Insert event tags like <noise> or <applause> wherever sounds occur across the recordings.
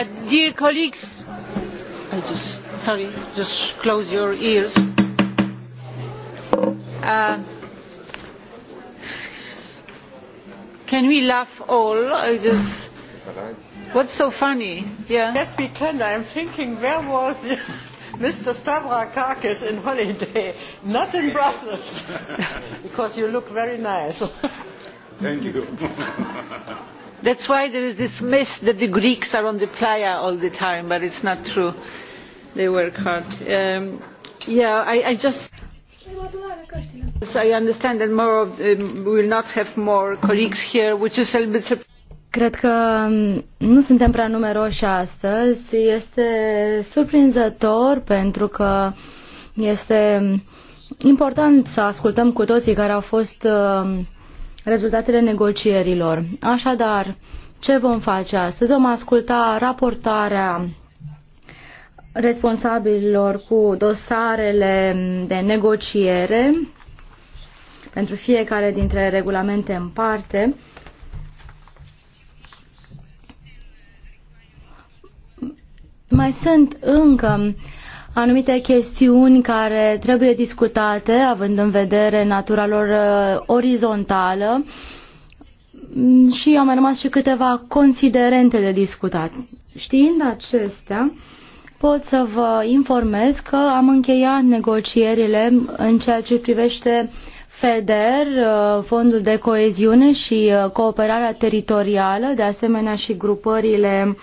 Uh, dear colleagues, I just, sorry, just close your ears. Uh, can we laugh all? I just, what's so funny? Yeah. Yes, we can. I'm thinking, where was <laughs> Mr. Stavrakakis in holiday? <laughs> Not in Brussels, <laughs> because you look very nice. Thank you that is why there is this myth that the greeks are on the playa all the time but it is not true they work hard. Um, yeah, I, I just so I understand that more of, um, we will not have more colleagues here, which is a little bit surprising. Cred că um, nu suntem prea numeroși astăzi. Este surprinzător pentru că este important să ascultăm cu toții care au fost uh, rezultatele negocierilor. Așadar, ce vom face astăzi? Vom asculta raportarea responsabililor cu dosarele de negociere pentru fiecare dintre regulamente în parte. Mai sunt încă uh, anumite chestiuni care trebuie discutate, având în vedere natura lor uh, orizontală și au mai rămas și câteva considerente de discutat. Știind acestea, pot să vă informez că am încheiat negocierile în ceea ce privește FEDER, uh, Fondul de Coeziune și uh, Cooperarea Teritorială, de asemenea și grupările uh,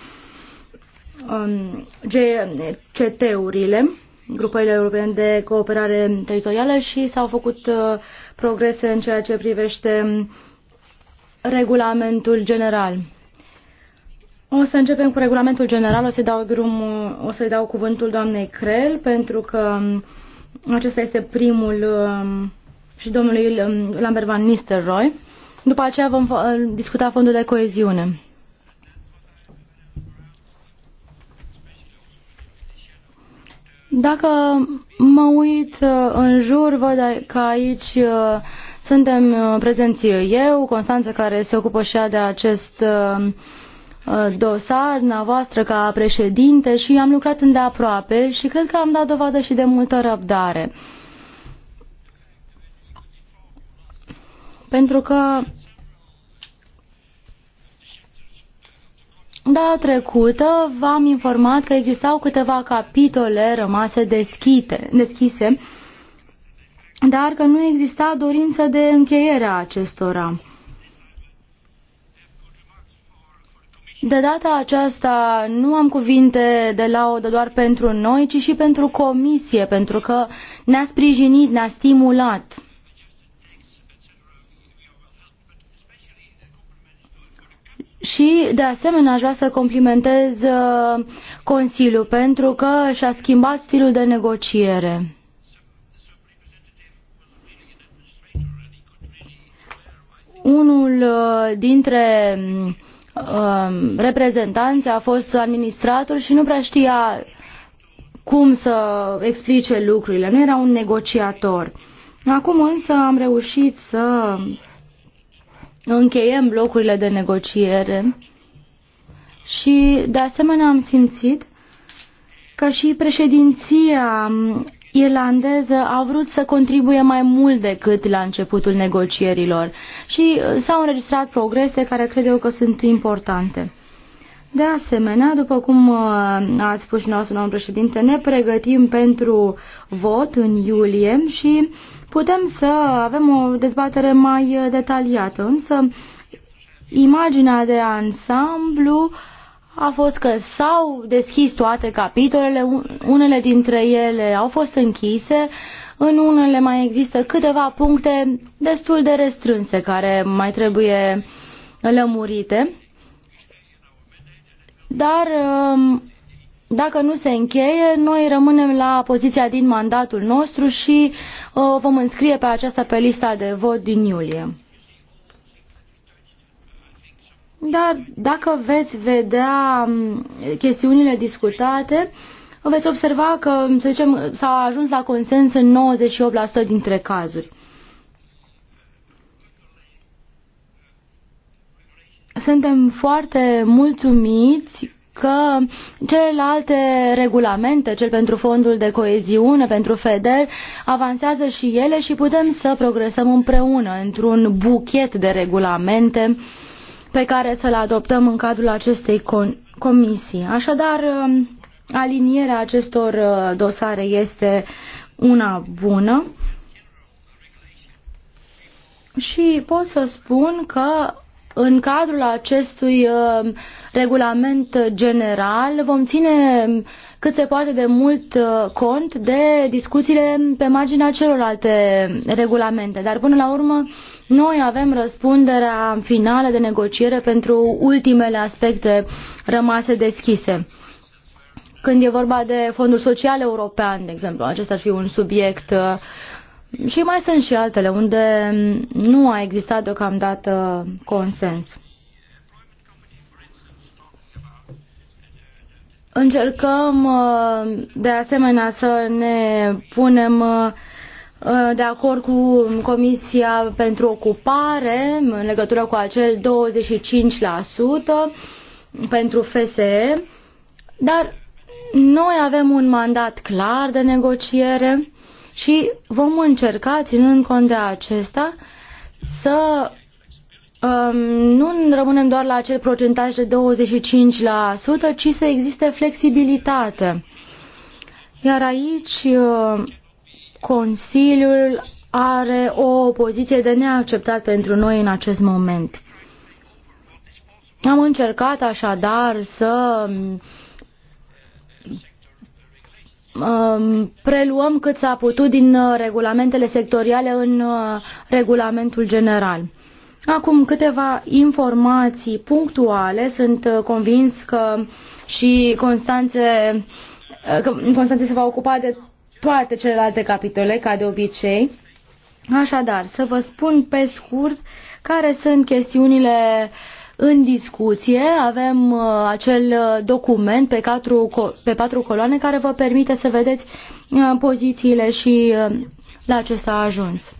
Um, GCT-urile, grupările europene de cooperare teritorială și s-au făcut uh, progrese în ceea ce privește regulamentul general. O să începem cu regulamentul general, o să-i dau, drumul, o să-i dau cuvântul doamnei Crel, pentru că um, acesta este primul um, și domnului Lambert Van Nistelrooy. După aceea vom uh, discuta fondul de coeziune. Dacă mă uit uh, în jur, văd că aici uh, suntem uh, prezenți eu, Constanță care se ocupă și ea de acest dosar, voastră ca președinte și am lucrat îndeaproape și cred că am dat dovadă și de multă răbdare. Pentru că Data trecută v-am informat că existau câteva capitole rămase deschite, deschise, dar că nu exista dorință de încheiere a acestora. De data aceasta nu am cuvinte de laudă doar pentru noi, ci și pentru comisie, pentru că ne-a sprijinit, ne-a stimulat. Și, de asemenea, aș vrea să complimentez uh, Consiliul pentru că și-a schimbat stilul de negociere. Unul uh, dintre uh, reprezentanți a fost administrator și nu prea știa cum să explice lucrurile. Nu era un negociator. Acum însă am reușit să încheiem blocurile de negociere și de asemenea am simțit că și președinția irlandeză a vrut să contribuie mai mult decât la începutul negocierilor și uh, s-au înregistrat progrese care cred eu că sunt importante. De asemenea, după cum uh, ați spus și noastră, domnul președinte, ne pregătim pentru vot în iulie și uh, putem să avem o dezbatere mai detaliată, însă imaginea de ansamblu a fost că s-au deschis toate capitolele, unele dintre ele au fost închise, în unele mai există câteva puncte destul de restrânse care mai trebuie lămurite, dar um, dacă nu se încheie, noi rămânem la poziția din mandatul nostru și o uh, vom înscrie pe aceasta pe lista de vot din iulie. Dar dacă veți vedea um, chestiunile discutate, veți observa că, să zicem, s-a ajuns la consens în 98% dintre cazuri. Suntem foarte mulțumiți că celelalte regulamente, cel pentru fondul de coeziune, pentru FEDER, avansează și ele și putem să progresăm împreună într-un buchet de regulamente pe care să le adoptăm în cadrul acestei comisii. Așadar, um, alinierea acestor uh, dosare este una bună și pot să spun că în cadrul acestui uh, regulament general vom ține cât se poate de mult uh, cont de discuțiile pe marginea celorlalte regulamente. Dar până la urmă noi avem răspunderea finală de negociere pentru ultimele aspecte rămase deschise. Când e vorba de fondul social european, de exemplu, acesta ar fi un subiect uh, și mai sunt și altele unde nu a existat deocamdată consens. Încercăm uh, de asemenea să ne punem uh, de acord cu Comisia pentru Ocupare în legătură cu acel 25% pentru FSE, dar noi avem un mandat clar de negociere și vom încerca, ținând cont de acesta, să um, nu rămânem doar la acel procentaj de 25%, ci să existe flexibilitate. Iar aici uh, Consiliul are o poziție de neacceptat pentru noi în acest moment. Am încercat așadar să Um, preluăm cât s-a putut din uh, regulamentele sectoriale în uh, regulamentul general. Acum câteva informații punctuale. Sunt uh, convins că și Constanțe, că Constanțe se va ocupa de toate celelalte capitole, ca de obicei. Așadar, să vă spun pe scurt care sunt chestiunile uh, în discuție avem uh, acel uh, document pe patru, pe patru coloane care vă permite să vedeți uh, pozițiile și la ce s-a ajuns.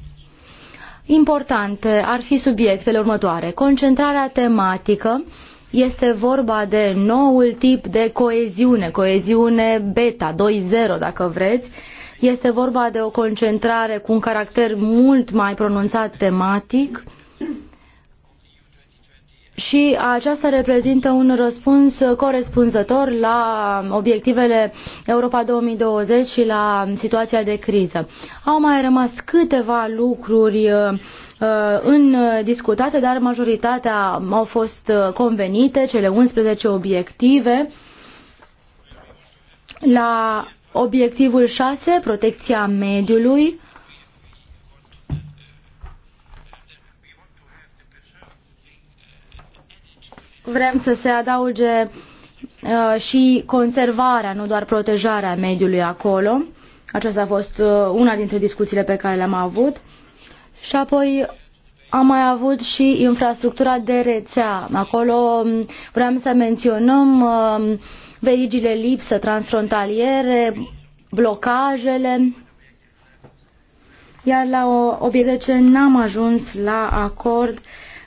Importante ar fi subiectele următoare. Concentrarea tematică este vorba de noul tip de coeziune, coeziune beta 2.0 dacă vreți. Este vorba de o concentrare cu un caracter mult mai pronunțat tematic și aceasta reprezintă un răspuns corespunzător la obiectivele Europa 2020 și la situația de criză. Au mai rămas câteva lucruri uh, uh, în discutate, dar majoritatea au fost convenite, cele 11 obiective. La obiectivul 6, protecția mediului, vrem să se adauge uh, și conservarea, nu doar protejarea mediului acolo. Aceasta a fost uh, una dintre discuțiile pe care le-am avut. Și apoi am mai avut și infrastructura de rețea. Acolo um, vreau să menționăm um, verigile lipsă transfrontaliere, blocajele. Iar la obiecte ce n-am ajuns la acord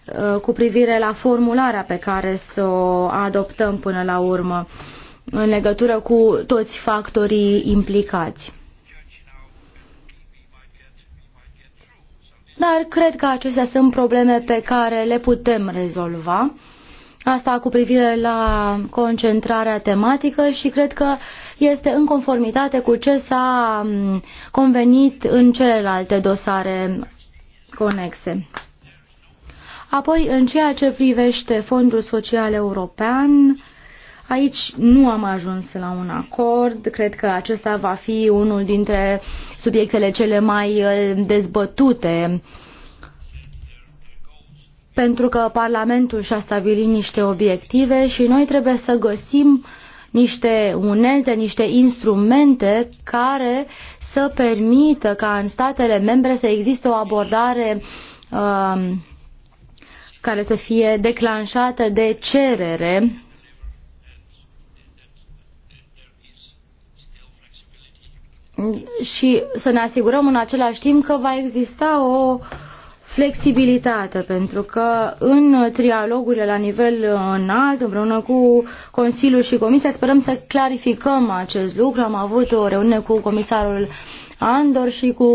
Uh, cu privire la formularea pe care să o adoptăm până la urmă în legătură cu toți factorii implicați. Dar cred că acestea sunt probleme pe care le putem rezolva. Asta cu privire la concentrarea tematică și cred că este în conformitate cu ce s-a mm, convenit în celelalte dosare conexe. Apoi, în ceea ce privește Fondul Social European, Aici nu am ajuns la un acord. Cred că acesta va fi unul dintre subiectele cele mai uh, dezbătute pentru că Parlamentul și-a stabilit niște obiective și noi trebuie să găsim niște unelte, niște instrumente care să permită ca în statele membre să existe o abordare uh, care să fie declanșată de cerere și să ne asigurăm în același timp că va exista o flexibilitate, pentru că în trialogurile la nivel înalt, împreună cu Consiliul și Comisia, sperăm să clarificăm acest lucru. Am avut o reuniune cu comisarul Andor și cu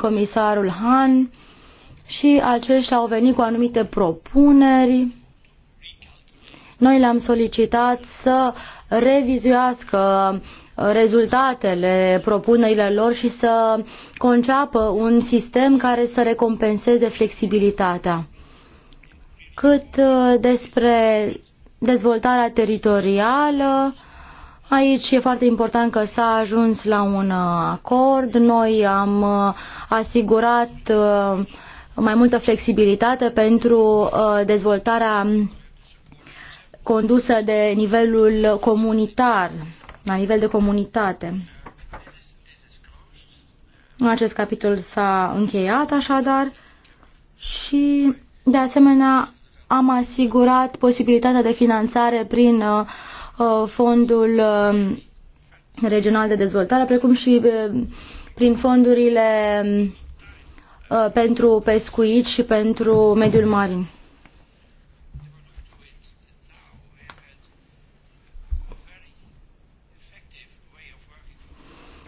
comisarul Han și aceștia au venit cu anumite propuneri. Noi le-am solicitat să revizuiască rezultatele propunerile lor și să conceapă un sistem care să recompenseze flexibilitatea. Cât uh, despre dezvoltarea teritorială, Aici e foarte important că s-a ajuns la un uh, acord. Noi am uh, asigurat mai multă flexibilitate pentru uh, dezvoltarea condusă de nivelul comunitar, la nivel de comunitate. Acest capitol s-a încheiat așadar și de asemenea am asigurat posibilitatea de finanțare prin uh, uh, fondul regional de dezvoltare, precum și prin fondurile Uh, pentru pescuit și pentru mediul marin.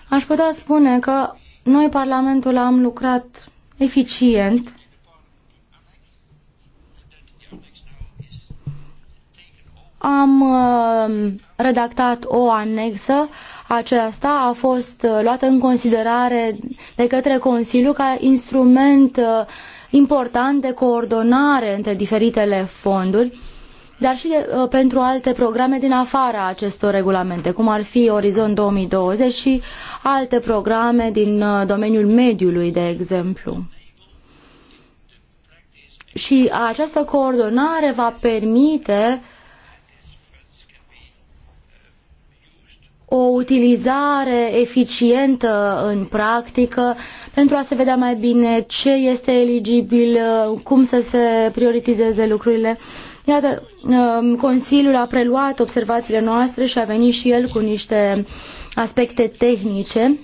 Aș putea spune că noi, Parlamentul, am lucrat eficient am uh, redactat o anexă aceasta a fost uh, luată în considerare de către Consiliu ca instrument uh, important de coordonare între diferitele fonduri, dar și de, uh, pentru alte programe din afara acestor regulamente, cum ar fi Orizont 2020 și alte programe din domeniul mediului, de exemplu. Și această coordonare va permite uh, o utilizare eficientă în practică pentru a se vedea mai bine ce este eligibil, cum să se prioritizeze lucrurile. Iată, um, Consiliul a preluat observațiile noastre și a venit și el cu niște aspecte tehnice.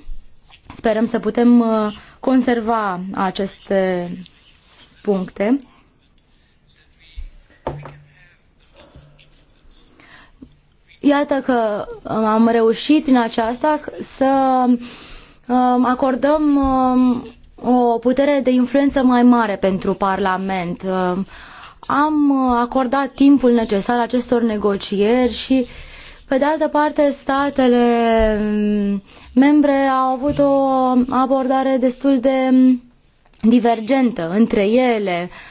Sperăm să putem uh, conserva aceste puncte. Iată că um, am reușit în aceasta să um, acordăm um, o putere de influență mai mare pentru Parlament. Am acordat timpul necesar acestor negocieri și, pe de altă parte, statele membre au avut o abordare destul de divergentă între ele. Uh,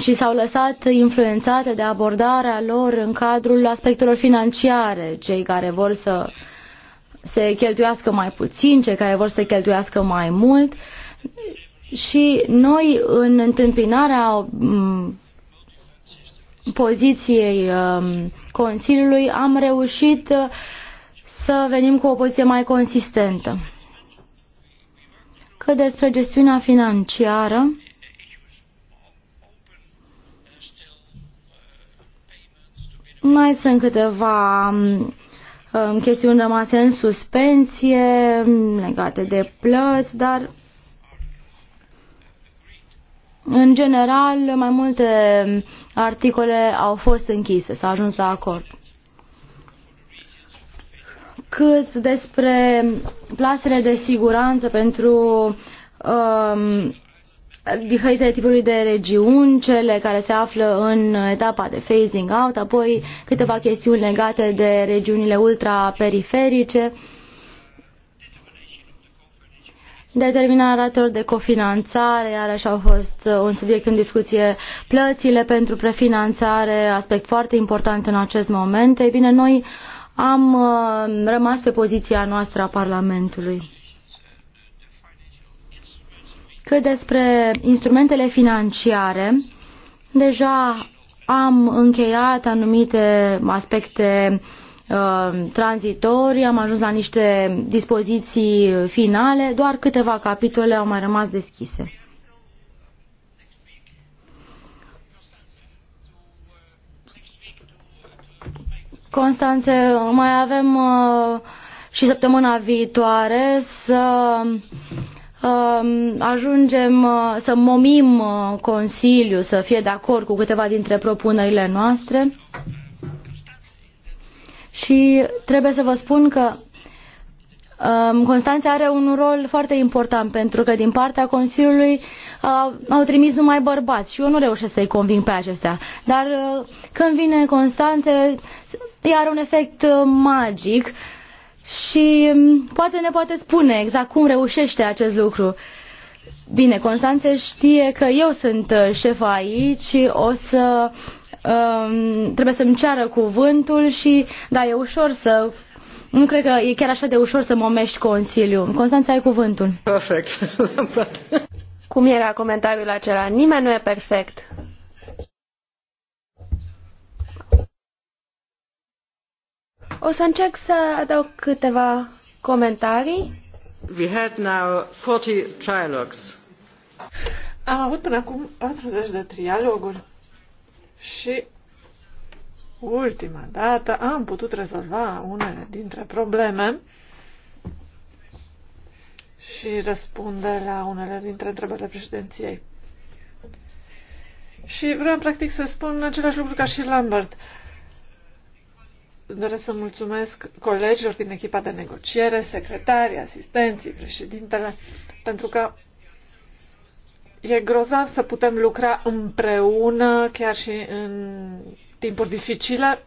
și s-au lăsat influențate de abordarea lor în cadrul aspectelor financiare, cei care vor să se cheltuiască mai puțin, cei care vor să cheltuiască mai mult. Și noi, în întâmpinarea poziției um, Consiliului, am reușit uh, să venim cu o poziție mai consistentă. Că despre gestiunea financiară, Mai sunt câteva um, um, chestiuni rămase în suspensie um, legate de plăți, dar în general mai multe articole au fost închise, s-a ajuns la acord. Cât despre plasele de siguranță pentru um, diferite tipuri de regiuni, cele care se află în etapa de phasing out, apoi câteva chestiuni legate de regiunile ultraperiferice, determinarea ratelor de cofinanțare, iarăși au fost un subiect în discuție plățile pentru prefinanțare, aspect foarte important în acest moment. Ei bine, noi am uh, rămas pe poziția noastră a Parlamentului că despre instrumentele financiare deja am încheiat anumite aspecte uh, tranzitorii, am ajuns la niște dispoziții finale, doar câteva capitole au mai rămas deschise. Constanțe, mai avem uh, și săptămâna viitoare să Um, ajungem uh, să momim uh, Consiliu să fie de acord cu câteva dintre propunerile noastre și trebuie să vă spun că um, Constanța are un rol foarte important pentru că din partea Consiliului uh, au trimis numai bărbați și eu nu reușesc să-i conving pe acestea. Dar când vine Constanța, iar un efect magic și mm, poate ne poate spune exact cum reușește acest lucru. Bine, Constanțe știe că eu sunt uh, șefa aici, o să um, trebuie să-mi ceară cuvântul și da, e ușor să nu cred că e chiar așa de ușor să momești Consiliul. Constanța, ai cuvântul. Perfect. <laughs> Cum era comentariul acela? Nimeni nu e perfect. O să încerc să adaug câteva comentarii. We had now 40 trialogues. Am avut până acum 40 de trialoguri și ultima dată am putut rezolva unele dintre probleme și răspunde la unele dintre întrebările președinției. Și vreau, practic, să spun același lucru ca și Lambert doresc să mulțumesc colegilor din echipa de negociere, secretarii, asistenții, președintele, pentru că e grozav să putem lucra împreună, chiar și în timpuri dificile.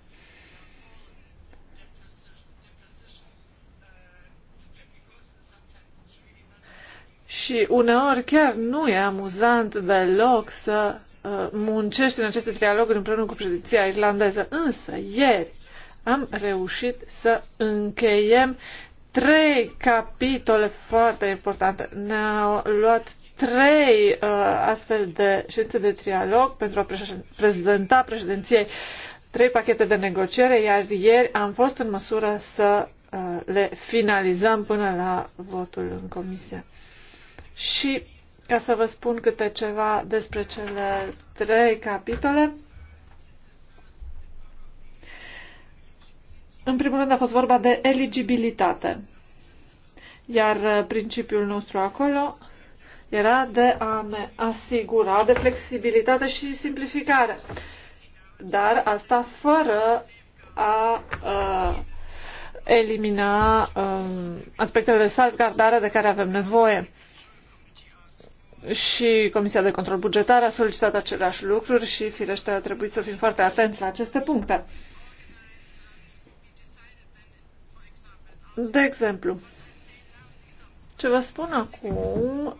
Și uneori chiar nu e amuzant deloc să uh, muncești în aceste trialoguri împreună cu președinția irlandeză. Însă, ieri, am reușit să încheiem trei capitole foarte importante. Ne-au luat trei uh, astfel de ședințe de trialog pentru a prezenta președinției trei pachete de negociere, iar ieri am fost în măsură să uh, le finalizăm până la votul în comisie. Și ca să vă spun câte ceva despre cele trei capitole, În primul rând a fost vorba de eligibilitate. Iar uh, principiul nostru acolo era de a ne asigura de flexibilitate și simplificare. Dar asta fără a a uh, elimina um, aspectele de salvgardare de care avem nevoie. Și Comisia de Control Bugetar a solicitat aceleași lucruri și, firește, a trebuit să fim foarte atenți la aceste puncte. De exemplu, ce vă spun acum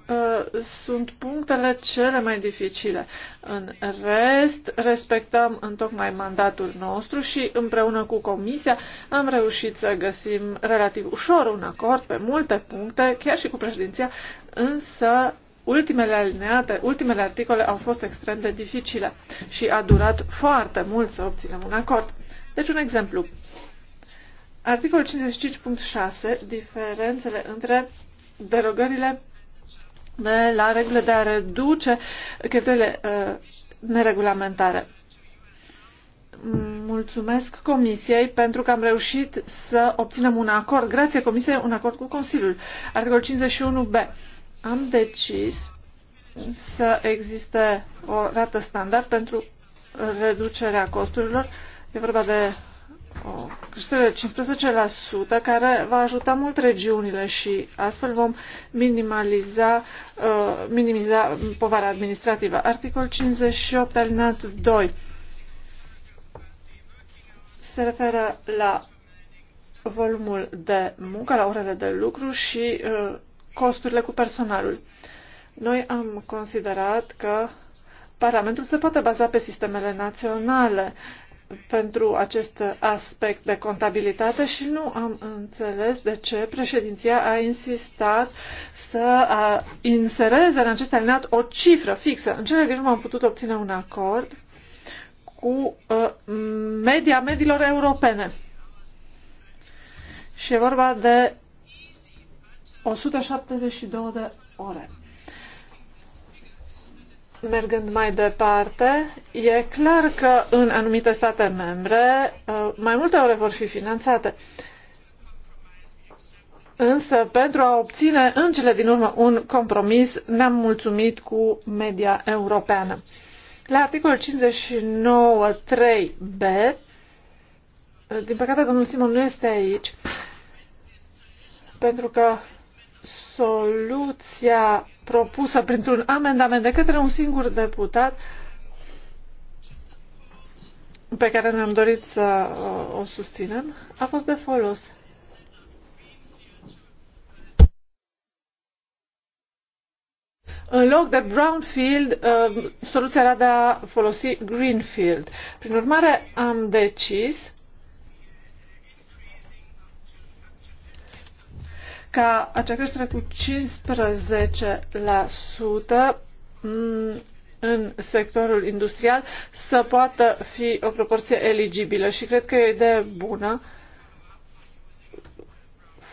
uh, sunt punctele cele mai dificile. În rest, respectăm întocmai mandatul nostru și împreună cu Comisia am reușit să găsim relativ ușor un acord pe multe puncte, chiar și cu președinția, însă ultimele alineate, ultimele articole au fost extrem de dificile și a durat foarte mult să obținem un acord. Deci un exemplu. Articolul 55.6, diferențele între derogările de la regulă de a reduce cheltuielile uh, neregulamentare. Mulțumesc Comisiei pentru că am reușit să obținem un acord, grație Comisiei, un acord cu Consiliul. Articol 51b. Am decis să existe o rată standard pentru reducerea costurilor. E vorba de creștere de 15% care va ajuta mult regiunile și astfel vom minimaliza, uh, minimiza povara administrativă. Articol 58 alinat 2 se referă la volumul de muncă, la orele de lucru și uh, costurile cu personalul. Noi am considerat că Parlamentul se poate baza pe sistemele naționale uh, pentru acest aspect de contabilitate și nu am înțeles de ce președinția a insistat să insereze în acest alineat o cifră fixă. În cele din urmă am putut obține un acord cu uh, media medilor europene. Și e vorba de 172 de ore. Mergând mai departe, e clar că în anumite state membre uh, mai multe ore vor fi finanțate. Însă, pentru a obține în cele din urmă un compromis, ne-am mulțumit cu media europeană. La articolul 59.3b, uh, din păcate domnul Simon nu este aici, pentru că soluția propusă printr-un amendament de către un singur deputat pe care ne-am dorit să uh, o susținem a fost de folos. În loc de brownfield, uh, soluția era de a folosi greenfield. Prin urmare, am decis ca acea creștere cu 15% mm, în sectorul industrial să poată fi o proporție eligibilă și cred că e o idee bună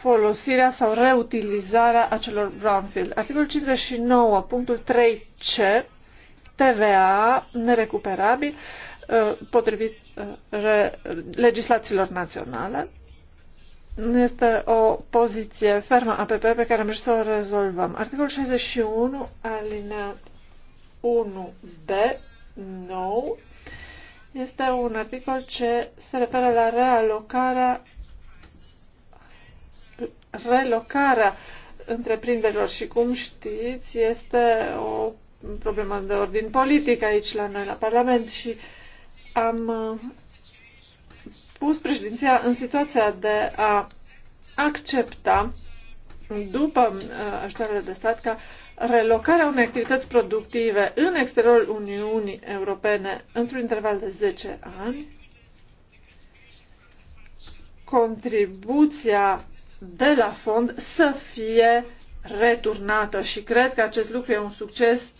folosirea sau reutilizarea acelor brownfield. Articolul 59, punctul 3c, TVA nerecuperabil uh, potrivit uh, legislațiilor naționale este o poziție fermă a PP pe care am vrut să o rezolvăm. Articolul 61, alinea 1b, nou, este un articol ce se referă la realocarea relocarea întreprinderilor și cum știți este o problemă de ordin politic aici la noi la Parlament și am pus președinția în situația de a accepta după uh, ajutoarele de stat ca relocarea unei activități productive în exteriorul Uniunii Europene într-un interval de 10 ani, contribuția de la fond să fie returnată și cred că acest lucru e un succes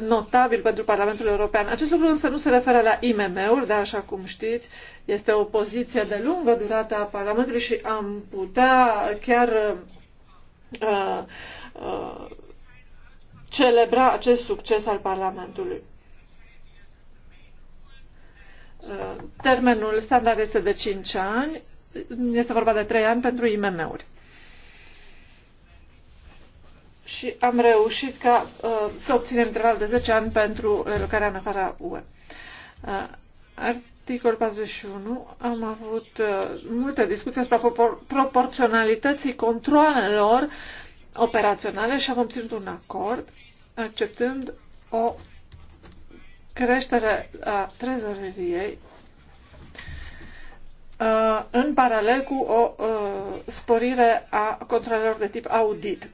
notabil pentru Parlamentul European. Acest lucru însă nu se referă la IMM-uri, dar așa cum știți, este o poziție de lungă durată a Parlamentului și am putea chiar uh, uh, celebra acest succes al Parlamentului. Uh, termenul standard este de 5 ani, este vorba de 3 ani pentru IMM-uri și am reușit ca uh, să obținem interval de 10 ani pentru relocarea în afara UE. Uh, articol 41. Am avut uh, multe discuții asupra propor- proporționalității controalelor operaționale și am obținut un acord acceptând o creștere a trezoreriei uh, în paralel cu o uh, sporire a controlelor de tip audit.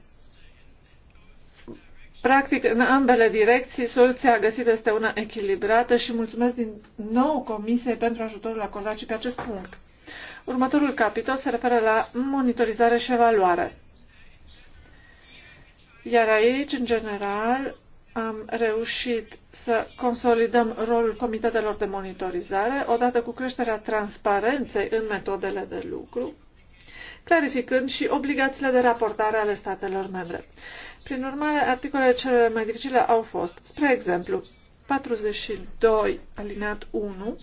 Practic, în ambele direcții, soluția găsită este una echilibrată și mulțumesc din nou Comisiei pentru ajutorul acordat și pe acest punct. Următorul capitol se referă la monitorizare și evaluare. Iar aici, în general, am reușit să consolidăm rolul comitetelor de monitorizare, odată cu creșterea transparenței în metodele de lucru, clarificând și obligațiile de raportare ale statelor membre. Prin urmare, articolele cele mai dificile au fost, spre exemplu, 42 alineat 1,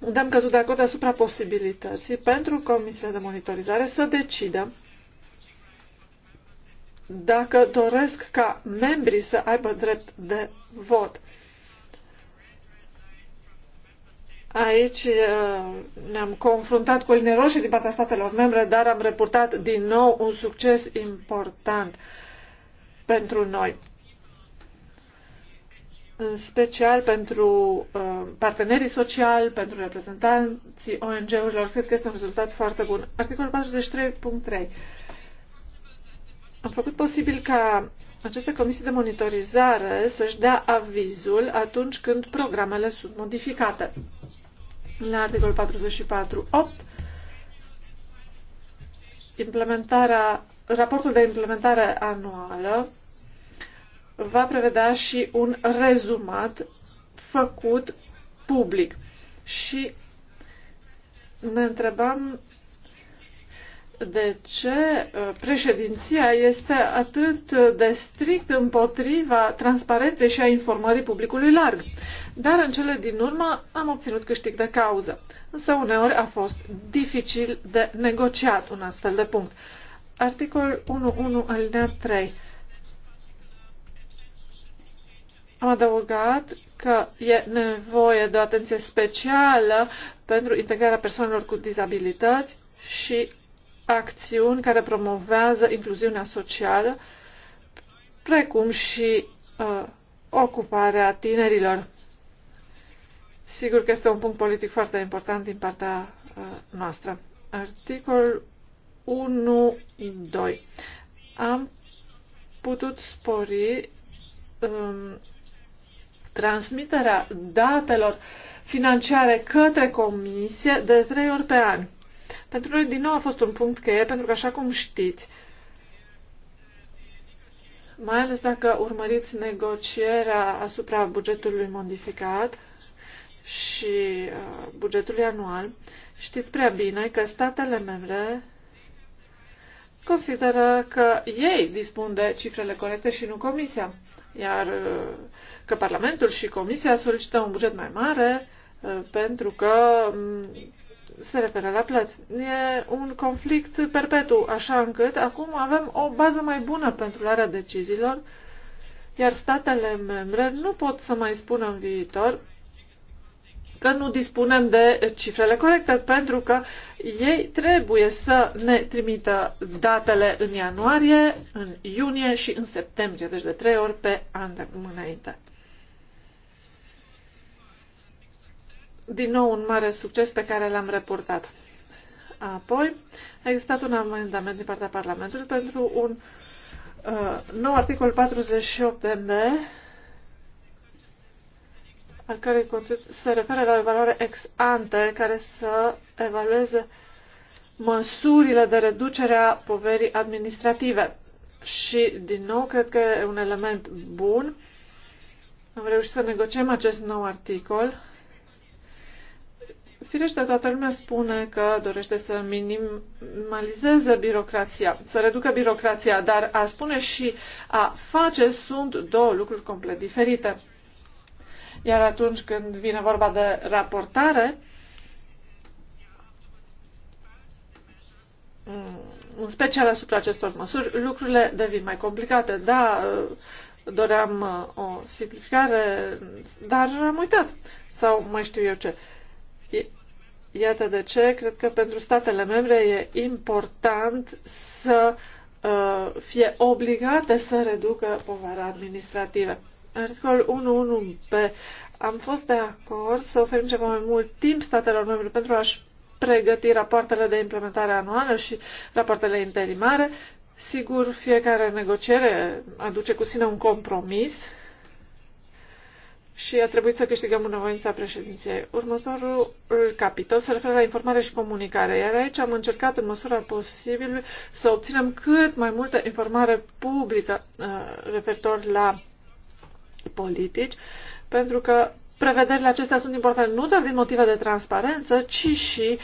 unde am căzut de acord asupra posibilității pentru Comisia de monitorizare să decidă dacă doresc ca membrii să aibă drept de vot Aici uh, ne-am confruntat cu linii roșii din partea statelor membre, dar am reportat din nou un succes important pentru noi în special pentru uh, partenerii sociali, pentru reprezentanții ONG-urilor. Cred că este un rezultat foarte bun. Articolul 43.3. Am făcut posibil ca aceste comisii de monitorizare să-și dea avizul atunci când programele sunt modificate. La articolul 44.8, implementarea, raportul de implementare anuală va prevedea și un rezumat făcut public. Și ne întrebam de ce ă, președinția este atât de strict împotriva transparenței și a informării publicului larg. Dar în cele din urmă am obținut câștig de cauză. Însă uneori a fost dificil de negociat un astfel de punct. Articol 1.1 alineat 3. Am adăugat că e nevoie de o atenție specială pentru integrarea persoanelor cu dizabilități și acțiuni care promovează incluziunea socială, precum și uh, ocuparea tinerilor. Sigur că este un punct politic foarte important din partea uh, noastră. Articol 1, 2. Am putut spori um, transmiterea datelor financiare către comisie de trei ori pe an. Pentru noi, din nou, a fost un punct cheie, pentru că, așa cum știți, mai ales dacă urmăriți negocierea asupra bugetului modificat și uh, bugetului anual, știți prea bine că statele membre consideră că ei dispun de cifrele corecte și nu Comisia, iar uh, că Parlamentul și Comisia solicită un buget mai mare uh, pentru că mm, se referă la plăți. E un conflict perpetu, așa încât acum avem o bază mai bună pentru luarea deciziilor, iar statele membre nu pot să mai spună în viitor că nu dispunem de cifrele corecte, pentru că ei trebuie să ne trimită datele în ianuarie, în iunie și în septembrie, deci de trei ori pe an de acum înainte. din nou un mare succes pe care l-am reportat. Apoi a existat un amendament din partea Parlamentului pentru un uh, nou articol 48MB al cărui conținut se referă la o evaluare ex ante care să evalueze măsurile de reducere a poverii administrative. Și, din nou, cred că e un element bun. Am reușit să negociem acest nou articol Firește, toată lumea spune că dorește să minimalizeze birocrația, să reducă birocrația, dar a spune și a face sunt două lucruri complet diferite. Iar atunci când vine vorba de raportare, mm, în special asupra acestor măsuri, lucrurile devin mai complicate. Da, doream uh, o simplificare, dar am uitat sau mai știu eu ce. Iată de ce, cred că pentru statele membre e important să uh, fie obligate să reducă povara administrativă. Articolul 1.1b. Am fost de acord să oferim ceva mai mult timp statelor membre pentru a-și pregăti rapoartele de implementare anuală și rapoartele interimare. Sigur, fiecare negociere aduce cu sine un compromis și a trebuit să câștigăm bunăvoința președinției. Următorul capitol se referă la informare și comunicare, iar aici am încercat în măsura posibil să obținem cât mai multă informare publică uh, referitor la politici, pentru că prevederile acestea sunt importante nu doar din motive de transparență, ci și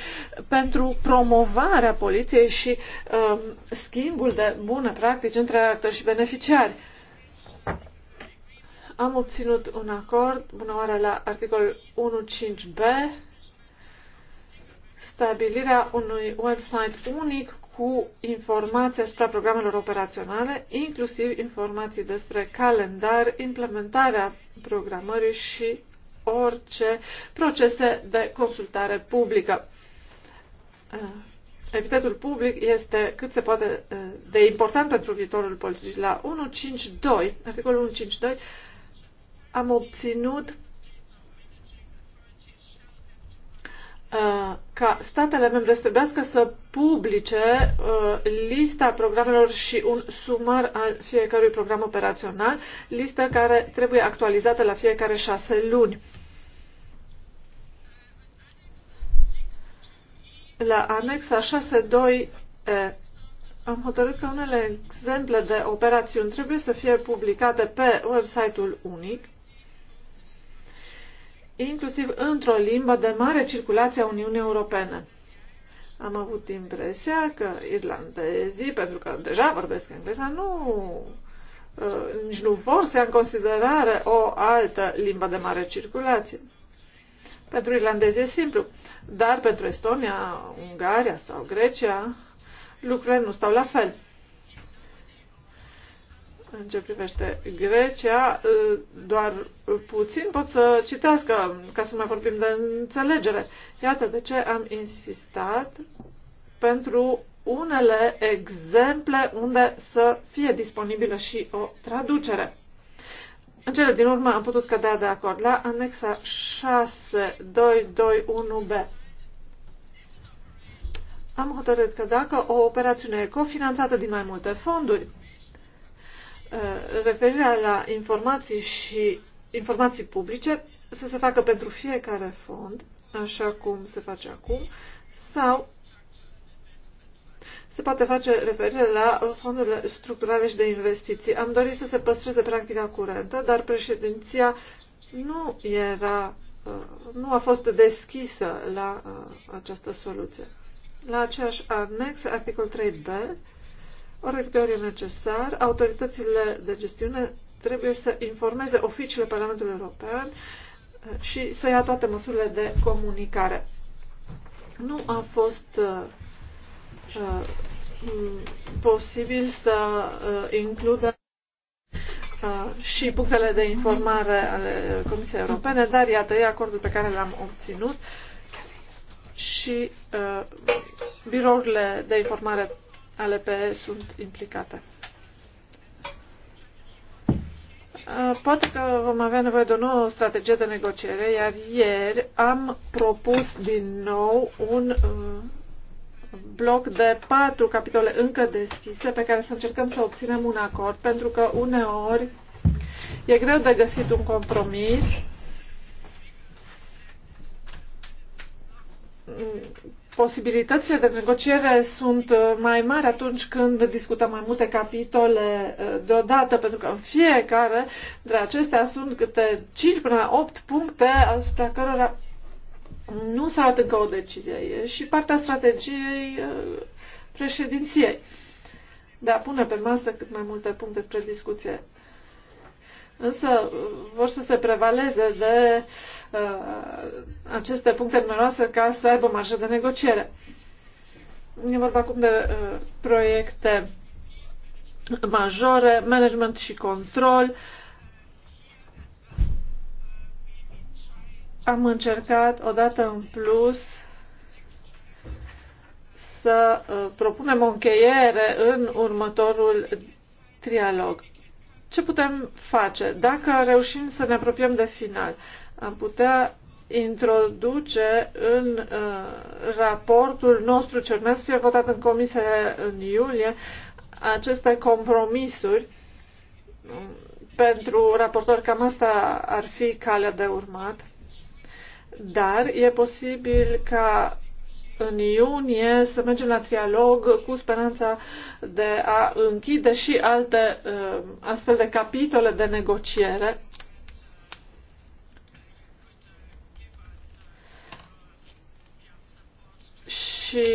pentru promovarea poliției și uh, schimbul de bune practici între actori și beneficiari. Uh, am obținut un acord, bună oară, la articolul 1.5b, stabilirea unui website unic cu informații asupra programelor operaționale, inclusiv informații despre calendar, implementarea programării și orice procese de consultare publică. Uh, epitetul public este cât se poate uh, de important pentru viitorul politic. La 152, articolul 152, am obținut uh, ca statele membre să trebuiască să publice uh, lista programelor și un sumar al fiecărui program operațional, listă care trebuie actualizată la fiecare șase luni. La anexa 6.2 am hotărât că unele exemple de operațiuni trebuie să fie publicate pe website-ul unic inclusiv într-o limbă de mare circulație a Uniunii Europene. Am avut impresia că irlandezii, pentru că deja vorbesc engleza, nu, uh, nici nu vor să ia în considerare o altă limbă de mare circulație. Pentru irlandezi e simplu, dar pentru Estonia, Ungaria sau Grecia lucrurile nu stau la fel. În ce privește Grecia, doar puțin pot să citească, ca să mai vorbim de înțelegere. Iată de ce am insistat pentru unele exemple unde să fie disponibilă și o traducere. În cele din urmă am putut cădea de acord la anexa 6221B. Am hotărât că dacă o operațiune e cofinanțată din mai multe fonduri, Uh, referirea la informații și informații publice să se facă pentru fiecare fond, așa cum se face acum, sau se poate face referire la fondurile structurale și de investiții. Am dorit să se păstreze practica curentă, dar președinția nu era, uh, nu a fost deschisă la uh, această soluție. La aceeași anex, articol 3b, ori de câte ori e necesar, autoritățile de gestiune trebuie să informeze oficiile Parlamentului European uh, și să ia toate măsurile de comunicare. Nu a fost uh, uh posibil să uh, includă uh, și punctele de informare ale Comisiei Europene, dar iată, e acordul pe care l-am obținut și uh, birourile de informare ale PE sunt implicate. Poate că vom avea nevoie de o nouă strategie de negociere, iar ieri am propus din nou un uh, bloc de patru capitole încă deschise pe care să încercăm să obținem un acord, pentru că uneori e greu de găsit un compromis posibilitățile de negociere sunt uh, mai mari atunci când discutăm mai multe capitole uh, deodată, pentru că în fiecare dintre acestea sunt câte 5 până la 8 puncte asupra cărora nu s-a luat încă o decizie. E și partea strategiei uh, președinției de a pune pe masă cât mai multe puncte spre discuție însă vor să se prevaleze de uh, aceste puncte numeroase ca să aibă marjă de negociere. E vorba acum de uh, proiecte majore, management și control. Am încercat odată în plus să uh, propunem o încheiere în următorul trialog. Ce putem face? Dacă reușim să ne apropiem de final, am putea introduce în uh, raportul nostru cel mai să fie votat în comisie în iulie aceste compromisuri um, pentru raportor cam asta ar fi calea de urmat, dar e posibil ca în iunie să mergem la trialog cu speranța de a închide și alte uh, astfel de capitole de negociere. Și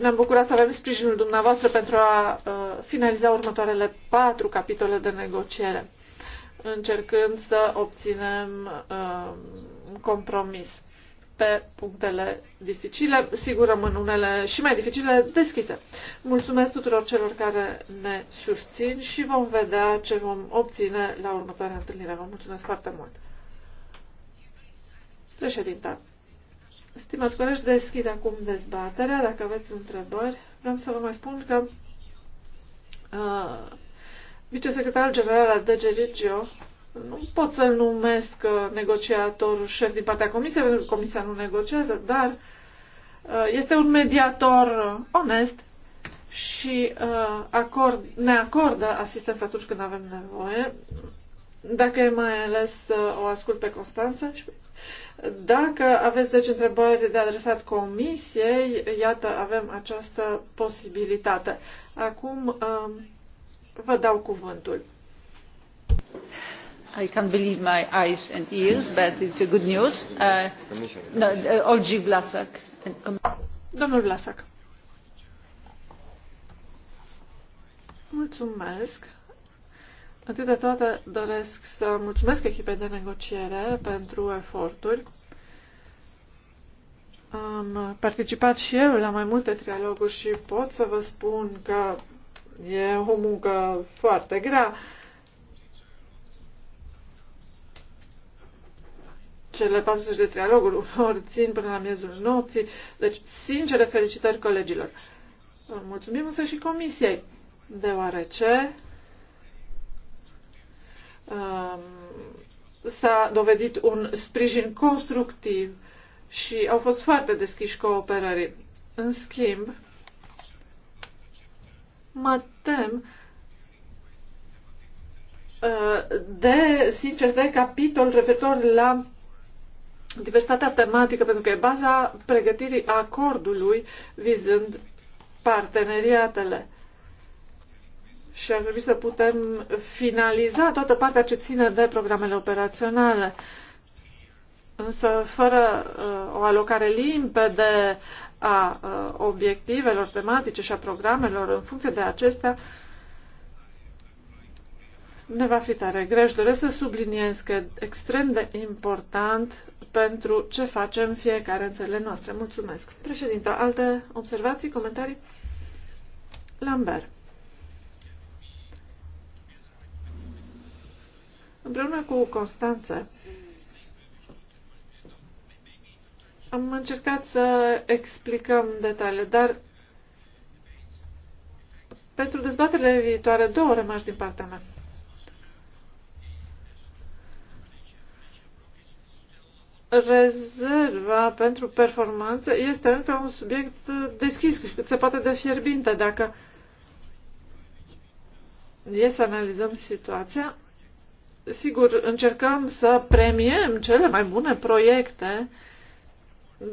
ne-am bucurat să avem sprijinul dumneavoastră pentru a uh, finaliza următoarele patru capitole de negociere, încercând să obținem uh, un compromis pe punctele dificile, sigur rămân unele și mai dificile deschise. Mulțumesc tuturor celor care ne susțin și vom vedea ce vom obține la următoarea întâlnire. Vă mulțumesc foarte mult. Președinta, stimați colegi, deschid acum dezbaterea. Dacă aveți întrebări, vreau să vă mai spun că uh, vicesecretarul general al DG Regio nu pot să-l numesc uh, negociator șef din partea comisiei, pentru că comisia nu negociază, dar uh, este un mediator uh, onest și acord, ne acordă asistență atunci când avem nevoie. Dacă e mai ales o ascult pe Constanța. Dacă aveți deci întrebări de adresat comisiei, iată, avem această posibilitate. Acum vă dau cuvântul. I can't believe my eyes and ears, but it's a good news. Uh, uh, Domnul Vlasak. Mulțumesc. Întâi de toate doresc să mulțumesc echipei de negociere pentru eforturi. Am participat și eu la mai multe trialoguri și pot să vă spun că e o muncă foarte grea. cele 40 de trialoguri, uneori țin până la miezul nopții. Deci, sincere felicitări colegilor. Mulțumim însă și comisiei, deoarece um, s-a dovedit un sprijin constructiv și au fost foarte deschiși cooperării. În schimb, mă tem uh, de, sincer, de capitol referitor la diversitatea tematică, pentru că e baza pregătirii acordului vizând parteneriatele. Și ar trebui să putem finaliza toată partea ce ține de programele operaționale. Însă, fără uh, o alocare limpede a uh, obiectivelor tematice și a programelor în funcție de acestea, uh, ne va fi tare greș. Doresc să subliniez că extrem de important pentru ce facem fiecare în țările noastre. Mulțumesc. Președinta, alte observații, comentarii? Lambert. Împreună cu Constanță am încercat să explicăm detalii, dar pentru dezbaterile viitoare două rămași din partea mea. rezerva pentru performanță este încă un subiect deschis și cât se poate de fierbinte. Dacă e să analizăm situația, sigur, încercăm să premiem cele mai bune proiecte,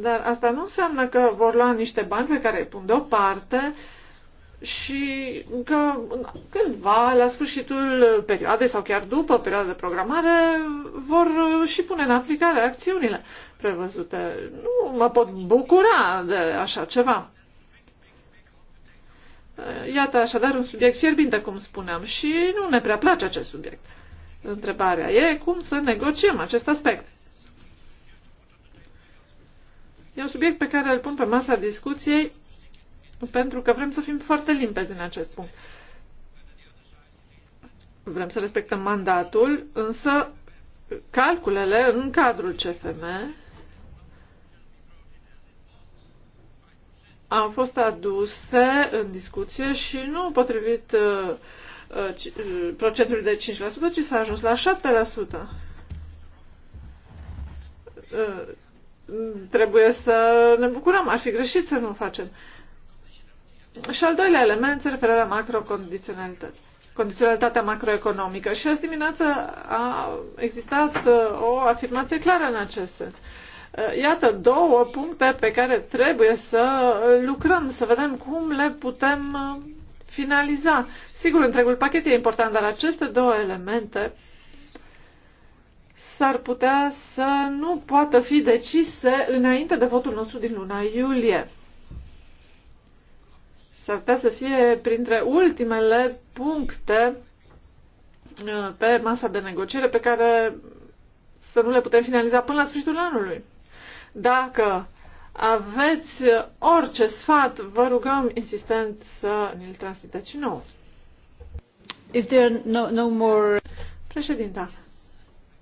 dar asta nu înseamnă că vor lua niște bani pe care îi pun deoparte și că cândva, la sfârșitul perioadei sau chiar după perioada de programare, vor și pune în aplicare acțiunile prevăzute. Nu mă pot bucura de așa ceva. Iată așadar un subiect fierbinte, cum spuneam, și nu ne prea place acest subiect. Întrebarea e cum să negociem acest aspect. E un subiect pe care îl pun pe masa discuției pentru că vrem să fim foarte limpezi în acest punct. Vrem să respectăm mandatul, însă calculele în cadrul CFM au fost aduse în discuție și nu potrivit uh, uh, uh, procentului de 5%, ci s-a ajuns la 7%. Trebuie să ne bucurăm. Ar fi greșit să nu o facem. Și al doilea element se referă la macrocondiționalități condiționalitatea macroeconomică. Și azi dimineață a existat uh, o afirmație clară în acest sens. Uh, iată două puncte pe care trebuie să lucrăm, să vedem cum le putem uh, finaliza. Sigur, întregul pachet e important, dar aceste două elemente s-ar putea să nu poată fi decise înainte de votul nostru din luna iulie s-ar putea să fie printre ultimele puncte uh, pe masa de negociere pe care să nu le putem finaliza până la sfârșitul anului. Dacă aveți orice sfat, vă rugăm insistent să ne-l transmiteți și nouă. If there are no, no more... Președinta,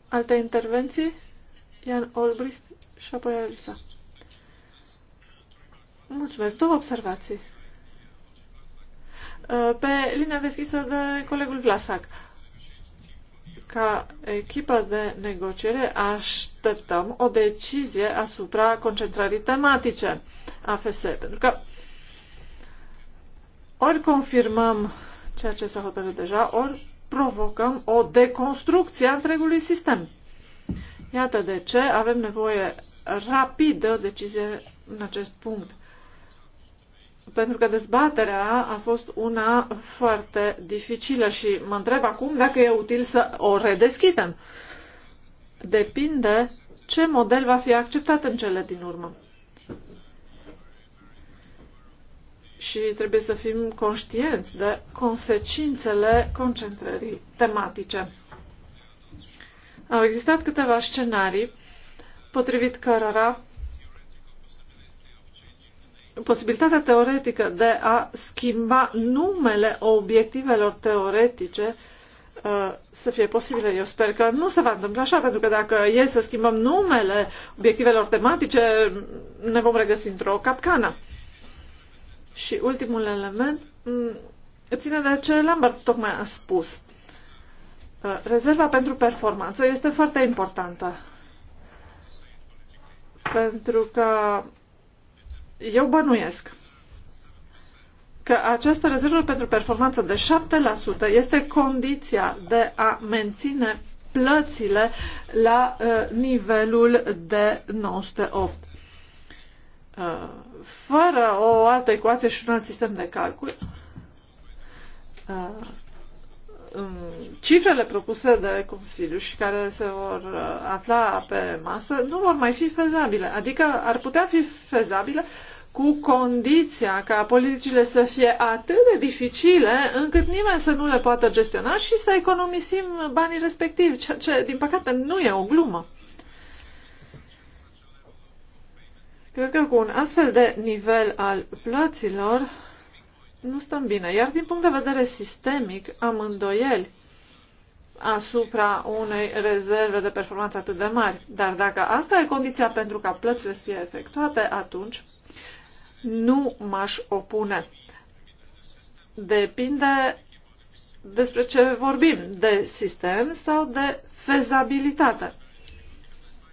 alte intervenții? Ian Olbricht și apoi Alisa. Mulțumesc. Două observații. Eh, pe linia deschisă de colegul Vlasac. Ca echipă de negociere așteptăm o decizie asupra concentrării tematice a FSE, pentru că ori confirmăm ceea ce s-a hotărât deja, ori provocăm o deconstrucție a întregului sistem. Iată de ce avem nevoie rapidă de o decizie în acest punct pentru că dezbaterea a fost una foarte dificilă și mă întreb acum dacă e util să o redeschidem. Depinde ce model va fi acceptat în cele din urmă. Și trebuie să fim conștienți de consecințele concentrării tematice. Au existat câteva scenarii potrivit cărora posibilitatea teoretică de a schimba numele obiectivelor teoretice uh, să fie posibile. Eu sper că nu se va întâmpla așa, pentru că dacă e să schimbăm numele obiectivelor tematice, ne vom regăsi într-o capcană. Și ultimul element mm, ține de ce Lambert tocmai a spus. Uh, rezerva pentru performanță este foarte importantă. Pentru că eu bănuiesc că această rezervă pentru performanță de 7% este condiția de a menține plățile la uh, nivelul de 908. Uh, fără o altă ecuație și un alt sistem de calcul, uh, cifrele propuse de Consiliu și care se vor uh, afla pe masă nu vor mai fi fezabile. Adică ar putea fi fezabile cu condiția ca politicile să fie atât de dificile încât nimeni să nu le poată gestiona și să economisim banii respectivi, ceea ce, din păcate, nu e o glumă. Cred că cu un astfel de nivel al plăților nu stăm bine. Iar din punct de vedere sistemic, am îndoieli asupra unei rezerve de performanță atât de mari. Dar dacă asta e condiția pentru ca plățile să fie efectuate, atunci nu m-aș opune. Depinde despre ce vorbim, de sistem sau de fezabilitate.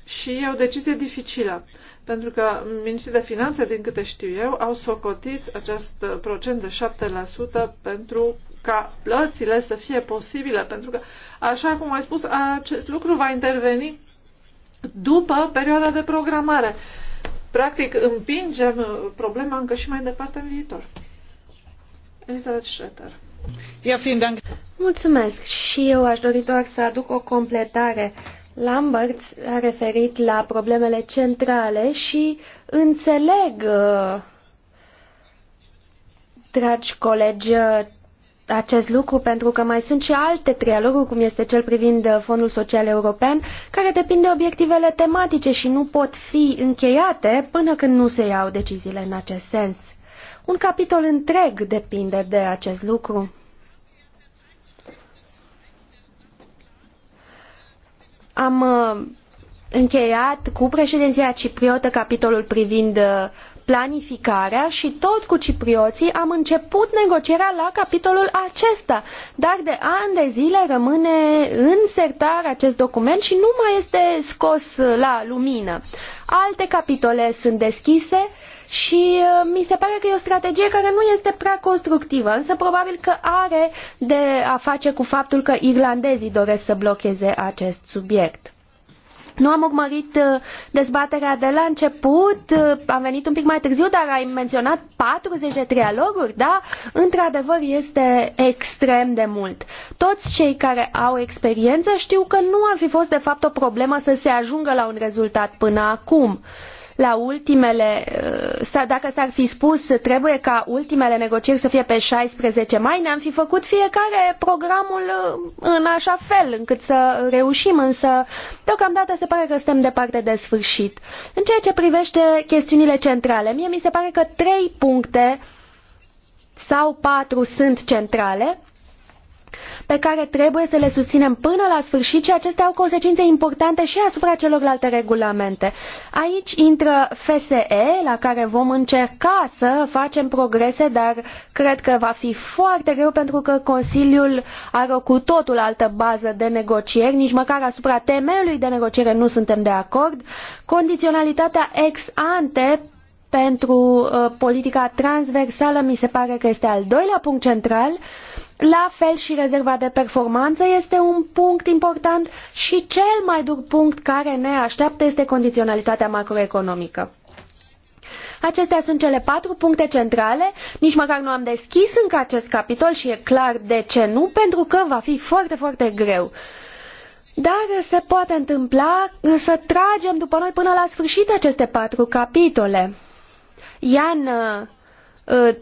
Și e o decizie dificilă, pentru că ministrii de finanțe, din câte știu eu, au socotit acest procent de 7% pentru ca plățile să fie posibile, pentru că, așa cum ai spus, acest lucru va interveni după perioada de programare. Uh, practic împingem uh, problema încă și mai departe în viitor. Elizabeth Schroeder. Ia fiind Dank. Mulțumesc. Și eu aș dori doar să aduc o completare. Lambert a referit la problemele centrale și înțeleg, uh, dragi colegi, uh, acest lucru pentru că mai sunt și alte trialoguri, cum este cel privind uh, Fondul Social European, care depind de obiectivele tematice și nu pot fi încheiate până când nu se iau deciziile în acest sens. Un capitol întreg depinde de acest lucru. Am uh, încheiat cu președinția cipriotă capitolul privind uh, planificarea și tot cu ciprioții am început negocierea la capitolul acesta, dar de ani de zile rămâne în sertar acest document și nu mai este scos la lumină. Alte capitole sunt deschise și uh, mi se pare că e o strategie care nu este prea constructivă, însă probabil că are de a face cu faptul că irlandezii doresc să blocheze acest subiect. Nu am urmărit uh, dezbaterea de la început, uh, am venit un pic mai târziu, dar ai menționat 40 de trialoguri, da? Într-adevăr este extrem de mult. Toți cei care au experiență știu că nu ar fi fost de fapt o problemă să se ajungă la un rezultat până acum la ultimele, uh, dacă s-ar fi spus trebuie ca ultimele negocieri să fie pe 16 mai, ne-am fi făcut fiecare programul uh, în așa fel încât să reușim, însă deocamdată se pare că suntem departe de sfârșit. În ceea ce privește chestiunile centrale, mie mi se pare că trei puncte sau patru sunt centrale pe care trebuie să le susținem până la sfârșit și acestea au consecințe importante și asupra celorlalte regulamente. Aici intră FSE, la care vom încerca să facem progrese, dar cred că va fi foarte greu pentru că Consiliul are o cu totul altă bază de negocieri, nici măcar asupra temeiului de negociere nu suntem de acord. Condiționalitatea ex ante pentru uh, politica transversală mi se pare că este al doilea punct central. Uh, la fel și rezerva de performanță este un punct important și cel mai dur punct care ne așteaptă este condiționalitatea macroeconomică. Acestea sunt cele patru puncte centrale, nici măcar nu am deschis încă acest capitol și e clar de ce nu, pentru că va fi foarte, foarte greu. Dar se poate întâmpla să tragem după noi până la sfârșit aceste patru capitole. Ian uh,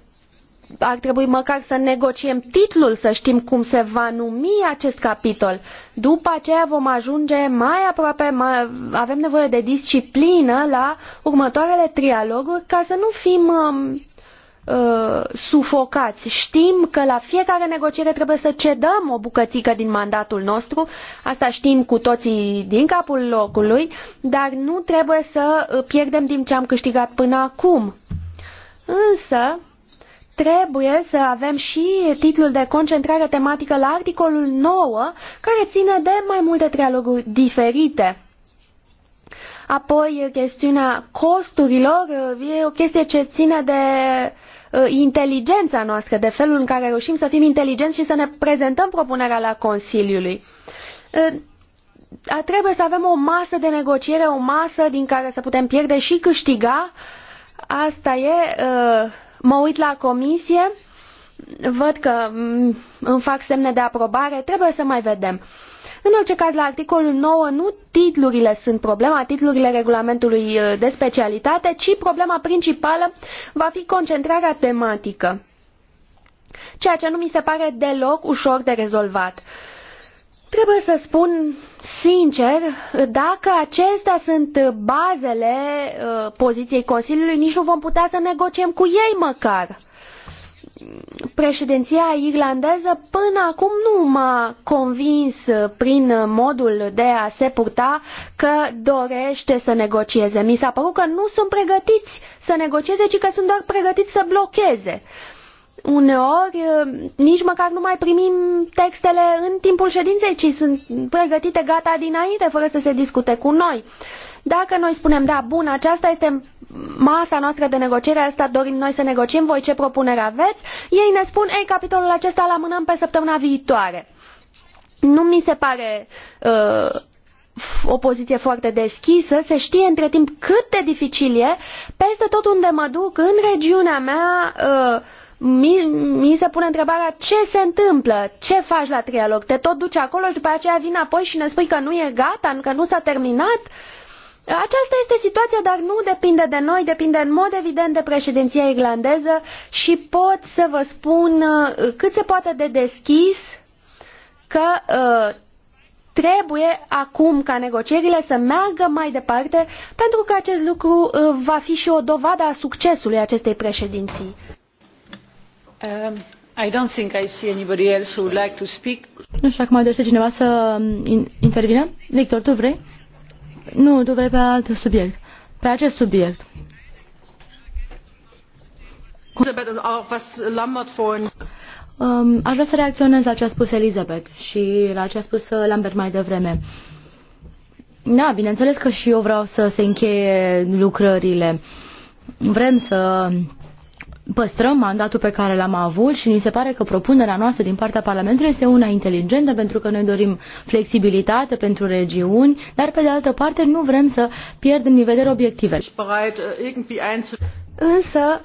ar trebui măcar să negociem titlul, să știm cum se va numi acest capitol. După aceea vom ajunge mai aproape, mai, avem nevoie de disciplină la următoarele trialoguri ca să nu fim uh, uh, sufocați. Știm că la fiecare negociere trebuie să cedăm o bucățică din mandatul nostru, asta știm cu toții din capul locului, dar nu trebuie să uh, pierdem din ce am câștigat până acum. Însă, trebuie să avem și titlul de concentrare tematică la articolul 9, care ține de mai multe trialoguri diferite. Apoi, chestiunea costurilor e o chestie ce ține de uh, inteligența noastră, de felul în care reușim să fim inteligenți și să ne prezentăm propunerea la Consiliului. Uh, trebuie să avem o masă de negociere, o masă din care să putem pierde și câștiga. Asta e uh, Mă uit la comisie, văd că mm, îmi fac semne de aprobare, trebuie să mai vedem. În orice caz, la articolul 9, nu titlurile sunt problema, titlurile regulamentului uh, de specialitate, ci problema principală va fi concentrarea tematică, ceea ce nu mi se pare deloc ușor de rezolvat. Uh, Trebuie să spun sincer, dacă acestea sunt bazele uh, poziției Consiliului, nici nu vom putea să negociem cu ei măcar. Președinția irlandeză până acum nu m-a convins prin modul de a se purta că dorește să negocieze. Mi s-a părut că nu sunt pregătiți să negocieze, ci că sunt doar pregătiți să blocheze uneori eh, nici măcar nu mai primim textele în timpul ședinței, ci sunt pregătite gata dinainte, fără să se discute cu noi. Dacă noi spunem, da, bun, aceasta este masa noastră de negociere, asta dorim noi să negociem, voi ce propunere aveți, ei ne spun, ei, capitolul acesta îl amânăm pe săptămâna viitoare. Nu mi se pare uh, o poziție foarte deschisă, se știe între timp cât de dificil e, peste tot unde mă duc, în regiunea mea, uh, mi, mi se pune întrebarea ce se întâmplă, ce faci la trialog, te tot duci acolo și după aceea vin apoi și ne spui că nu e gata, că nu s-a terminat. Aceasta este situația, dar nu depinde de noi, depinde în mod evident de președinția irlandeză și pot să vă spun uh, cât se poate de deschis că uh, trebuie acum ca negocierile să meargă mai departe pentru că acest lucru uh, va fi și o dovadă a succesului acestei președinții. Nu știu acum dorește cineva să um, intervină? Victor, tu vrei? Nu, tu vrei pe alt subiect. Pe acest subiect. Um, aș vrea să reacționez la ce a spus Elizabeth și la ce a spus uh, Lambert mai devreme. Da, bineînțeles că și eu vreau să se încheie lucrările. Vrem să um, păstrăm mandatul pe care l-am avut și mi se pare că propunerea noastră din partea Parlamentului este una inteligentă pentru că noi dorim flexibilitate pentru regiuni, dar pe de altă parte nu vrem să pierdem din vedere uh, Însă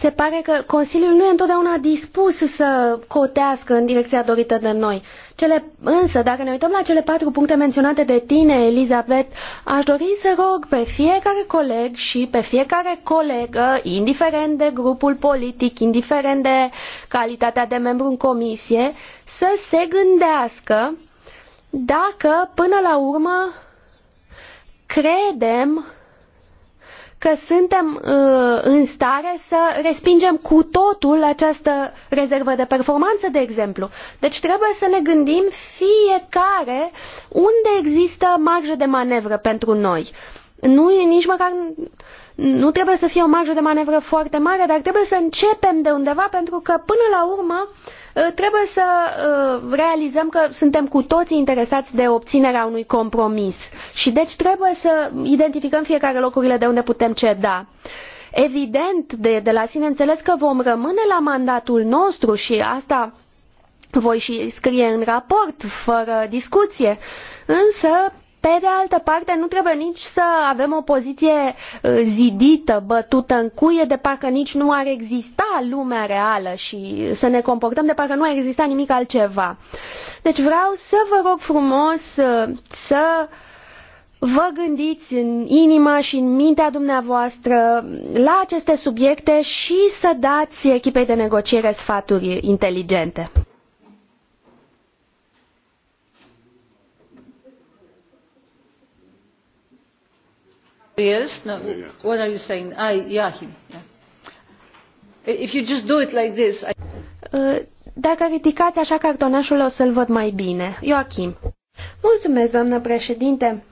se pare că Consiliul nu e întotdeauna dispus să cotească în direcția dorită de noi. Cele, însă, dacă ne uităm la cele patru puncte menționate de tine, Elizabeth, aș dori să rog pe fiecare coleg și pe fiecare colegă, indiferent de grupul politic, indiferent de calitatea de membru în comisie, să se gândească dacă, până la urmă, credem că suntem uh, în stare să respingem cu totul această rezervă de performanță, de exemplu. Deci trebuie să ne gândim fiecare unde există marjă de manevră pentru noi. Nu e nici măcar nu trebuie să fie o marjă de manevră foarte mare, dar trebuie să începem de undeva pentru că până la urmă uh, Uh, trebuie să uh, realizăm că suntem cu toții interesați de obținerea unui compromis și deci trebuie să identificăm fiecare locurile de unde putem ceda. Evident, de, de la sine înțeles că vom rămâne la mandatul nostru și asta voi și scrie în raport, fără discuție. Însă pe de altă parte, nu trebuie nici să avem o poziție uh, zidită, bătută în cuie, de parcă nici nu ar exista lumea reală și să ne comportăm de parcă nu ar exista nimic altceva. Deci vreau să vă rog frumos uh, să vă gândiți în inima și în mintea dumneavoastră la aceste subiecte și să dați echipei de negociere sfaturi inteligente. Yes? No. What are you saying? I, Yeah. If you just do it like this, I... Uh, dacă ridicați așa cartonașul, o să-l văd mai bine. Joachim. Mulțumesc, doamnă președinte.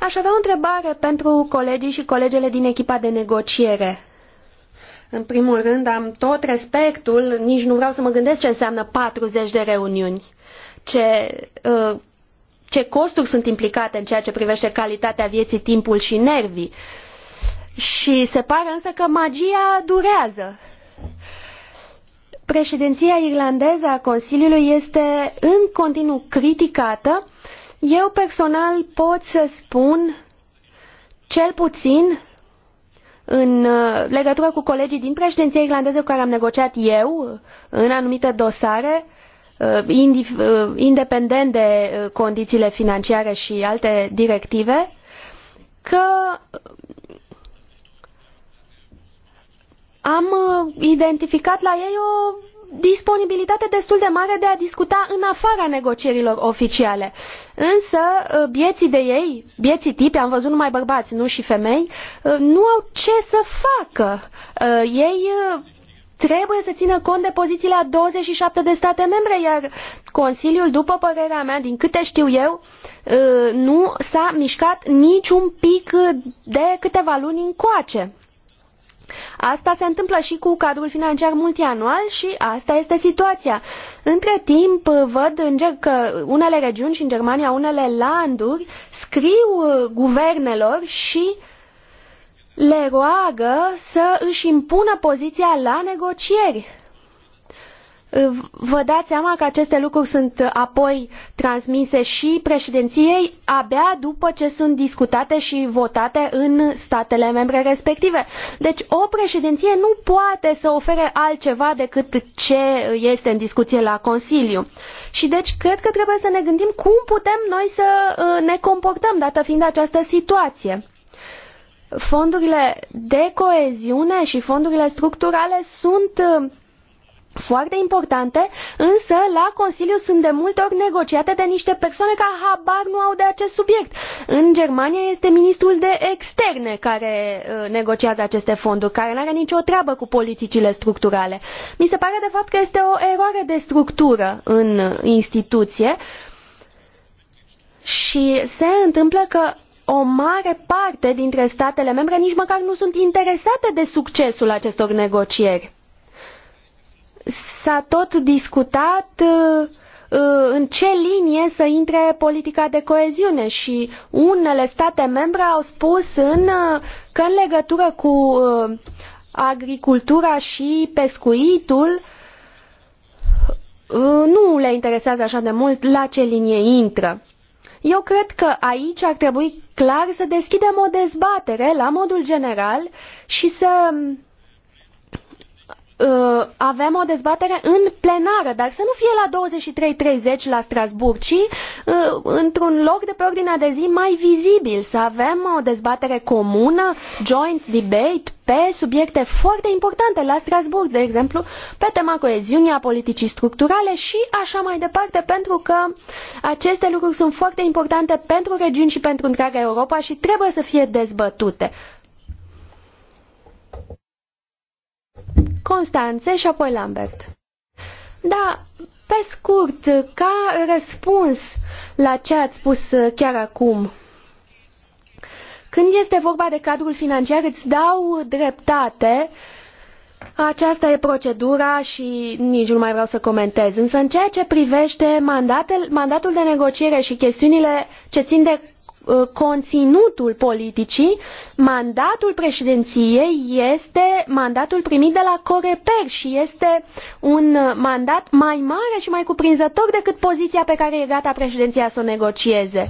Aș avea o întrebare pentru colegii și colegele din echipa de negociere. În primul rând, am tot respectul, nici nu vreau să mă gândesc ce înseamnă 40 de reuniuni. Ce uh, ce costuri sunt implicate în ceea ce privește calitatea vieții, timpul și nervii. Și se pare însă că magia durează. Președinția irlandeză a Consiliului este în continuu criticată. Eu personal pot să spun, cel puțin în uh, legătură cu colegii din președinția irlandeză cu care am negociat eu uh, în anumite dosare, Uh, uh, independent de uh, condițiile financiare și alte directive, că am identificat la ei o disponibilitate destul de mare de a discuta în afara negocierilor oficiale. Însă, bieții de ei, bieții tipi, am văzut numai bărbați, nu și femei, nu au ce să facă. Ei trebuie să țină cont de pozițiile a 27 de state membre, iar Consiliul, după părerea mea, din câte știu eu, ă, nu s-a mișcat niciun pic de câteva luni încoace. Asta se întâmplă și cu cadrul financiar multianual și asta este situația. Între timp, văd în că unele regiuni și în Germania unele landuri scriu ă, guvernelor și uh, le roagă să își impună poziția la negocieri. Vă dați seama că aceste lucruri sunt apoi transmise și președinției abia după ce sunt discutate și votate în statele membre respective. Deci o președinție nu poate să ofere altceva decât ce este în discuție la Consiliu. Și deci cred că trebuie să ne gândim cum putem noi să uh, ne comportăm, dată fiind această situație fondurile de coeziune și fondurile structurale sunt uh, foarte importante, însă la Consiliu sunt de multe ori negociate de niște persoane care habar nu au de acest subiect. În Germania este ministrul de externe care uh, negociază aceste fonduri, care nu are nicio treabă cu politicile structurale. Mi se pare de fapt că este o eroare de structură în instituție și se întâmplă că o mare parte dintre statele membre nici măcar nu sunt interesate de succesul acestor negocieri. S-a tot discutat uh, uh, în ce linie să intre politica de coeziune și unele state membre au spus în, uh, că în legătură cu agricultura și pescuitul nu le interesează așa de mult la ce linie intră. Eu cred că aici ar trebui clar să deschidem o dezbatere la modul general și să uh, avem o dezbatere în plenară, dar să nu fie la 23.30 la Strasburg, ci uh, într-un loc de pe ordinea de zi mai vizibil, să avem o dezbatere comună, joint debate, pe subiecte foarte importante la Strasburg, de exemplu, pe tema coeziunii, a politicii structurale și așa mai departe, pentru că aceste lucruri sunt foarte importante pentru regiuni și pentru întreaga Europa și trebuie să fie dezbătute. Constanțe și apoi Lambert. Da, pe scurt, ca răspuns la ce ați spus uh, chiar acum. Când este vorba de cadrul financiar, îți dau dreptate. Aceasta e procedura și nici nu mai vreau să comentez. Însă în ceea ce privește mandatul, mandatul de negociere și chestiunile ce țin de Uh, conținutul politicii, mandatul președinției este mandatul primit de la Coreper și este un mandat mai mare și mai cuprinzător decât poziția pe care e gata președinția să o negocieze.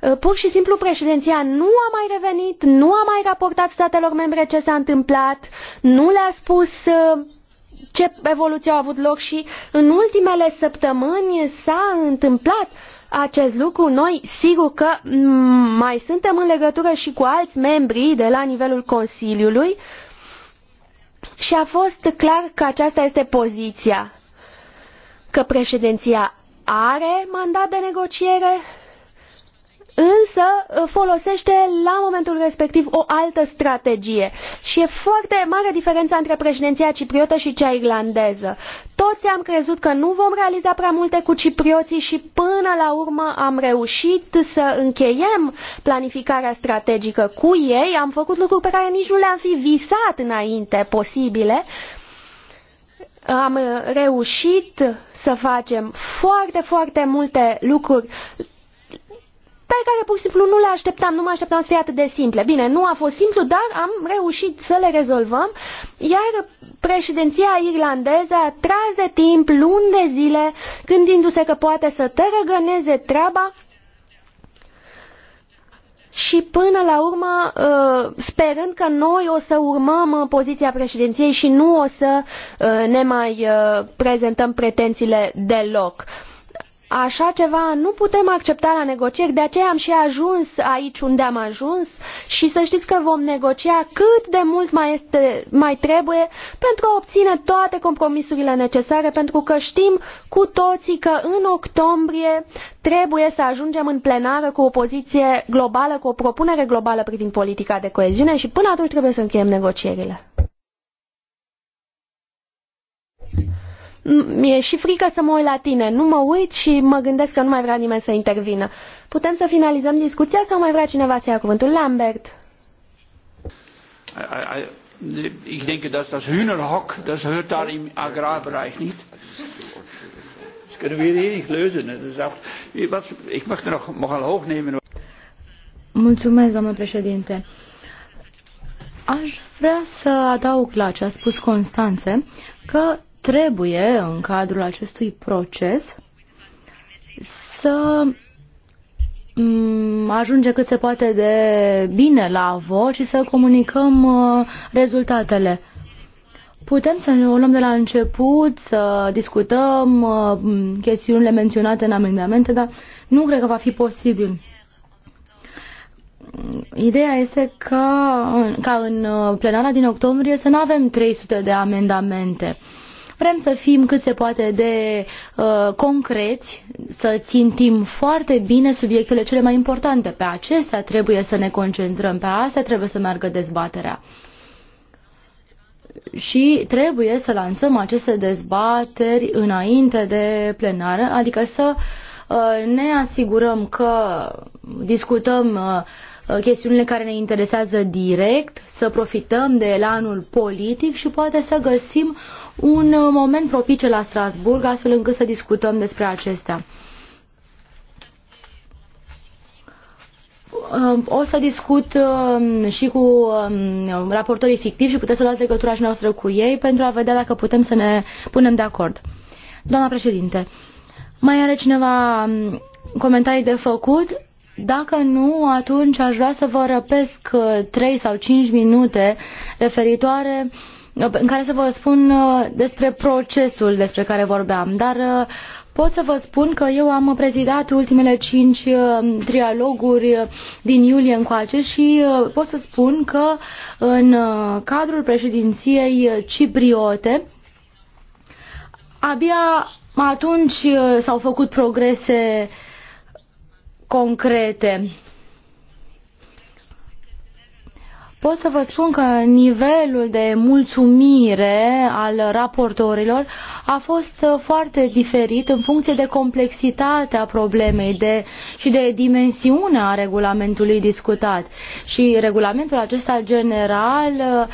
Uh, pur și simplu președinția nu a mai revenit, nu a mai raportat statelor membre ce s-a întâmplat, nu le-a spus uh, ce evoluție au avut loc și în ultimele săptămâni s-a întâmplat acest lucru. Noi sigur că mai suntem în legătură și cu alți membri de la nivelul Consiliului și a fost clar că aceasta este poziția, că președinția are mandat de negociere însă uh, folosește la momentul respectiv o altă strategie. Și e foarte mare diferența între președinția cipriotă și cea irlandeză. Toți am crezut că nu vom realiza prea multe cu ciprioții și până la urmă am reușit să încheiem planificarea strategică cu ei. Am făcut lucruri pe care nici nu le-am fi visat înainte posibile am reușit să facem foarte, foarte multe lucruri pe care pur și simplu nu le așteptam, nu mă așteptam să fie atât de simple. Bine, nu a fost simplu, dar am reușit să le rezolvăm, iar președinția irlandeză a tras de timp luni de zile, gândindu-se că poate să tărăgăneze treaba și până la urmă uh, sperând că noi o să urmăm uh, poziția președinției și nu o să uh, ne mai prezentăm pretențiile deloc. Așa ceva nu putem accepta la negocieri, de aceea am și ajuns aici unde am ajuns și să știți că vom negocia cât de mult mai, este, mai trebuie pentru a obține toate compromisurile necesare, pentru că știm cu toții că în octombrie trebuie să ajungem în plenară cu o poziție globală, cu o propunere globală privind politica de coeziune și până atunci trebuie să încheiem negocierile. mi-e și frică să mă uit la tine, nu mă uit și mă gândesc că nu mai vrea nimeni să intervină. Putem să finalizăm discuția sau mai vrea cineva să ia cuvântul? Lambert. Ich denke, dass das Hühnerhock, das hört da im Agrarbereich nicht. Das können wir hier nicht lösen. Das ist auch, was, ich möchte noch mal hochnehmen. Mulțumesc, domnule președinte. Aș vrea să adaug la ce a spus Constanțe că trebuie, în cadrul acestui proces, să mm, ajunge cât se poate de bine la vot și să comunicăm uh, rezultatele. Putem să ne luăm de la început, să discutăm uh, chestiunile menționate în amendamente, dar nu cred că va fi posibil. Ideea este ca, ca în uh, plenara din octombrie să nu avem 300 de amendamente. Vrem să fim cât se poate de uh, concreți, să țintim foarte bine subiectele cele mai importante. Pe acestea trebuie să ne concentrăm, pe asta trebuie să meargă dezbaterea și trebuie să lansăm aceste dezbateri înainte de plenară, adică să uh, ne asigurăm că discutăm uh, chestiunile care ne interesează direct, să profităm de elanul politic și poate să găsim un uh, moment propice la Strasburg, astfel încât să discutăm despre acestea. Uh, o să discut um, și cu um, raportorii fictivi și puteți să luați legătura și noastră cu ei pentru a vedea dacă putem să ne punem de acord. Doamna președinte, mai are cineva um, comentarii de făcut? Dacă nu, atunci aș vrea să vă răpesc 3 uh, sau 5 minute referitoare uh, în care să vă spun uh, despre procesul despre care vorbeam, dar uh, pot să vă spun că eu am prezidat ultimele cinci uh, trialoguri din iulie încoace și pot să spun că în cadrul președinției cipriote abia atunci s-au făcut progrese concrete Pot să vă spun că nivelul de mulțumire al raportorilor a fost uh, foarte diferit în funcție de complexitatea problemei de, și de dimensiunea regulamentului discutat. Și regulamentul acesta general uh,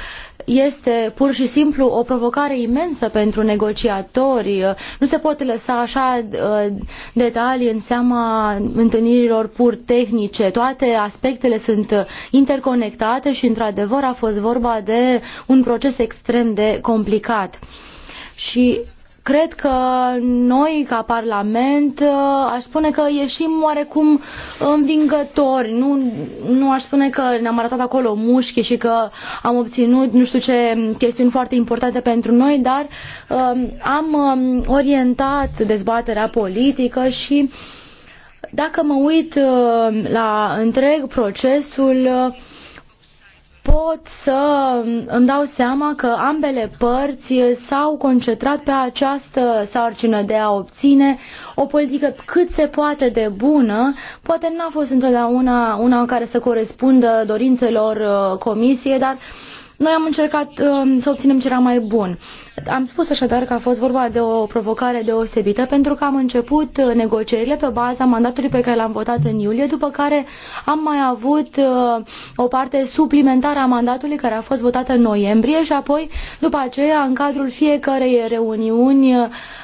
este pur și simplu o provocare imensă pentru negociatori. Nu se pot lăsa așa uh, detalii în seama întâlnirilor pur tehnice. Toate aspectele sunt interconectate și, într-adevăr, a fost vorba de un proces extrem de complicat. Și cred că noi, ca Parlament, uh, aș spune că ieșim oarecum învingători. Nu, nu aș spune că ne-am arătat acolo mușchi și că am obținut nu știu ce chestiuni foarte importante pentru noi, dar um, am um, orientat dezbaterea politică și dacă mă uit uh, la întreg procesul, uh, pot să îmi dau seama că ambele părți s-au concentrat pe această sarcină de a obține o politică cât se poate de bună. Poate n-a fost întotdeauna una care să corespundă dorințelor uh, comisiei, dar noi am încercat um, să obținem ce era mai bun. Am spus așadar că a fost vorba de o provocare deosebită pentru că am început negocierile pe baza mandatului pe care l-am votat în iulie, după care am mai avut uh, o parte suplimentară a mandatului care a fost votată în noiembrie și apoi după aceea în cadrul fiecarei reuniuni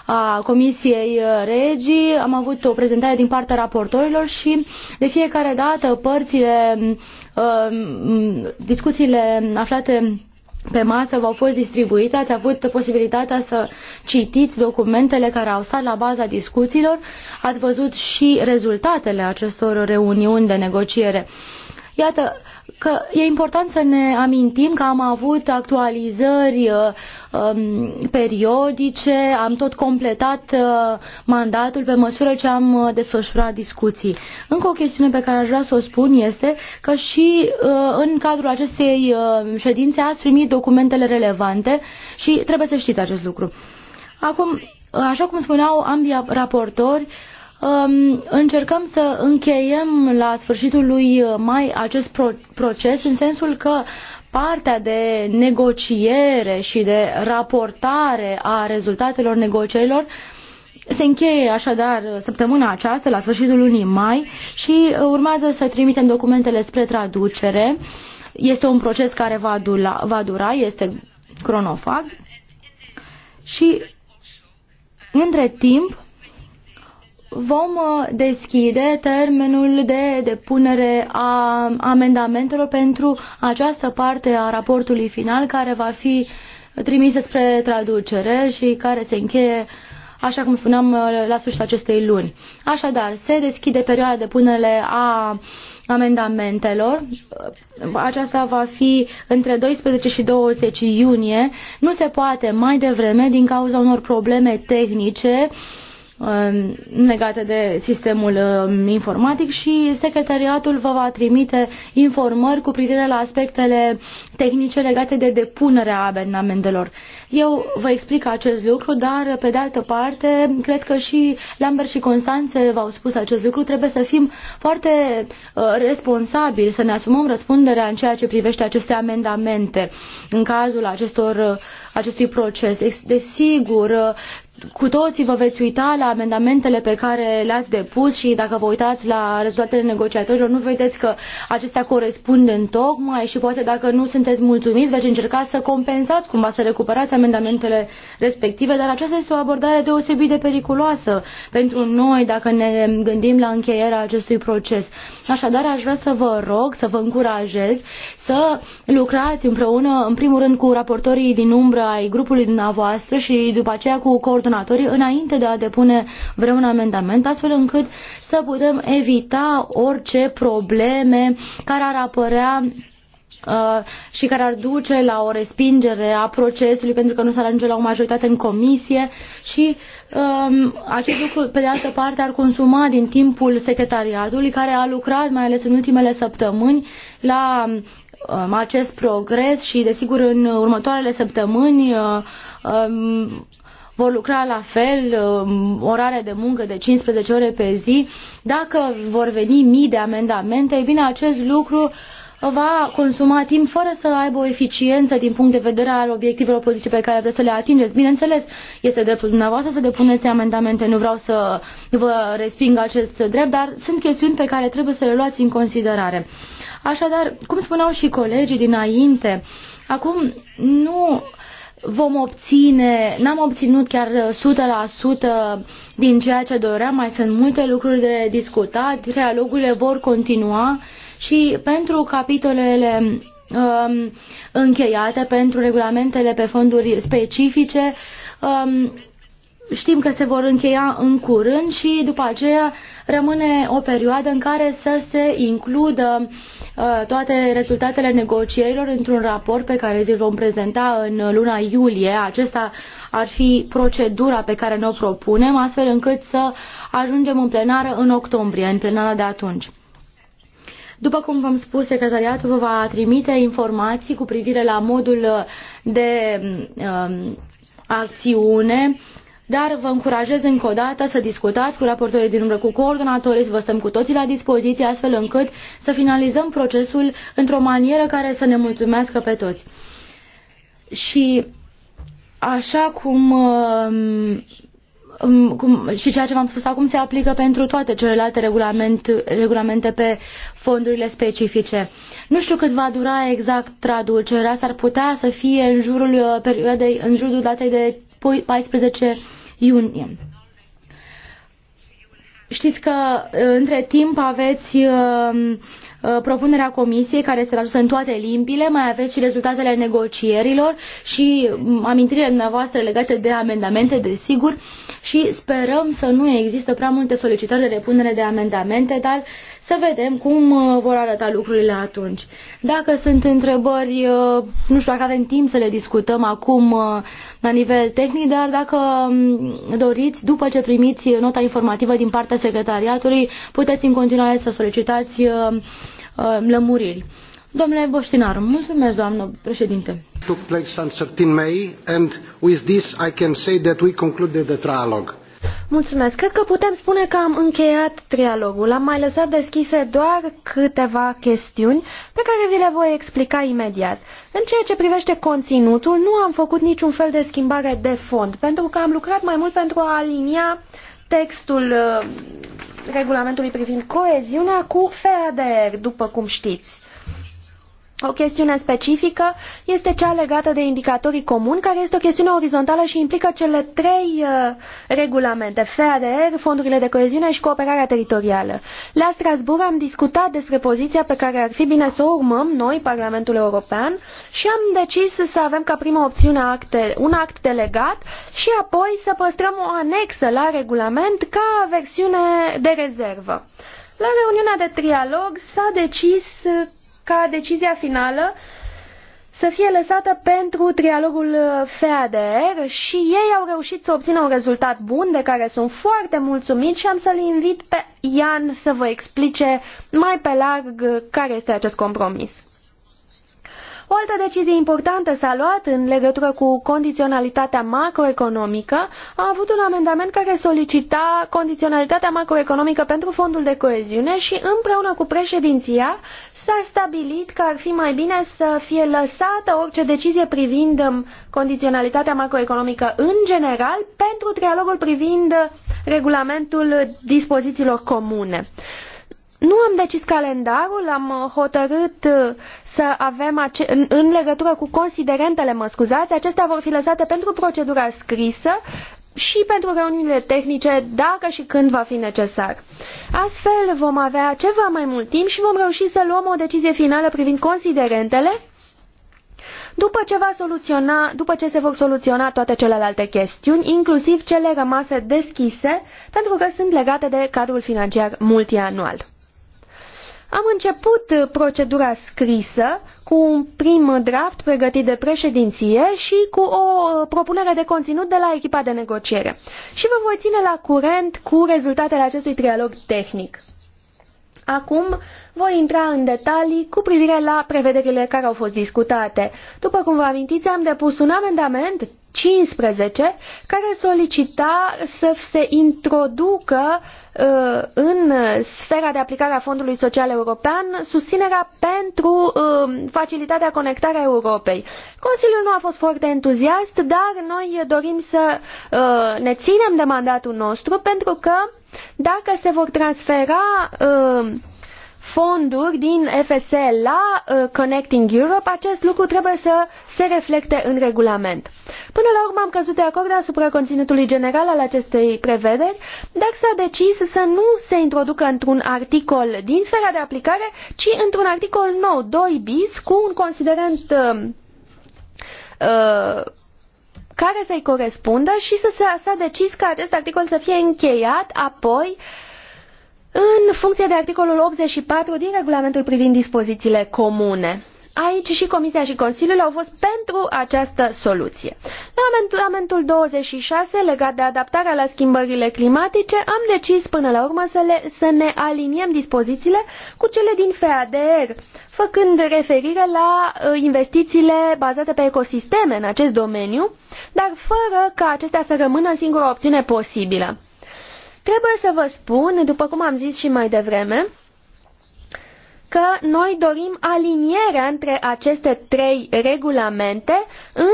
a Comisiei Regii am avut o prezentare din partea raportorilor și de fiecare dată părțile, uh, discuțiile aflate pe masă v-au fost distribuite, ați avut posibilitatea să citiți documentele care au stat la baza discuțiilor, ați văzut și rezultatele acestor reuniuni de negociere. Iată, că e important să ne amintim că am avut actualizări uh, um, periodice, am tot completat uh, mandatul pe măsură ce am uh, desfășurat discuții. Încă o chestiune pe care aș vrea să o spun este că și uh, în cadrul acestei uh, ședințe ați primit documentele relevante și trebuie să știți acest lucru. Acum, uh, așa cum spuneau ambii raportori, uh, Um, încercăm să încheiem la sfârșitul lui mai acest proces în sensul că partea de negociere și de raportare a rezultatelor negocierilor se încheie așadar săptămâna aceasta, la sfârșitul lunii mai, și urmează să trimitem documentele spre traducere. Este un proces care va dura, va dura este cronofag. Și între timp, vom uh, deschide termenul de depunere a amendamentelor pentru această parte a raportului final care va fi trimisă spre traducere și care se încheie așa cum spuneam, uh, la sfârșitul acestei luni. Așadar, se deschide perioada de punere a amendamentelor. Aceasta va fi între 12 și 20 iunie. Nu se poate mai devreme din cauza unor probleme tehnice uh, Um, legate de sistemul um, informatic și secretariatul vă va trimite informări cu privire la aspectele tehnice legate de depunerea amendamentelor. Eu vă explic acest lucru, dar pe de altă parte, cred că și Lambert și Constanțe v-au spus acest lucru, trebuie să fim foarte uh, responsabili, să ne asumăm răspunderea în ceea ce privește aceste amendamente în cazul acestor, uh, acestui proces. Desigur, uh, cu toții vă veți uita la amendamentele pe care le-ați depus și dacă vă uitați la rezultatele negociatorilor, nu vedeți că acestea corespund în tocmai și poate dacă nu sunteți mulțumiți, veți încerca să compensați cumva, să recuperați amendamentele respective, dar aceasta este o abordare deosebit de periculoasă pentru noi dacă ne gândim la încheierea acestui proces. Așadar, aș vrea să vă rog, să vă încurajez să lucrați împreună, în primul rând, cu raportorii din umbră ai grupului dumneavoastră și după aceea cu coordonatorii donatorii înainte de a depune vreun amendament, astfel încât să putem evita orice probleme care ar apărea uh, și care ar duce la o respingere a procesului pentru că nu s-ar ajunge la o majoritate în comisie și um, acest lucru, pe de altă parte, ar consuma din timpul secretariatului care a lucrat, mai ales în ultimele săptămâni, la um, acest progres și, desigur, în următoarele săptămâni uh, um, vor lucra la fel, um, orare de muncă de 15 ore pe zi, dacă vor veni mii de amendamente, bine, acest lucru va consuma timp fără să aibă o eficiență din punct de vedere al obiectivelor politice pe care vreți să le atingeți. Bineînțeles, este dreptul dumneavoastră să depuneți amendamente, nu vreau să vă resping acest drept, dar sunt chestiuni pe care trebuie să le luați în considerare. Așadar, cum spuneau și colegii dinainte, acum nu vom obține, n-am obținut chiar 100% uh, din ceea ce doream, mai sunt multe lucruri de discutat, dialogurile vor continua și pentru capitolele um, încheiate, pentru regulamentele pe fonduri specifice, um, știm că se vor încheia în curând și după aceea rămâne o perioadă în care să se includă uh, toate rezultatele negocierilor într-un raport pe care îl vom prezenta în luna iulie. Acesta ar fi procedura pe care ne-o propunem, astfel încât să ajungem în plenară în octombrie, în plenara de atunci. După cum v-am spus, secretariatul vă va trimite informații cu privire la modul de um, acțiune dar vă încurajez încă o dată să discutați cu raportorii din umbră, cu coordonatorii, să vă stăm cu toții la dispoziție, astfel încât să finalizăm procesul într-o manieră care să ne mulțumească pe toți. Și așa cum, um, um, cum și ceea ce v-am spus acum se aplică pentru toate celelalte regulament, regulamente pe fondurile specifice. Nu știu cât va dura exact traducerea, s-ar putea să fie în jurul uh, perioadei, în jurul datei de 14 iunie. Știți că uh, între timp aveți uh, uh, propunerea comisiei care se tradusă în toate limbile, mai aveți și rezultatele negocierilor și mm, amintirile dumneavoastră legate de amendamente, desigur, și sperăm să nu există prea multe solicitări de repunere de amendamente, dar uh, să vedem cum uh, vor arăta lucrurile atunci. Dacă sunt întrebări, uh, nu știu dacă avem timp să le discutăm acum uh, la nivel tehnic, dar dacă um, doriți, după ce primiți nota informativă din partea secretariatului, puteți în continuare să solicitați lămuriri. Domnule Boștinaru, mulțumesc, doamnă președinte. Took place on 13 May and with this I can say that we concluded the trialogue Mulțumesc. Cred că putem spune că am încheiat trialogul. Am mai lăsat deschise doar câteva chestiuni pe care vi le voi explica imediat. În ceea ce privește conținutul, nu am făcut niciun fel de schimbare de fond, pentru că am lucrat mai mult pentru a alinia textul uh, regulamentului privind coeziunea cu FADR, după cum știți. O chestiune specifică este cea legată de indicatorii comuni, care este o chestiune orizontală și implică cele trei uh, regulamente, FADR, fondurile de coeziune și cooperarea teritorială. La Strasbourg am discutat despre poziția pe care ar fi bine să o urmăm noi, Parlamentul European, și am decis să avem ca primă opțiune acte, un act delegat și apoi să păstrăm o anexă la regulament ca versiune de rezervă. La reuniunea de trialog s-a decis ca decizia finală să fie lăsată pentru trialogul uh, FADR și ei au reușit să obțină un rezultat bun de care sunt foarte mulțumit și am să-l invit pe Ian să vă explice mai pe larg care este acest compromis. O altă decizie importantă s-a luat în legătură cu condiționalitatea macroeconomică. A avut un amendament care solicita condiționalitatea macroeconomică pentru fondul de coeziune și împreună cu președinția s-a stabilit că ar fi mai bine să fie lăsată orice decizie privind um, condiționalitatea macroeconomică în general pentru trialogul privind regulamentul dispozițiilor comune. Nu am decis calendarul, am hotărât să avem în legătură cu considerentele, mă scuzați, acestea vor fi lăsate pentru procedura scrisă și pentru reuniunile tehnice, dacă și când va fi necesar. Astfel vom avea ceva mai mult timp și vom reuși să luăm o decizie finală privind considerentele după ce, va soluționa, după ce se vor soluționa toate celelalte chestiuni, inclusiv cele rămase deschise, pentru că sunt legate de cadrul financiar multianual. Am început uh, procedura scrisă cu un prim draft pregătit de președinție și cu o uh, propunere de conținut de la echipa de negociere. Și vă voi ține la curent cu rezultatele acestui trialog tehnic. Acum voi intra în detalii cu privire la prevederile care au fost discutate. După cum vă amintiți, am depus un amendament 15 care solicita să se introducă Uh, în sfera de aplicare a Fondului Social European susținerea pentru uh, facilitatea conectarea Europei. Consiliul nu a fost foarte entuziast, dar noi dorim să uh, ne ținem de mandatul nostru pentru că dacă se vor transfera fonduri din FS la uh, Connecting Europe, acest lucru trebuie să se reflecte în regulament. Până la urmă am căzut de acord asupra conținutului general al acestei prevederi, dar s-a decis să nu se introducă într-un articol din sfera de aplicare, ci într-un articol nou, 2 bis, cu un considerent uh, uh, care să-i corespundă și să s-a decis ca acest articol să fie încheiat apoi uh, în funcție de articolul 84 din regulamentul privind dispozițiile comune. Aici și Comisia și Consiliul au fost pentru această soluție. La amendamentul 26, legat de adaptarea la schimbările climatice, am decis până la urmă să, le, să ne aliniem dispozițiile cu cele din FADR, făcând referire la uh, investițiile bazate pe ecosisteme în acest domeniu, dar fără ca acestea să rămână singura opțiune posibilă. Trebuie să vă spun, după cum am zis și mai devreme, că noi dorim alinierea între aceste trei regulamente în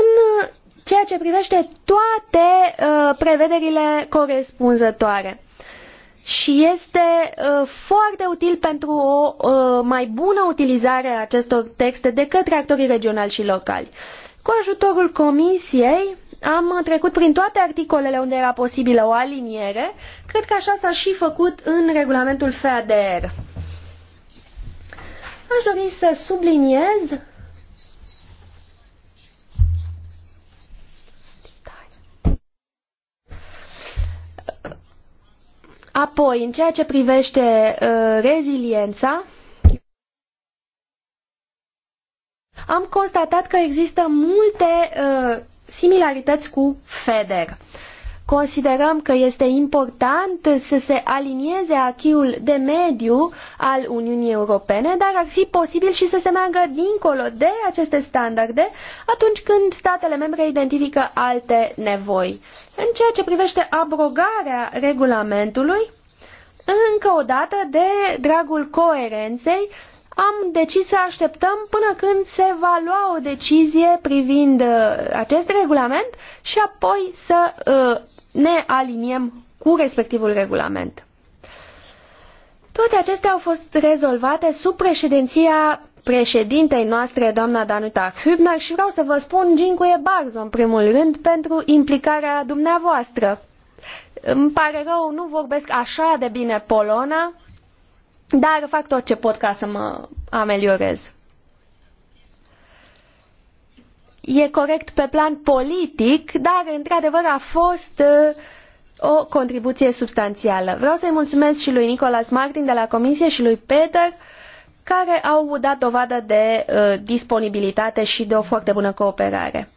ceea ce privește toate uh, prevederile corespunzătoare. Și este uh, foarte util pentru o uh, mai bună utilizare a acestor texte de către actorii regionali și locali. Cu ajutorul Comisiei am trecut prin toate articolele unde era posibilă o aliniere Cred că așa s-a și făcut în regulamentul FADR. Aș dori să subliniez Apoi, în ceea ce privește uh, reziliența, am constatat că există multe uh, similarități cu FEDER. Considerăm că este important să se alinieze achiul de mediu al Uniunii Europene, dar ar fi posibil și să se meargă dincolo de aceste standarde atunci când statele membre identifică alte nevoi. În ceea ce privește abrogarea regulamentului, încă o dată, de dragul coerenței, am decis să așteptăm până când se va lua o decizie privind uh, acest regulament și apoi să uh, ne aliniem cu respectivul regulament. Toate acestea au fost rezolvate sub președinția președintei noastre, doamna Danuta Hübner, și vreau să vă spun Gincuie Barzo, în primul rând, pentru implicarea dumneavoastră. Îmi pare rău, nu vorbesc așa de bine polona, dar fac tot ce pot ca să mă ameliorez. E corect pe plan politic, dar într-adevăr a fost uh, o contribuție substanțială. Vreau să-i mulțumesc și lui Nicolas Martin de la Comisie și lui Peter care au dat dovadă de uh, disponibilitate și de o foarte bună cooperare.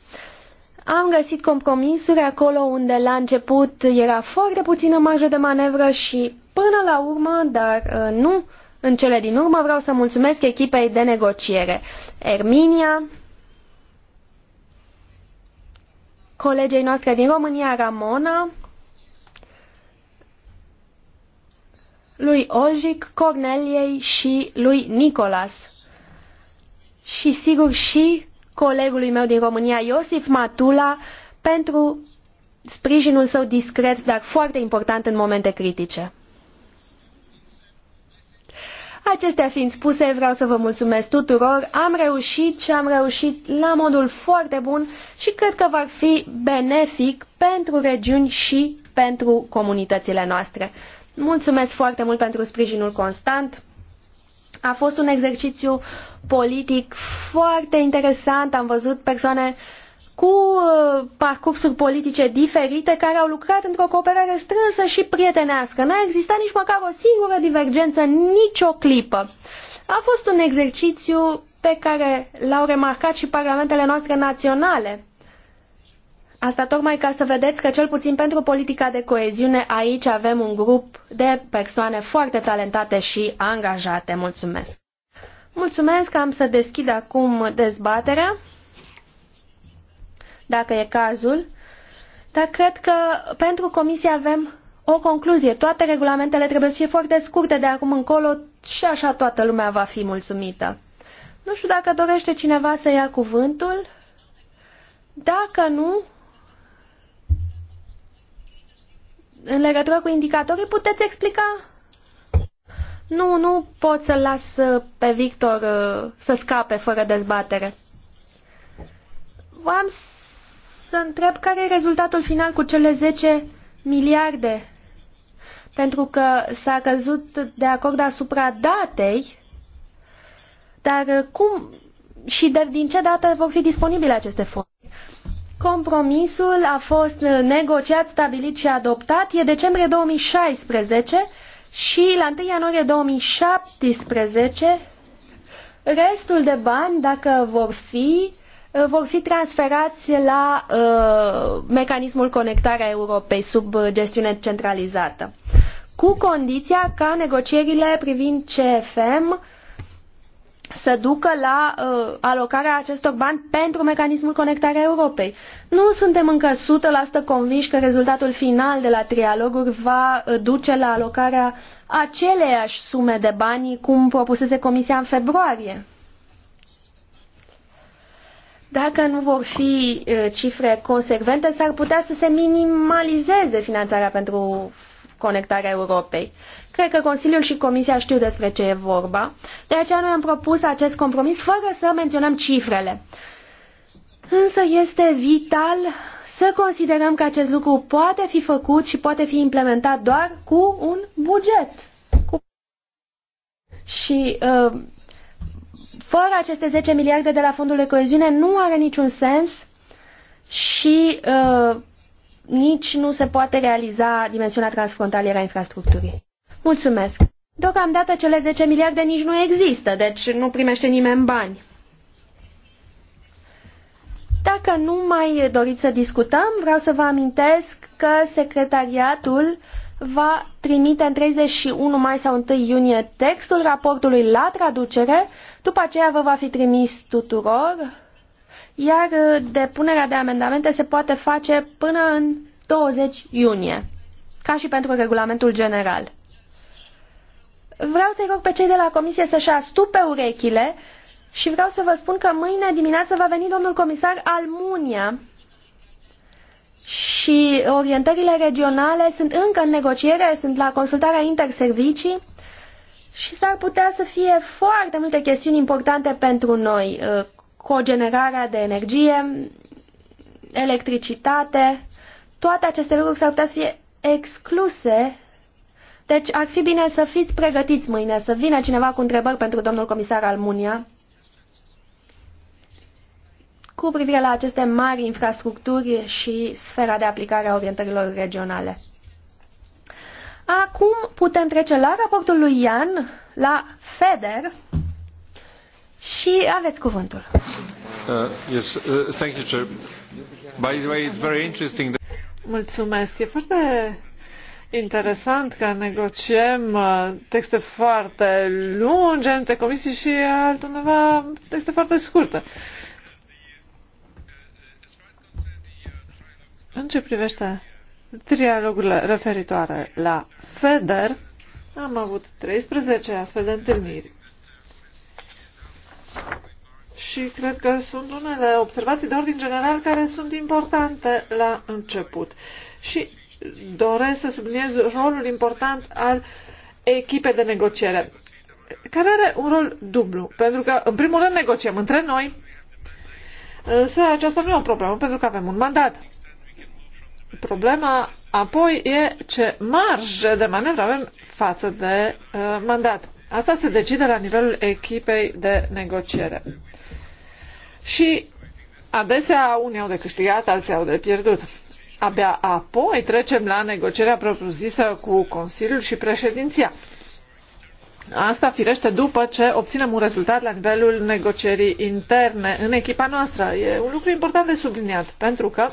Am găsit compromisuri acolo unde la început era foarte puțină marjă de manevră și până la urmă, dar uh, nu în cele din urmă, vreau să mulțumesc echipei de negociere. Erminia, colegei noastre din România, Ramona, lui Ojic, Corneliei și lui Nicolas. Și sigur și colegului meu din România, Iosif Matula, pentru sprijinul său discret, dar foarte important în momente critice. Acestea fiind spuse, vreau să vă mulțumesc tuturor. Am reușit și am reușit la modul foarte bun și cred că va fi benefic pentru regiuni și pentru comunitățile noastre. Mulțumesc foarte mult pentru sprijinul constant. A fost un exercițiu politic foarte interesant. Am văzut persoane cu uh, parcursuri politice diferite care au lucrat într-o cooperare strânsă și prietenească. N-a existat nici măcar o singură divergență, nicio clipă. A fost un exercițiu pe care l-au remarcat și parlamentele noastre naționale. Asta tocmai ca să vedeți că cel puțin pentru politica de coeziune aici avem un grup de persoane foarte talentate și angajate. Mulțumesc! Mulțumesc, că am să deschid acum dezbaterea, dacă e cazul, dar cred că pentru comisie avem o concluzie. Toate regulamentele trebuie să fie foarte scurte de acum încolo și așa toată lumea va fi mulțumită. Nu știu dacă dorește cineva să ia cuvântul. Dacă nu, în legătură cu indicatorii, puteți explica nu, nu pot să-l las uh, pe Victor uh, să scape fără dezbatere. Am să întreb care e rezultatul final cu cele 10 miliarde. Pentru că s-a căzut de acord asupra datei, dar uh, cum și de, din ce dată vor fi disponibile aceste fonduri? Compromisul a fost negociat, stabilit și adoptat. E decembrie 2016 și la 1 ianuarie 2017 restul de bani, dacă vor fi, uh, vor fi transferați la uh, mecanismul conectarea Europei sub gestiune centralizată. Cu condiția ca negocierile privind CFM să ducă la uh, alocarea acestor bani pentru mecanismul conectarea Europei. Nu suntem încă 100% convinși că rezultatul final de la trialoguri va uh, duce la alocarea aceleiași sume de bani cum propusese Comisia în februarie. Dacă nu vor fi uh, cifre consecvente, s-ar putea să se minimalizeze finanțarea pentru conectarea Europei. Cred că Consiliul și Comisia știu despre ce e vorba, de aceea noi am propus acest compromis fără să menționăm cifrele. Însă este vital să considerăm că acest lucru poate fi făcut și poate fi implementat doar cu un buget. Cu... Și uh, fără aceste 10 miliarde de la fondul de coeziune nu are niciun sens și uh, nici nu se poate realiza dimensiunea transfrontalieră a infrastructurii. Mulțumesc! Deocamdată cele 10 miliarde nici nu există, deci nu primește nimeni bani. Dacă nu mai doriți să discutăm, vreau să vă amintesc că secretariatul va trimite în 31 mai sau 1 iunie textul raportului la traducere, după aceea vă va fi trimis tuturor, iar depunerea de amendamente se poate face până în 20 iunie, ca și pentru regulamentul general. Vreau să-i rog pe cei de la comisie să-și astupe urechile și vreau să vă spun că mâine dimineață va veni domnul comisar Almunia și orientările regionale sunt încă în negociere, sunt la consultarea interservicii și s-ar putea să fie foarte multe chestiuni importante pentru noi, uh, cogenerarea de energie, electricitate, toate aceste lucruri s-ar putea să fie excluse. Deci ar fi bine să fiți pregătiți mâine, să vină cineva cu întrebări pentru domnul comisar Almunia cu privire la aceste mari infrastructuri și sfera de aplicare a orientărilor regionale. Acum putem trece la raportul lui Ian, la FEDER și aveți cuvântul. Uh, yes, uh, thank you, Chair. By the way, it's very interesting that... Mulțumesc. E foarte interesant că negociem uh, texte foarte lungi între comisii și altundeva texte foarte scurte. Uh, În ce privește trialogurile referitoare la FEDER, am avut 13 astfel de întâlniri. Și cred că sunt unele observații de ordin general care sunt importante la început. Și doresc să subliniez rolul important al echipei de negociere, care are un rol dublu, pentru că, în primul rând, negociem între noi, însă aceasta nu e o problemă, pentru că avem un mandat. Problema apoi e ce marjă de manevră avem față de uh, mandat. Asta se decide la nivelul echipei de negociere. Și adesea unii au de câștigat, alții au de pierdut. Abia apoi trecem la negocierea propriu-zisă cu Consiliul și președinția. Asta firește după ce obținem un rezultat la nivelul negocierii interne în echipa noastră. E un lucru important de subliniat, pentru că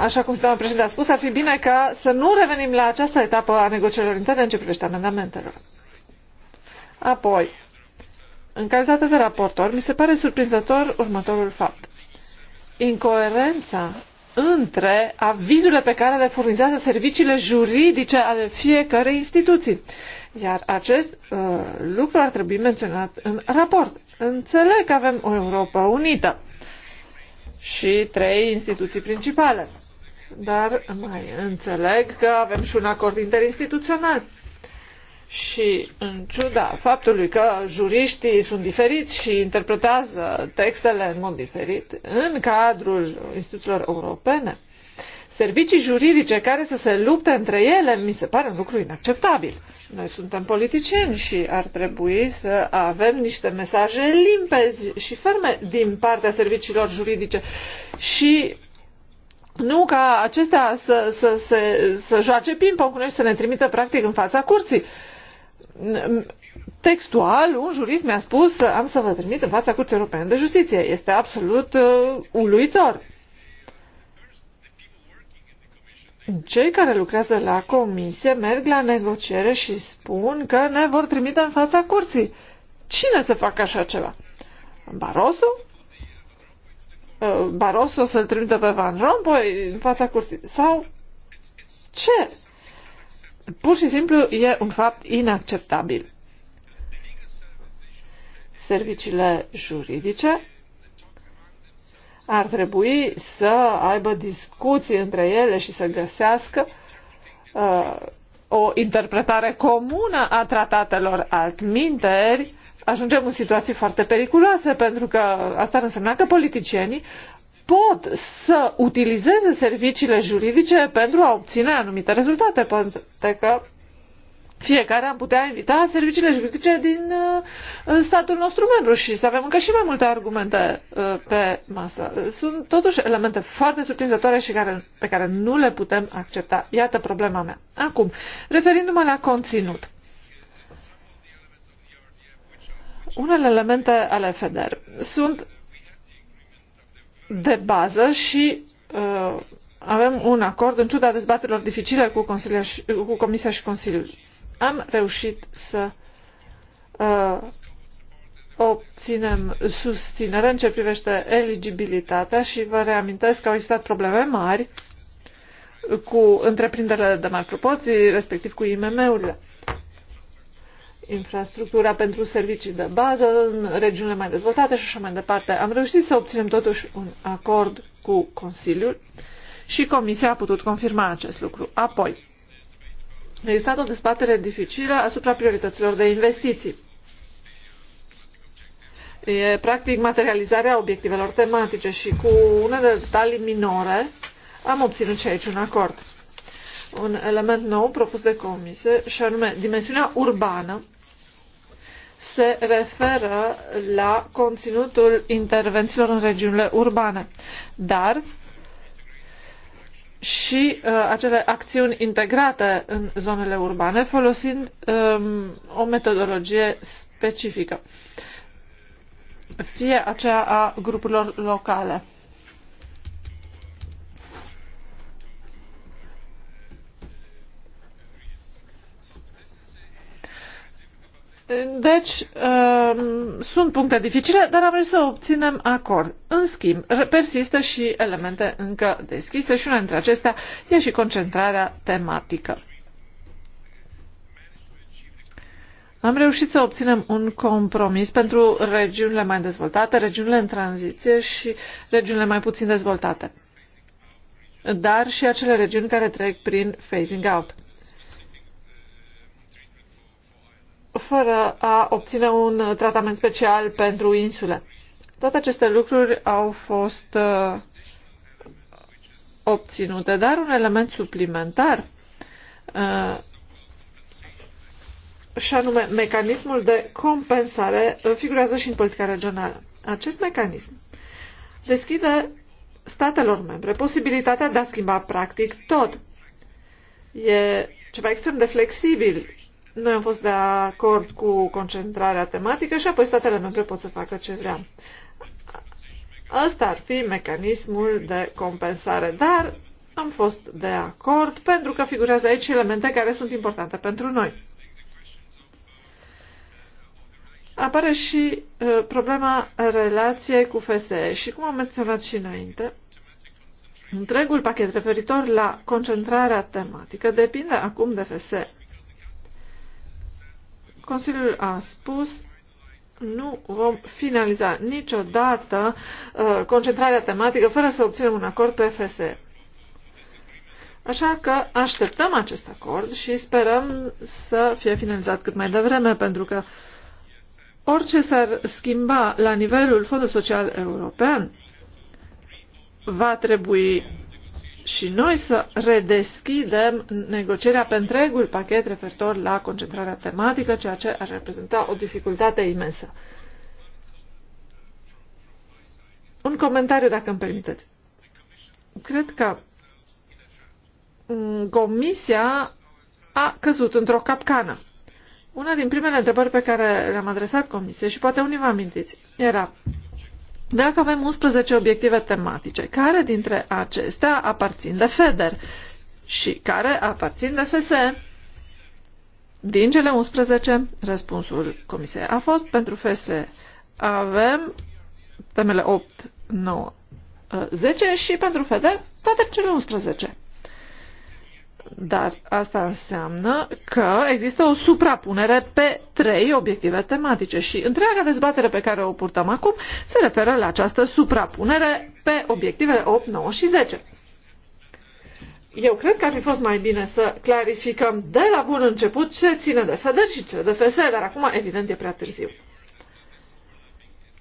Așa cum doamna președinte a spus, ar fi bine ca să nu revenim la această etapă a negocierilor interne în ce privește amendamentelor. Apoi, în calitate de raportor, mi se pare surprinzător următorul fapt. Incoerența între avizurile pe care le furnizează serviciile juridice ale fiecărei instituții. Iar acest uh, lucru ar trebui menționat în raport. Înțeleg că avem o Europa unită și trei instituții principale. Dar mai înțeleg că avem și un acord interinstituțional. Și în ciuda faptului că juriștii sunt diferiți și interpretează textele în mod diferit, în cadrul instituțiilor europene, servicii juridice care să se lupte între ele mi se pare un lucru inacceptabil. Noi suntem politicieni și ar trebui să avem niște mesaje limpezi și ferme din partea serviciilor juridice și nu ca acestea să, să, să, să joace ping-pong și să ne trimită practic în fața curții. Textual, un jurist mi-a spus am să vă trimit în fața Curții Europene de Justiție. Este absolut uh, uluitor. Cei care lucrează la comisie merg la negociere și spun că ne vor trimite în fața curții. Cine să facă așa ceva? Barosu? Uh, Barosu să-l trimită pe Van Rompuy în fața curții? Sau ce? Pur și simplu e un fapt inacceptabil. Serviciile juridice ar trebui să aibă discuții între ele și să găsească uh, o interpretare comună a tratatelor altminteri, ajungem în situații foarte periculoase, pentru că asta ar însemna că politicienii pot să utilizeze serviciile juridice pentru a obține anumite rezultate. Poate că fiecare am putea invita serviciile juridice din uh, statul nostru membru și să avem încă și mai multe argumente uh, pe masă. Sunt totuși elemente foarte surprinzătoare și care, pe care nu le putem accepta. Iată problema mea. Acum, referindu-mă la conținut. Unele elemente ale FEDER sunt de bază și uh, avem un acord în ciuda dezbaterilor dificile cu, și, cu Comisia și Consiliul am reușit să uh, obținem susținere în ce privește eligibilitatea și vă reamintesc că au existat probleme mari cu întreprinderile de mari proporții, respectiv cu IMM-urile. Infrastructura pentru servicii de bază în regiunile mai dezvoltate și așa mai departe. Am reușit să obținem totuși un acord cu Consiliul și Comisia a putut confirma acest lucru. Apoi, a existat o dezbatere dificilă asupra priorităților de investiții. E practic materializarea obiectivelor tematice și cu unele detalii minore am obținut și aici un acord. Un element nou propus de comisie și anume dimensiunea urbană se referă la conținutul intervențiilor în regiunile urbane, dar și uh, acele acțiuni integrate în zonele urbane, folosind um, o metodologie specifică, fie aceea a grupurilor locale. Deci, um, sunt puncte dificile, dar am reușit să obținem acord. În schimb, persistă și elemente încă deschise și una dintre acestea e și concentrarea tematică. Am reușit să obținem un compromis pentru regiunile mai dezvoltate, regiunile în tranziție și regiunile mai puțin dezvoltate, dar și acele regiuni care trec prin phasing out. fără a obține un tratament special pentru insule. Toate aceste lucruri au fost uh, obținute, dar un element suplimentar uh, și anume mecanismul de compensare uh, figurează și în politica regională. Acest mecanism deschide statelor membre posibilitatea de a schimba practic tot. E ceva extrem de flexibil noi am fost de acord cu concentrarea tematică și apoi statele membre pot să facă ce vrea. Ăsta ar fi mecanismul de compensare, dar am fost de acord pentru că figurează aici elemente care sunt importante pentru noi. Apare și uh, problema relației cu FSE și, cum am menționat și înainte, întregul pachet referitor la concentrarea tematică depinde acum de FSE. Consiliul a spus nu vom finaliza niciodată uh, concentrarea tematică fără să obținem un acord pe FSE. Așa că așteptăm acest acord și sperăm să fie finalizat cât mai devreme, pentru că orice s-ar schimba la nivelul Fondului Social European va trebui și noi să redeschidem negocierea pe întregul pachet referitor la concentrarea tematică, ceea ce ar reprezenta o dificultate imensă. Un comentariu, dacă îmi permiteți. Cred că mm, Comisia a căzut într-o capcană. Una din primele întrebări pe care le-am adresat Comisiei, și poate unii vă amintiți, era dacă avem 11 obiective tematice, care dintre acestea aparțin de FEDER și care aparțin de FSE? Din cele 11, răspunsul Comisiei a fost pentru FSE avem temele 8, 9, 10 și pentru FEDER toate cele 11. Dar asta înseamnă că există o suprapunere pe trei obiective tematice și întreaga dezbatere pe care o purtăm acum se referă la această suprapunere pe obiectivele 8, 9 și 10. Eu cred că ar fi fost mai bine să clarificăm de la bun început ce ține de FEDER și ce de FSE, dar acum evident e prea târziu.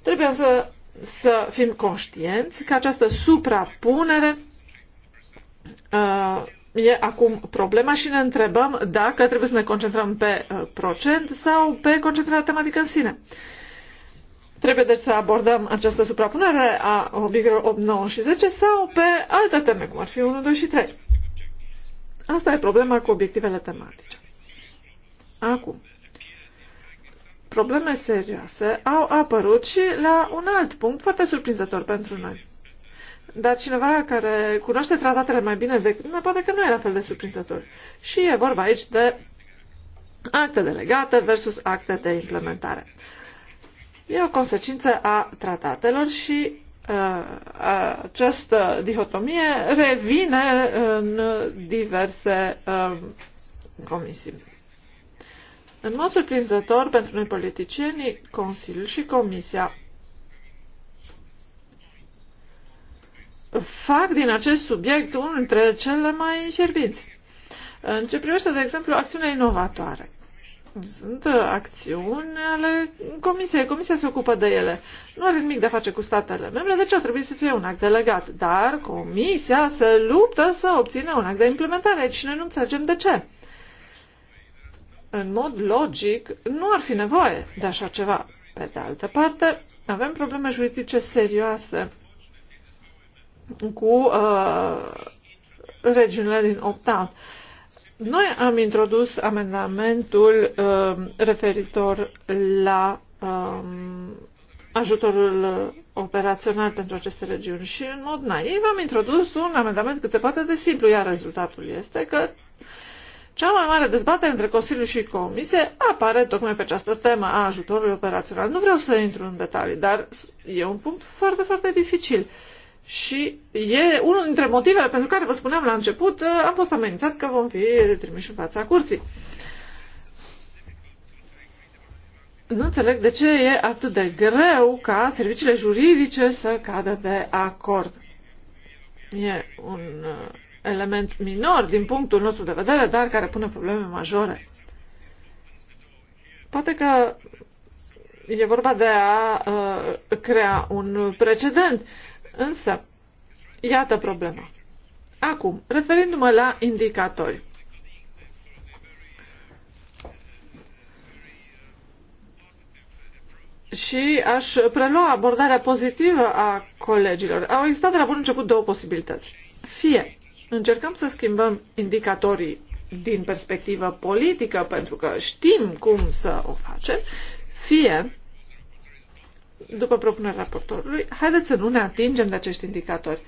Trebuie să, să fim conștienți că această suprapunere uh, e acum problema și ne întrebăm dacă trebuie să ne concentrăm pe uh, procent sau pe concentrarea tematică în sine. Trebuie deci să abordăm această suprapunere a obiectelor 8, 9 și 10 sau pe alte teme, cum ar fi 1, 2 și 3. Asta e problema cu obiectivele tematice. Acum, probleme serioase au apărut și la un alt punct foarte surprinzător pentru noi. Dar cineva care cunoaște tratatele mai bine decât mine, poate că nu e la fel de surprinzător. Și e vorba aici de acte delegate versus acte de implementare. E o consecință a tratatelor și uh, această dihotomie revine în diverse uh, comisii. În mod surprinzător pentru noi politicienii, Consiliul și Comisia fac din acest subiect unul dintre cele mai încerbiți. În ce privește, de exemplu, acțiunea inovatoare. Sunt acțiuni ale Comisiei. Comisia se ocupă de ele. Nu are nimic de a face cu statele membre, deci ar trebui să fie un act delegat. Dar Comisia se luptă să obțină un act de implementare și noi nu înțelegem de ce. În mod logic, nu ar fi nevoie de așa ceva. Pe de altă parte, avem probleme juridice serioase cu uh, regiunile din opt-out. Noi am introdus amendamentul uh, referitor la um, ajutorul operațional pentru aceste regiuni și în mod naiv am introdus un amendament cât se poate de simplu, iar rezultatul este că cea mai mare dezbatere între Consiliu și Comisie apare tocmai pe această temă a ajutorului operațional. Nu vreau să intru în detalii, dar e un punct foarte, foarte dificil. Uh, și e unul dintre motivele pentru care vă spuneam la început, uh, am fost amenințat că vom fi trimiși în fața curții. Nu înțeleg de ce e atât de greu ca serviciile juridice să cadă de acord. E un uh, element minor din punctul nostru de vedere, dar care pune probleme majore. Poate că e vorba de a uh, crea un precedent. Uh, Însă, iată problema. Acum, referindu-mă la indicatori. Și aș prelua abordarea pozitivă a colegilor. Au existat de la bun început două posibilități. Fie încercăm să schimbăm indicatorii din perspectivă politică, pentru că știm cum să o facem, fie după propunerea raportorului, haideți să nu ne atingem de acești indicatori.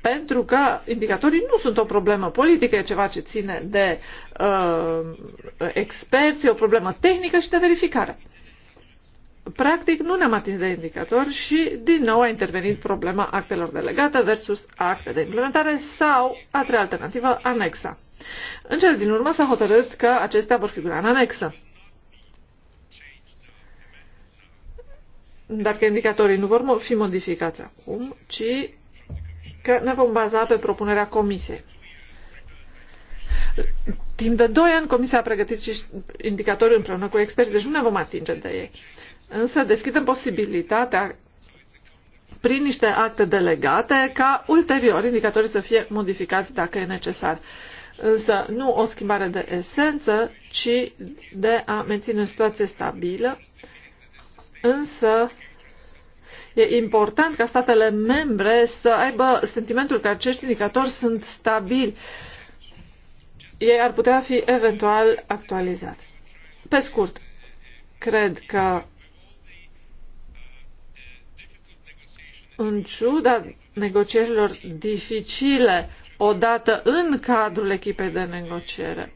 Pentru că indicatorii nu sunt o problemă politică, e ceva ce ține de uh, experți, e o problemă tehnică și de verificare. Practic, nu ne-am atins de indicatori și, din nou, a intervenit problema actelor delegate versus acte de implementare sau, a treia alternativă, anexa. În cele din urmă s-a hotărât că acestea vor figura în anexă. dar că indicatorii nu vor fi modificați acum, ci că ne vom baza pe propunerea comisiei. Timp de 2 ani, Comisia a pregătit și indicatorii împreună cu experți, deci nu ne vom atinge de ei. Însă deschidem posibilitatea prin niște acte delegate ca ulterior indicatorii să fie modificați dacă e necesar. Însă nu o schimbare de esență, ci de a menține o situație stabilă însă e important ca statele membre să aibă sentimentul că acești indicatori sunt stabili. Ei ar putea fi eventual actualizați. Pe scurt, cred că în ciuda negocierilor dificile odată în cadrul echipei de negociere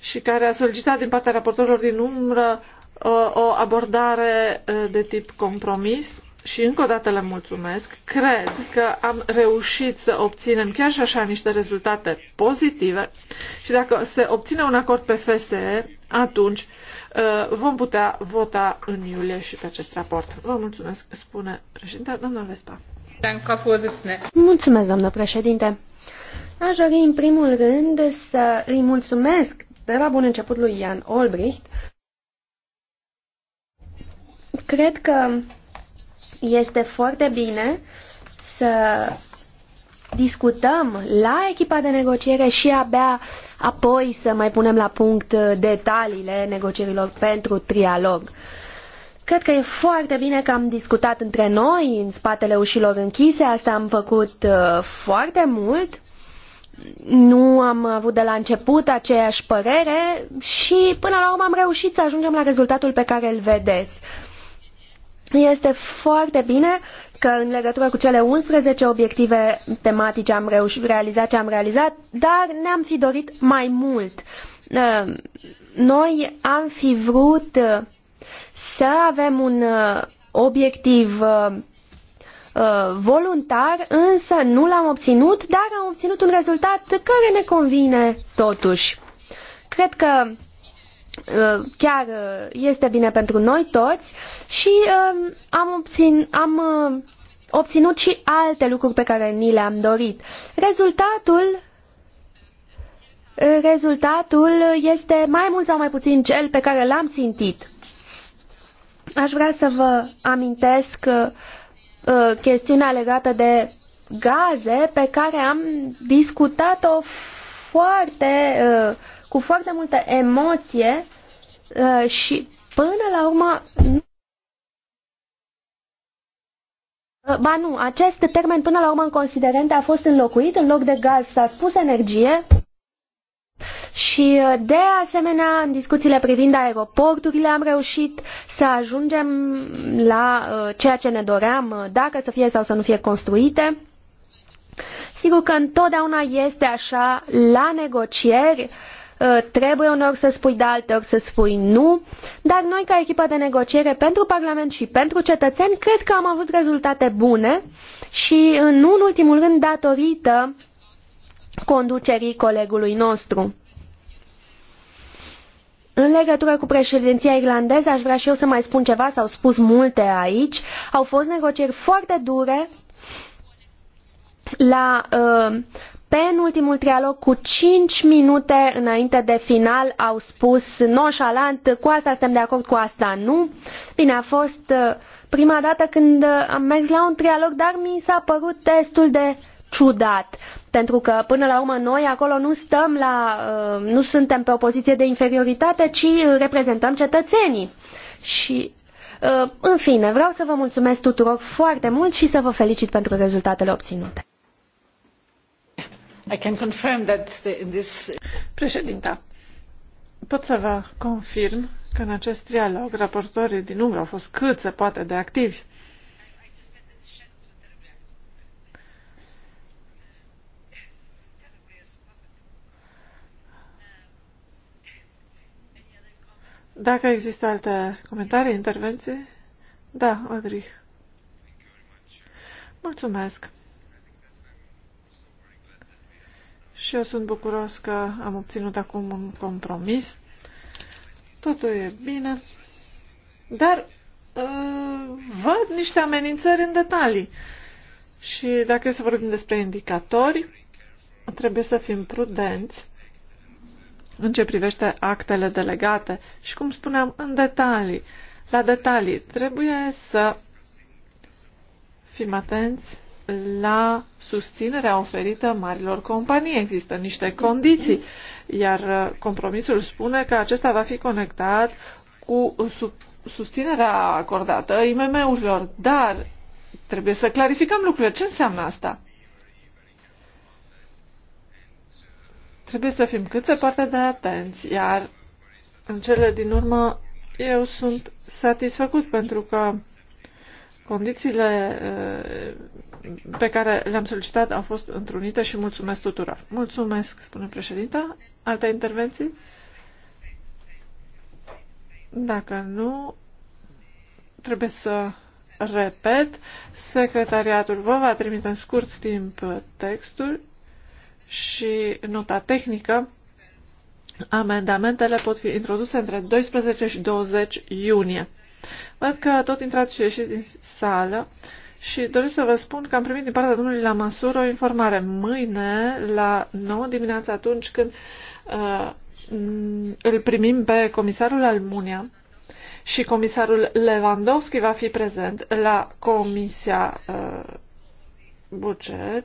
și care a solicitat din partea raportorilor din umbră Uh, o abordare uh, de tip compromis și încă o dată le mulțumesc. Cred că am reușit să obținem chiar și așa niște rezultate pozitive și dacă se obține un acord pe FSE, atunci uh, vom putea vota în iulie și pe acest raport. Vă mulțumesc, spune președinte, doamna Vespa. Mulțumesc, doamnă președinte. Aș dori în primul rând să îi mulțumesc de la bun început lui Ian Olbricht Cred că este foarte bine să discutăm la echipa de negociere și abia apoi să mai punem la punct detaliile negocierilor pentru trialog. Cred că e foarte bine că am discutat între noi, în spatele ușilor închise, asta am făcut uh, foarte mult. Nu am avut de la început aceeași părere și până la urmă am reușit să ajungem la rezultatul pe care îl vedeți. Este foarte bine că în legătură cu cele 11 obiective tematice am reușit, realizat ce am realizat, dar ne-am fi dorit mai mult. Uh, noi am fi vrut uh, să avem un uh, obiectiv voluntar, însă nu l-am obținut, dar am obținut un rezultat care ne convine totuși. Cred că Uh, chiar uh, este bine pentru noi toți și um, am, obțin, am uh, obținut și alte lucruri pe care ni le-am dorit. Rezultatul rezultatul este mai mult sau mai puțin cel pe care l-am țintit. Aș vrea să vă amintesc chestiunea legată de gaze pe care am discutat-o foarte uh, cu foarte multă emoție uh, și până la urmă... Uh, ba nu, acest termen până la urmă în considerente a fost înlocuit, în loc de gaz s-a spus energie și uh, de asemenea în discuțiile privind aeroporturile am reușit să ajungem la ceea ce ne doream, dacă să fie sau să nu fie construite. Sigur că întotdeauna este așa la negocieri, uh, Uh, trebuie uneori să spui da, alteori să spui nu, dar noi ca echipă de negociere pentru Parlament și pentru cetățeni cred că am avut rezultate bune și nu în ultimul rând datorită conducerii colegului nostru. În legătură cu președinția irlandeză, aș vrea și eu să mai spun ceva, s-au spus multe aici. Au fost negocieri foarte dure la uh, penultimul trialog cu cinci minute înainte de final au spus nonșalant cu asta suntem de acord, cu asta nu. Bine, a fost uh, prima dată când uh, am mers la un trialog, dar mi s-a părut destul de ciudat. Pentru că, până la urmă, noi acolo nu stăm la, uh, nu suntem pe o poziție de inferioritate, ci reprezentăm cetățenii. Și, în fine, vreau să vă mulțumesc tuturor foarte mult și să vă felicit pentru rezultatele obținute pot să vă confirm că în acest trialog raportorii din umbră au fost cât se poate de activi. Dacă există alte comentarii, intervenții? Da, Adri. Mulțumesc. și eu sunt bucuros că am obținut acum un compromis. Totul e bine, dar uh, văd niște amenințări în detalii. Și dacă să vorbim despre indicatori, trebuie să fim prudenți în ce privește actele delegate și, cum spuneam, în detalii. La detalii trebuie să fim atenți la susținerea oferită marilor companii. Există niște condiții, iar uh, compromisul spune că acesta va fi conectat cu susținerea acordată IMM-urilor. Dar trebuie să clarificăm lucrurile. Ce înseamnă asta? Trebuie să fim cât se poate de atenți, iar în cele din urmă eu sunt satisfăcut pentru că Condițiile eh, pe care le-am solicitat au fost întrunite și mulțumesc tuturor. Mulțumesc, spune președinta. Alte intervenții? Dacă nu, trebuie să repet. Secretariatul vă va trimite în scurt timp textul și nota tehnică. Amendamentele pot fi introduse între 12 și 20 iunie. Văd că tot intrați și ieșiți din sală și doresc să vă spun că am primit din partea domnului măsură o informare mâine la 9 dimineața atunci când uh, îl primim pe comisarul Almunia și comisarul Lewandowski va fi prezent la Comisia uh, Buget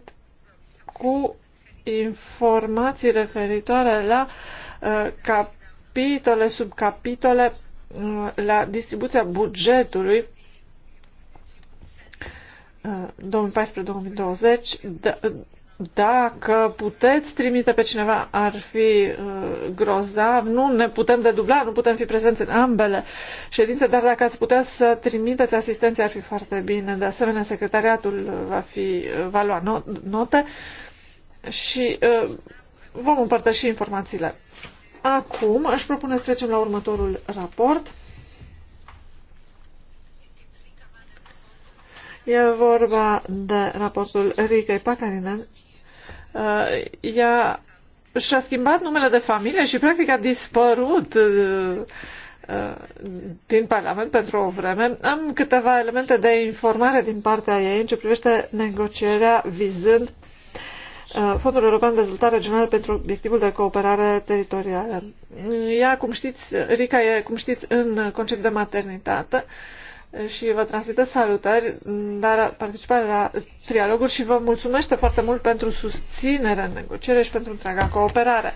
cu informații referitoare la uh, capitole, subcapitole la distribuția bugetului 2014-2020, uh, dacă puteți trimite pe cineva, ar fi uh, grozav. Nu ne putem dedubla, nu putem fi prezenți în ambele ședințe, dar dacă ați putea să trimiteți asistenții, ar fi foarte bine. De asemenea, secretariatul va, fi, uh, va lua note și vom împărtăși informațiile. Acum aș propune să trecem la următorul raport. E vorba de raportul Ricăi Pacarinen. Uh, ea și-a schimbat numele de familie și practic a dispărut uh, uh, din Parlament pentru o vreme. Am câteva elemente de informare din partea ei în ce privește negocierea vizând Uh, Fondul European de Dezvoltare Regională pentru obiectivul de cooperare teritorială. Ea, cum știți, Rica e, cum știți, în concept de maternitate și vă transmită salutări, dar participarea la trialoguri și vă mulțumește foarte mult pentru susținere în negociere și pentru întreaga cooperare.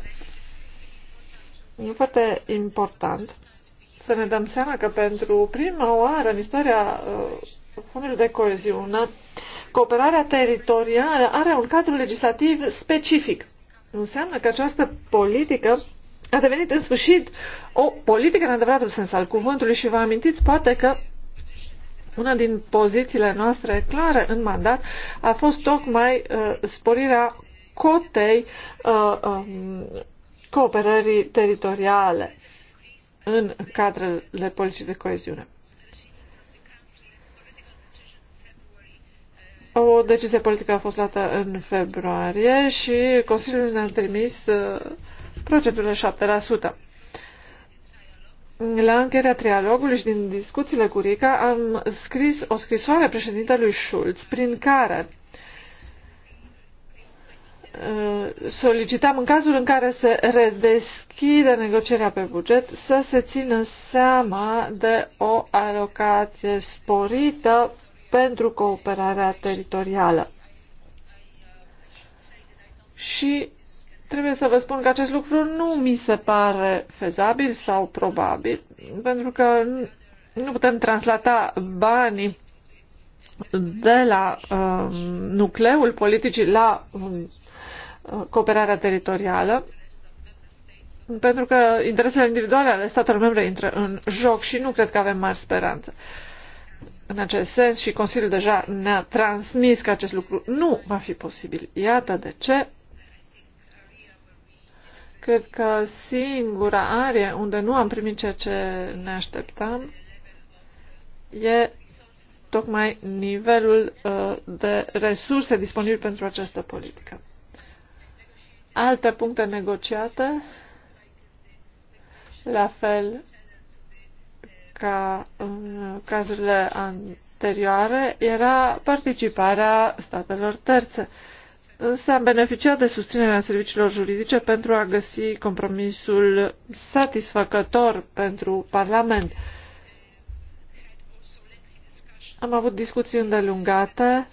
E foarte important să ne dăm seama că pentru prima oară în istoria uh, fondului de coeziune Cooperarea teritorială are un cadru legislativ specific. Înseamnă că această politică a devenit în sfârșit o politică în adevăratul sens al cuvântului și vă amintiți poate că una din pozițiile noastre clare în mandat a fost tocmai uh, sporirea cotei uh, um, cooperării teritoriale în cadrele politicii de coeziune. O decizie politică a fost luată în februarie și Consiliul ne-a trimis uh, procentul de 7%. La încheierea trialogului și din discuțiile cu Rica am scris o scrisoare președintelui Schulz prin care uh, solicitam în cazul în care se redeschide negocierea pe buget să se țină seama de o alocație sporită pentru cooperarea teritorială. Și trebuie să vă spun că acest lucru nu mi se pare fezabil sau probabil, pentru că nu putem translata banii de la um, nucleul politicii la um, cooperarea teritorială, pentru că interesele individuale ale statelor membre intră în joc și nu cred că avem mari speranțe. Uh, în acest sens și Consiliul deja ne-a transmis că acest lucru nu va fi posibil. Iată de ce Cred că singura arie unde nu am primit ceea ce ne așteptam e tocmai nivelul uh, de resurse disponibile pentru această politică. Alte puncte negociate, la fel ca în cazurile anterioare era participarea statelor terțe, însă am beneficiat de susținerea serviciilor juridice pentru a găsi compromisul satisfăcător pentru Parlament. Am avut discuții îndelungate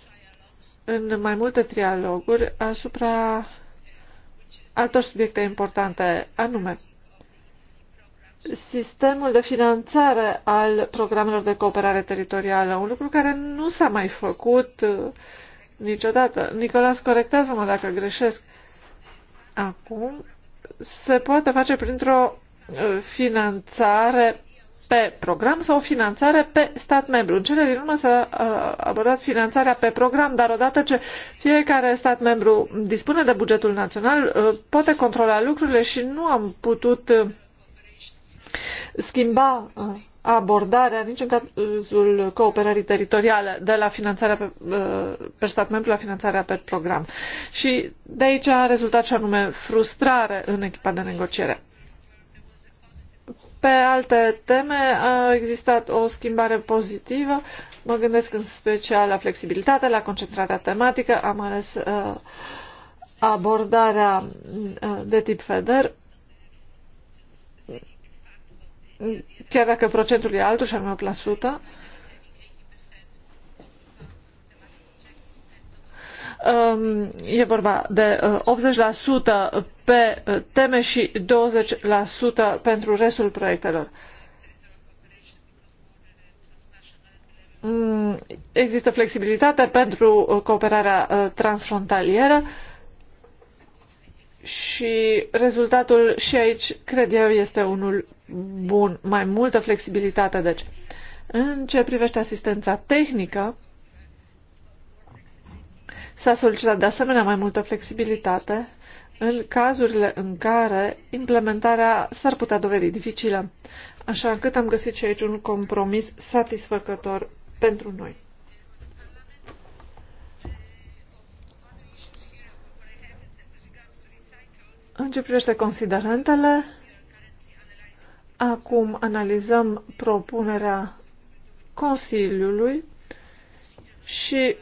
în mai multe trialoguri asupra altor subiecte importante, anume sistemul de finanțare al programelor de cooperare teritorială, un lucru care nu s-a mai făcut uh, niciodată. Nicolas, corectează-mă dacă greșesc. Acum se poate face printr-o uh, finanțare pe program sau finanțare pe stat membru. În cele din urmă s-a uh, abordat finanțarea pe program, dar odată ce fiecare stat membru dispune de bugetul național, poate controla lucrurile și nu am putut schimba uh, abordarea nici în cazul cooperării teritoriale de la finanțarea pe, uh, pe stat membru la finanțarea pe program. Și de aici a rezultat și anume frustrare în echipa de negociere. Pe alte teme a existat o schimbare pozitivă. Mă gândesc în special la flexibilitate, la concentrarea tematică. Am ales uh, abordarea uh, de tip FEDER chiar dacă procentul e altul, și anume 8%, um, e vorba de 80% uh, pe uh, teme și 20% pentru restul proiectelor. Mm, există flexibilitate pentru uh, cooperarea transfrontalieră și rezultatul și aici, cred eu, este unul bun. Mai multă flexibilitate, deci. În ce privește asistența tehnică, s-a solicitat de asemenea mai multă flexibilitate în cazurile în care implementarea s-ar putea dovedi dificilă, așa încât am găsit și aici un compromis satisfăcător pentru noi. În ce privește considerentele, acum analizăm propunerea Consiliului și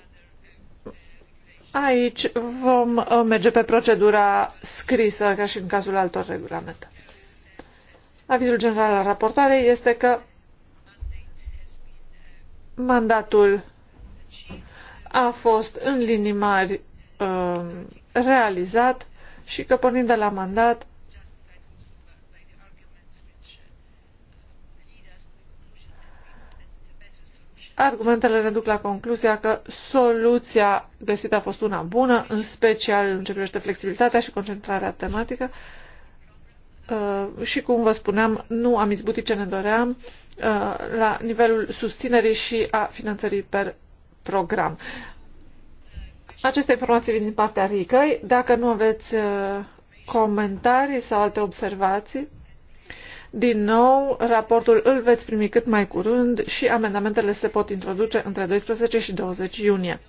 aici vom uh, merge pe procedura scrisă, ca și în cazul altor regulamente. Avizul general al raportarei este că mandatul a fost în linii mari uh, realizat și că pornind de la mandat argumentele ne duc la concluzia că soluția găsită a fost una bună, în special în ce privește flexibilitatea și concentrarea tematică. Uh, și, cum vă spuneam, nu am izbutit ce ne doream uh, la nivelul susținerii și a finanțării per program. Aceste informații vin din partea RICăi. Dacă nu aveți uh, comentarii sau alte observații, din nou, raportul îl veți primi cât mai curând și amendamentele se pot introduce între 12 și 20 iunie.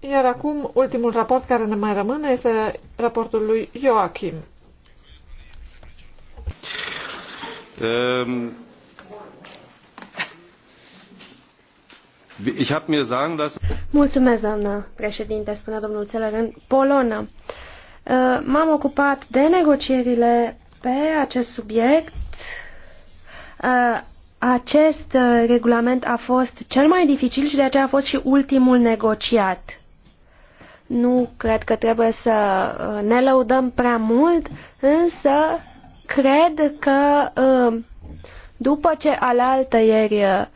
Iar acum, ultimul raport care ne mai rămâne este raportul lui Joachim. Um, Ich habe mir sagen lassen... Mulțumesc, doamnă președinte, spunea domnul Țeler, în Polonă. Uh, m-am ocupat de negocierile pe acest subiect. Uh, acest uh, regulament a fost cel mai dificil și de aceea a fost și ultimul negociat. Nu cred că trebuie să ne lăudăm prea mult, însă cred că după ce alaltă ieri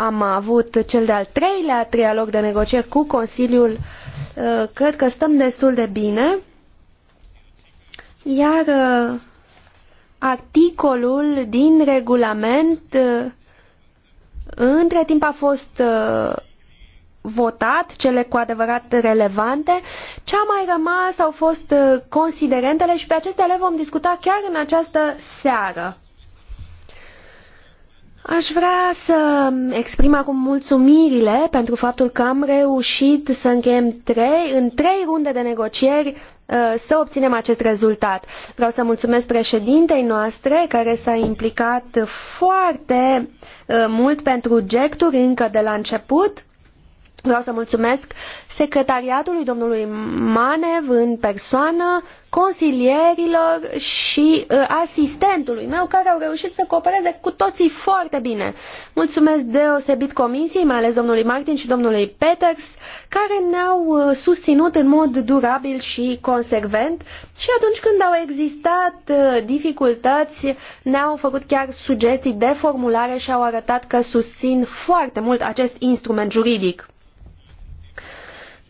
am avut cel de-al treilea trialog de negocieri cu Consiliul. Uh, cred că stăm destul de bine. Iar uh, articolul din regulament uh, între timp a fost votat, cele cu adevărat relevante. Ce a mai rămas au fost considerentele și pe acestea le vom discuta chiar în această seară. Aș vrea să exprim acum mulțumirile pentru faptul că am reușit să încheiem trei, în trei runde de negocieri uh, să obținem acest rezultat. Vreau să mulțumesc președintei noastre care s-a implicat foarte uh, mult pentru gecturi încă de la început Vreau să mulțumesc secretariatului domnului Manev în persoană, consilierilor și uh, asistentului meu care au reușit să coopereze cu toții foarte bine. Mulțumesc deosebit comisiei, mai ales domnului Martin și domnului Peters, care ne-au uh, susținut în mod durabil și consecvent și atunci când au existat uh, dificultăți, ne-au făcut chiar sugestii de formulare și au arătat că susțin foarte mult acest instrument juridic.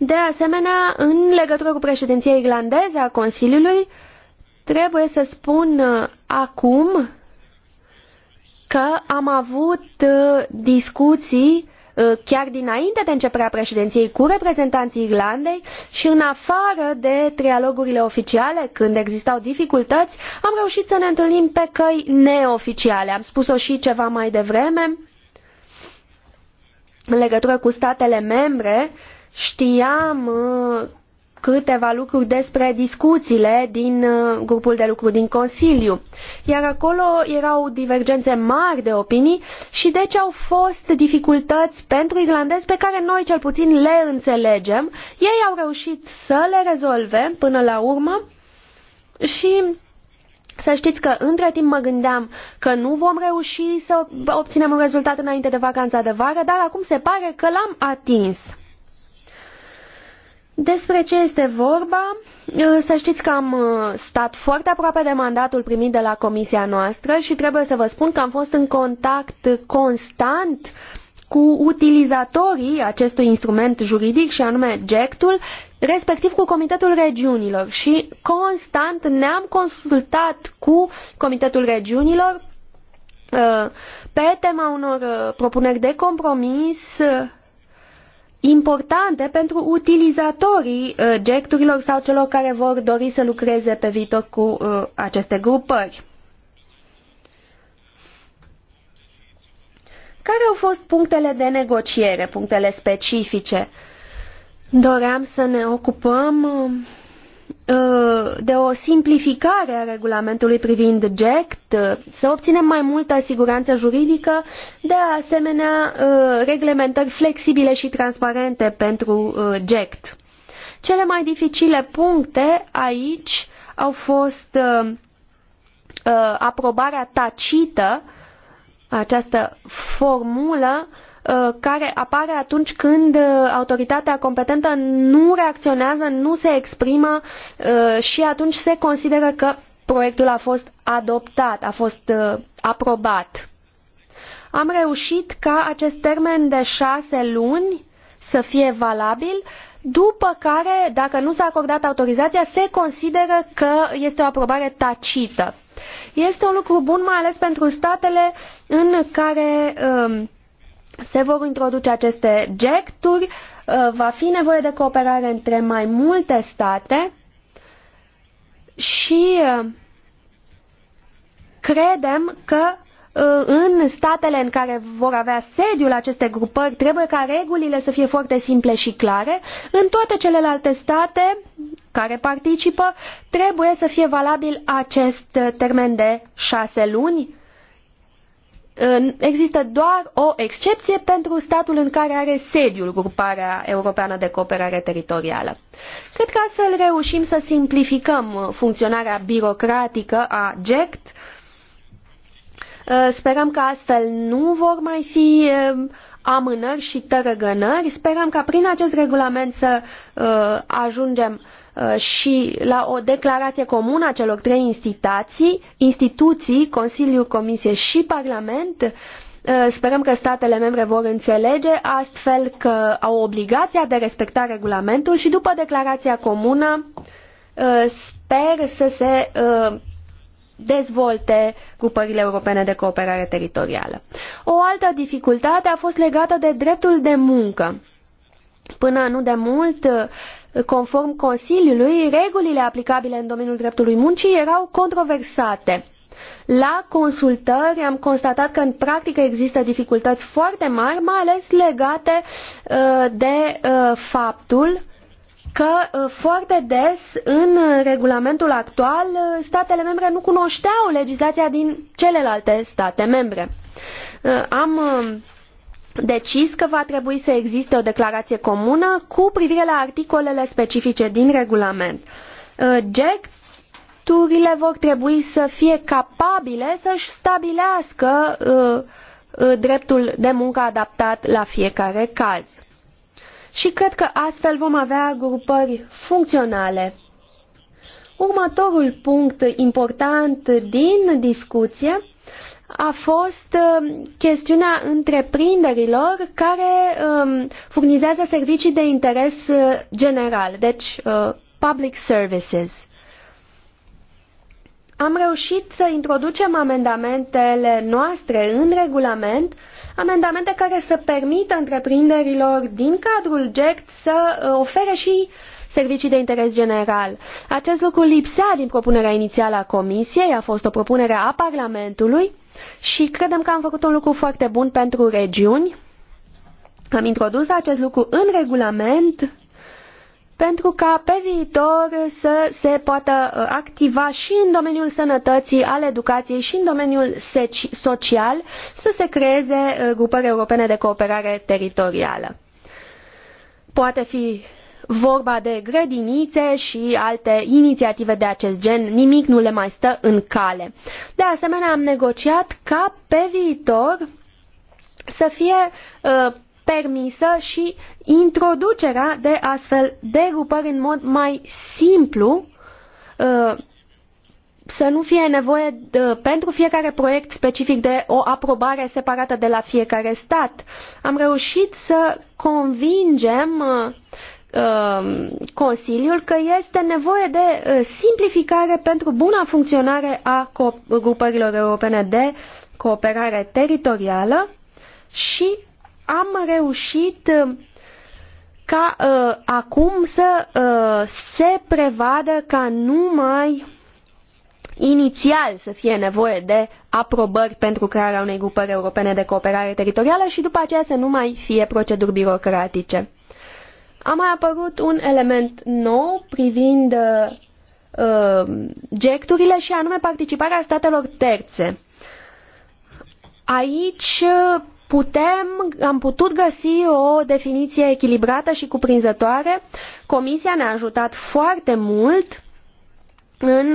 De asemenea, în legătură cu președinția irlandeză a Consiliului, trebuie să spun uh, acum că am avut uh, discuții uh, chiar dinainte de începerea președinției cu reprezentanții Irlandei și în afară de trialogurile oficiale, când existau dificultăți, am reușit să ne întâlnim pe căi neoficiale. Am spus-o și ceva mai devreme în legătură cu statele membre uh, Știam uh, câteva lucruri despre discuțiile din uh, grupul de lucru din Consiliu. Iar acolo erau divergențe mari de opinii și deci au fost dificultăți pentru irlandezi pe care noi cel puțin le înțelegem. Ei au reușit să le rezolve până la urmă și să știți că între timp mă gândeam că nu vom reuși să obținem un rezultat înainte de vacanța de vară, dar acum se pare că l-am atins. Despre ce este vorba, uh, să știți că am uh, stat foarte aproape de mandatul primit de la comisia noastră și trebuie să vă spun că am fost în contact constant cu utilizatorii acestui instrument juridic și anume GECT-ul, respectiv cu Comitetul Regiunilor și constant ne-am consultat cu Comitetul Regiunilor uh, pe tema unor propuneri de compromis importante pentru utilizatorii uh, jet sau celor care vor dori să lucreze pe viitor cu uh, aceste grupări. Care au fost punctele de negociere, punctele specifice? Doream să ne ocupăm uh, Uh, de o simplificare a regulamentului privind GECT, uh, să obținem mai multă siguranță juridică, de asemenea uh, reglementări flexibile și transparente pentru GECT. Cele mai dificile puncte aici au fost aprobarea tacită, această formulă Uh, care apare atunci când uh, autoritatea competentă nu reacționează, nu se exprimă uh, și atunci se consideră că proiectul a fost adoptat, a fost aprobat. Am reușit ca acest termen de șase luni să fie valabil, după care, dacă nu s-a acordat autorizația, se consideră că este o aprobare tacită. Este un lucru bun, mai ales pentru statele în care um, se vor introduce aceste gecturi, uh, va fi nevoie de cooperare între mai multe state și uh, credem că uh, în statele în care vor avea sediul aceste grupări, trebuie ca regulile să fie foarte simple și clare. În toate celelalte state care participă, trebuie să fie valabil acest termen de șase luni Există doar o excepție pentru statul în care are sediul Gruparea Europeană de Cooperare Teritorială. Cred că astfel reușim să simplificăm funcționarea birocratică a GECT. Ă, sperăm că astfel nu vor mai fi amânări și tărăgănări. Sperăm ca prin acest regulament să ă, ajungem Uh, și la o declarație comună a celor trei instituții, instituții Consiliu, Comisie și Parlament, uh, Sperăm că statele membre vor înțelege astfel că au obligația de a respecta regulamentul și după declarația comună uh, sper să se dezvolte grupările europene de cooperare teritorială. O altă dificultate a fost legată de dreptul de muncă. Până nu de mult, conform Consiliului, regulile aplicabile în domeniul dreptului muncii erau controversate. La consultări am constatat că în practică există dificultăți foarte mari, mai ales legate uh, de uh, faptul că uh, foarte des în regulamentul actual statele membre nu cunoșteau legislația din celelalte state membre. Am decis că va trebui să existe o declarație comună cu privire la articolele specifice din regulament. Uh, GEC turile vor trebui să fie capabile să-și stabilească uh, uh, dreptul de muncă adaptat la fiecare caz. Și cred că astfel vom avea grupări funcționale. Următorul punct important din discuție a fost um, chestiunea întreprinderilor care um, furnizează servicii de interes uh, general, deci uh, public services. Am reușit să introducem amendamentele noastre în regulament, amendamente care să permită întreprinderilor din cadrul GECT să uh, ofere și servicii de interes general. Acest lucru lipsea din propunerea inițială a Comisiei, a fost o propunere a Parlamentului, și credem că am făcut un lucru foarte bun pentru regiuni. Am introdus acest lucru în regulament pentru ca pe viitor să se poată uh, activa și în domeniul sănătății, al educației și în domeniul social să se creeze uh, grupări europene de cooperare teritorială. Poate fi vorba de grădinițe și alte inițiative de acest gen, nimic nu le mai stă în cale. De asemenea, am negociat ca pe viitor să fie uh, permisă și introducerea de astfel de rupări în mod mai simplu, uh, să nu fie nevoie de, pentru fiecare proiect specific de o aprobare separată de la fiecare stat. Am reușit să convingem uh, Um, Consiliul că este nevoie de uh, simplificare pentru buna funcționare a grupărilor europene de cooperare teritorială și am reușit uh, ca uh, acum să uh, se prevadă ca numai inițial să fie nevoie de aprobări pentru crearea unei grupări europene de cooperare teritorială și după aceea să nu mai fie proceduri birocratice. A mai apărut un element nou privind uh, gecturile și anume participarea statelor terțe. Aici putem, am putut găsi o definiție echilibrată și cuprinzătoare. Comisia ne-a ajutat foarte mult în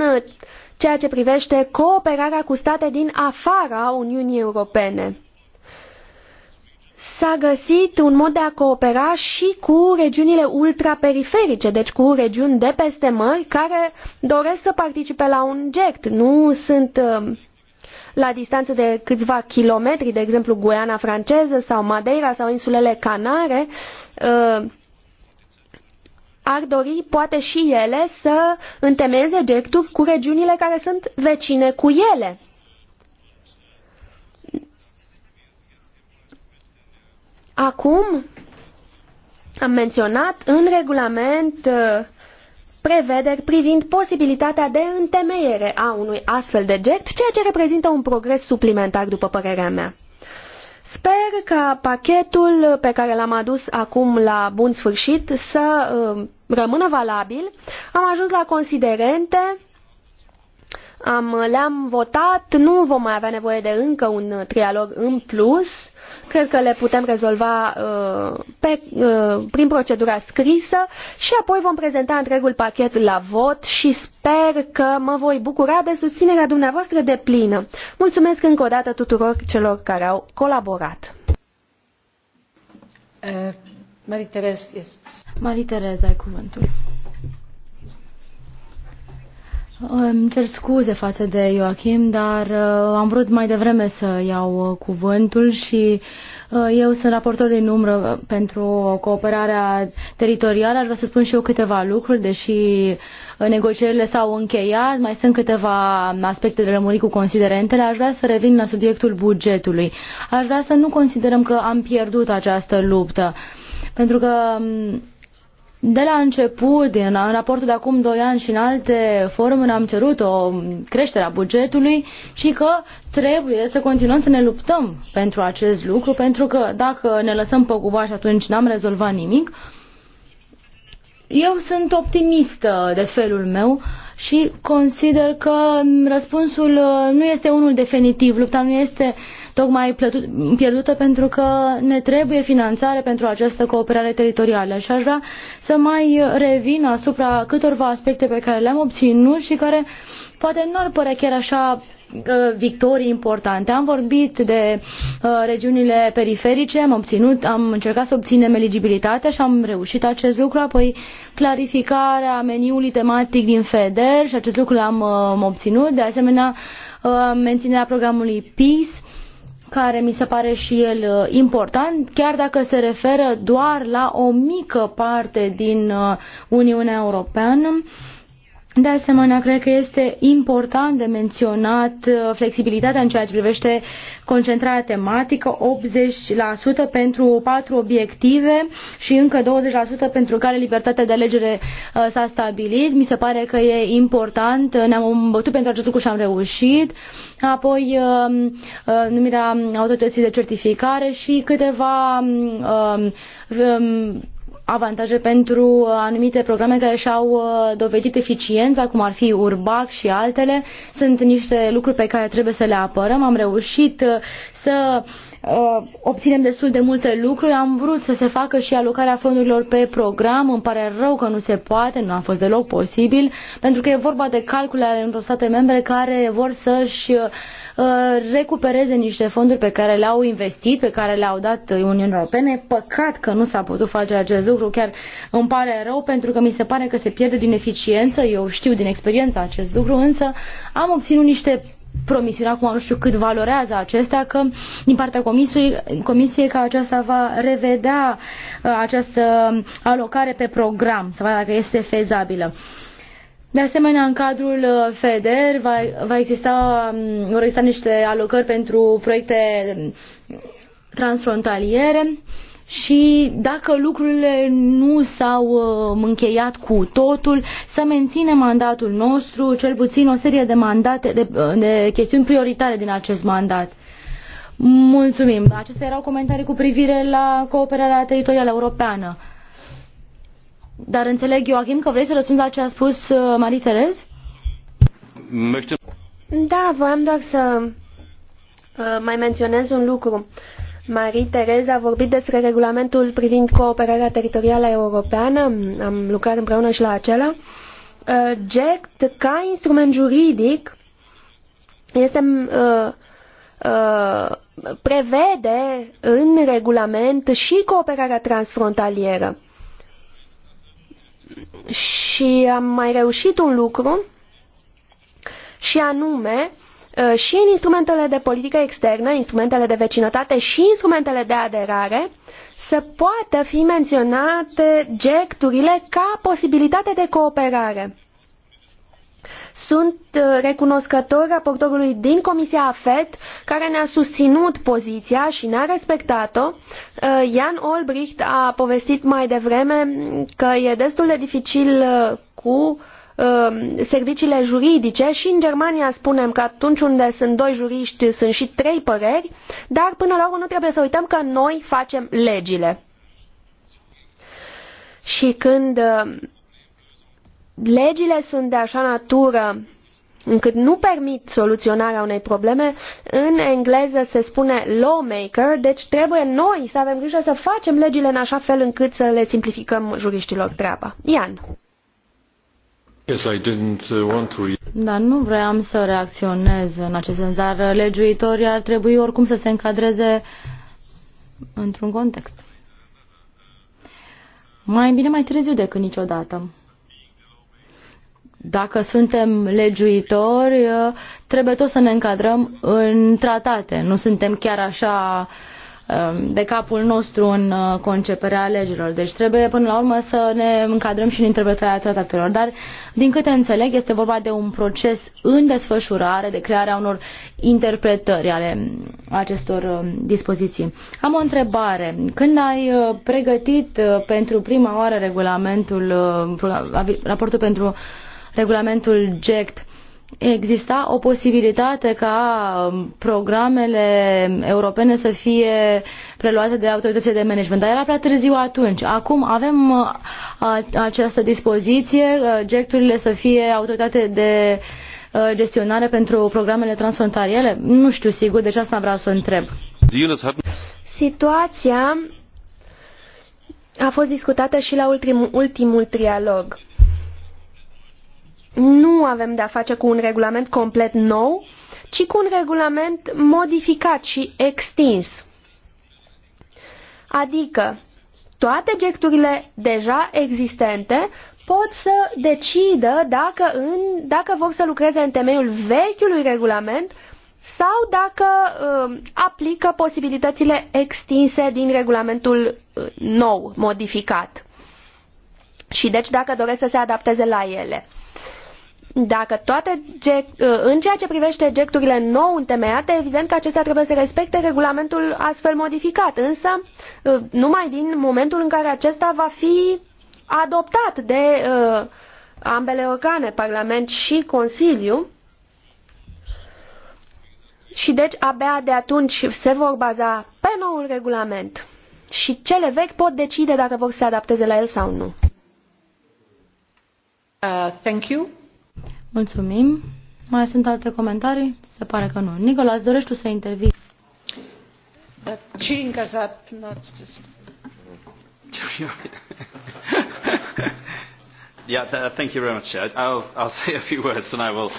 ceea ce privește cooperarea cu state din afara Uniunii Europene s-a găsit un mod de a coopera și cu regiunile ultraperiferice, deci cu regiuni de peste mări care doresc să participe la un GECT. Nu sunt um, la distanță de câțiva kilometri, de exemplu Guiana franceză sau Madeira sau insulele Canare, uh, ar dori poate și ele să întemeieze gecturi cu regiunile care sunt vecine cu ele Acum am menționat în regulament uh, prevederi privind posibilitatea de întemeiere a unui astfel de gect, ceea ce reprezintă un progres suplimentar, după părerea mea. Sper ca pachetul pe care l-am adus acum la bun sfârșit să uh, rămână valabil. Am ajuns la considerente, am, le-am votat, nu vom mai avea nevoie de încă un trialog în plus cred că le putem rezolva uh, pe, uh, prin procedura scrisă și apoi vom prezenta întregul pachet la vot și sper că mă voi bucura de susținerea dumneavoastră de plină. Mulțumesc încă o dată tuturor celor care au colaborat. Eh, Marie-Terez, yes. Marie-Terez, ai cuvântul. Îmi cer scuze față de Joachim, dar uh, am vrut mai devreme să iau uh, cuvântul și uh, eu sunt raportor din umbră pentru cooperarea teritorială. Aș vrea să spun și eu câteva lucruri, deși negocierile s-au încheiat, mai sunt câteva aspecte de rămuri cu considerentele. Aș vrea să revin la subiectul bugetului. Aș vrea să nu considerăm că am pierdut această luptă, pentru că um, de la început, din raportul de acum 2 ani și în alte forumuri am cerut o creștere a bugetului și că trebuie să continuăm să ne luptăm pentru acest lucru, pentru că dacă ne lăsăm păgubași atunci n-am rezolvat nimic. Eu sunt optimistă de felul meu și consider că răspunsul uh, nu este unul definitiv. Lupta nu este uh, tocmai pierdută pentru că ne trebuie finanțare pentru această cooperare teritorială și aș vrea să mai revin asupra câtorva aspecte pe care le-am obținut și care poate nu ar părea chiar așa uh, victorii importante. Am vorbit de uh, regiunile periferice, am obținut, am încercat să obținem eligibilitatea și am reușit acest lucru, apoi clarificarea meniului tematic din FEDER și acest lucru l-am uh, obținut, de asemenea uh, menținerea programului PEACE care mi se pare și el uh, important, chiar dacă se referă doar la o mică parte din uh, Uniunea Europeană. De asemenea, cred că este important de menționat uh, flexibilitatea în ceea ce privește concentrarea tematică, 80% pentru patru obiective și încă 20% pentru care libertatea de alegere uh, s-a stabilit. Mi se pare că e important, ne-am bătut pentru acest lucru și am reușit. Apoi uh, uh, numirea autorității de certificare și câteva um, um, avantaje pentru uh, anumite programe care și-au uh, dovedit eficiența, cum ar fi Urbac și altele. Sunt niște lucruri pe care trebuie să le apărăm. Am reușit uh, să obținem destul de multe lucruri. Am vrut să se facă și alocarea fondurilor pe program. Îmi pare rău că nu se poate, nu a fost deloc posibil, pentru că e vorba de calcule ale unor state membre care vor să-și Uh, recupereze niște fonduri pe care le-au investit, pe care le-au dat Uniunii Europene. Păcat că nu s-a putut face acest lucru, chiar îmi pare rău pentru că mi se pare că se pierde din eficiență, eu știu din experiența acest lucru, însă am obținut niște promisiuni, acum nu știu cât valorează acestea, că din partea comisiei, comisiei că aceasta va revedea uh, această alocare pe program, să vadă dacă este fezabilă. De asemenea, în cadrul uh, FEDER va, va exista, um, vor exista niște alocări pentru proiecte um, transfrontaliere și dacă lucrurile nu s-au uh, încheiat cu totul, să menținem mandatul nostru, cel puțin o serie de mandate, de, uh, de chestiuni prioritare din acest mandat. Mulțumim. Acestea erau comentarii cu privire la cooperarea teritorială europeană. Dar înțeleg, Joachim, că vrei să răspunzi la ce a spus uh, Marie Terez? Da, voiam doar să uh, mai menționez un lucru. Marie Terez a vorbit despre regulamentul privind cooperarea teritorială europeană. Am lucrat împreună și la acela. Uh, GECT, ca instrument juridic, este uh, prevede în regulament și cooperarea transfrontalieră și am mai reușit un lucru și anume uh, și în instrumentele de politică externă, instrumentele de vecinătate și instrumentele de aderare să poată fi menționate gecturile ca posibilitate de cooperare. Sunt uh, recunoscător raportorului din Comisia AFET, care ne-a susținut poziția și ne-a respectat-o. Jan uh, Olbricht a povestit mai devreme că e destul de dificil uh, cu um, serviciile juridice și în Germania spunem că atunci unde sunt doi juriști sunt și trei păreri, dar până la urmă nu trebuie să uităm că noi facem legile. Și când legile sunt de așa natură încât nu permit soluționarea unei probleme, în engleză se spune lawmaker, deci trebuie noi să avem grijă să facem legile în așa fel încât să le simplificăm juriștilor treaba. Ian. Yes, I didn't uh, want to... Da, nu vreau să reacționez în acest sens, dar legiuitorii ar trebui oricum să se încadreze într-un context. Mai bine mai târziu decât niciodată. Dacă suntem legiuitori, ă, trebuie tot să ne încadrăm în tratate. Nu suntem chiar așa ă, de capul nostru în ă, conceperea legilor. Deci trebuie până la urmă să ne încadrăm și în interpretarea tratatelor. Dar, din câte înțeleg, este vorba de un proces în desfășurare, de crearea unor interpretări ale acestor dispoziții. Am o întrebare. Când ai pregătit pentru prima oară regulamentul, raportul pentru regulamentul GECT, exista o posibilitate ca um, programele europene să fie preluate de autoritățile de management, dar era prea târziu atunci. Acum avem uh, această dispoziție, uh, gecturile să fie autoritate de uh, gestionare pentru programele transfrontaliere? Nu știu sigur, deci asta vreau să întreb. Situația a fost discutată și la ultim, ultimul trialog nu avem de-a face cu un regulament complet nou, ci cu un regulament modificat și extins. Adică, toate gecturile deja existente pot să decidă dacă, în, dacă vor să lucreze în temeiul vechiului regulament sau dacă uh, aplică posibilitățile extinse din regulamentul uh, nou, modificat. Și deci dacă doresc să se adapteze la ele. Dacă toate uh, în ceea ce privește gecturile nou întemeiate, evident că acestea trebuie să respecte regulamentul astfel modificat, însă uh, numai din momentul în care acesta va fi adoptat de uh, ambele organe, Parlament și Consiliu, și deci abia de atunci se vor baza pe noul regulament și cele vechi pot decide dacă vor să se adapteze la el sau nu. Uh, thank you. Mulțumim. Mai sunt alte comentarii? Se pare că nu. îți dorești tu să intervii? Cinca s-a... Uh, thank you very much. I'll, I'll <laughs> say a few words and I will...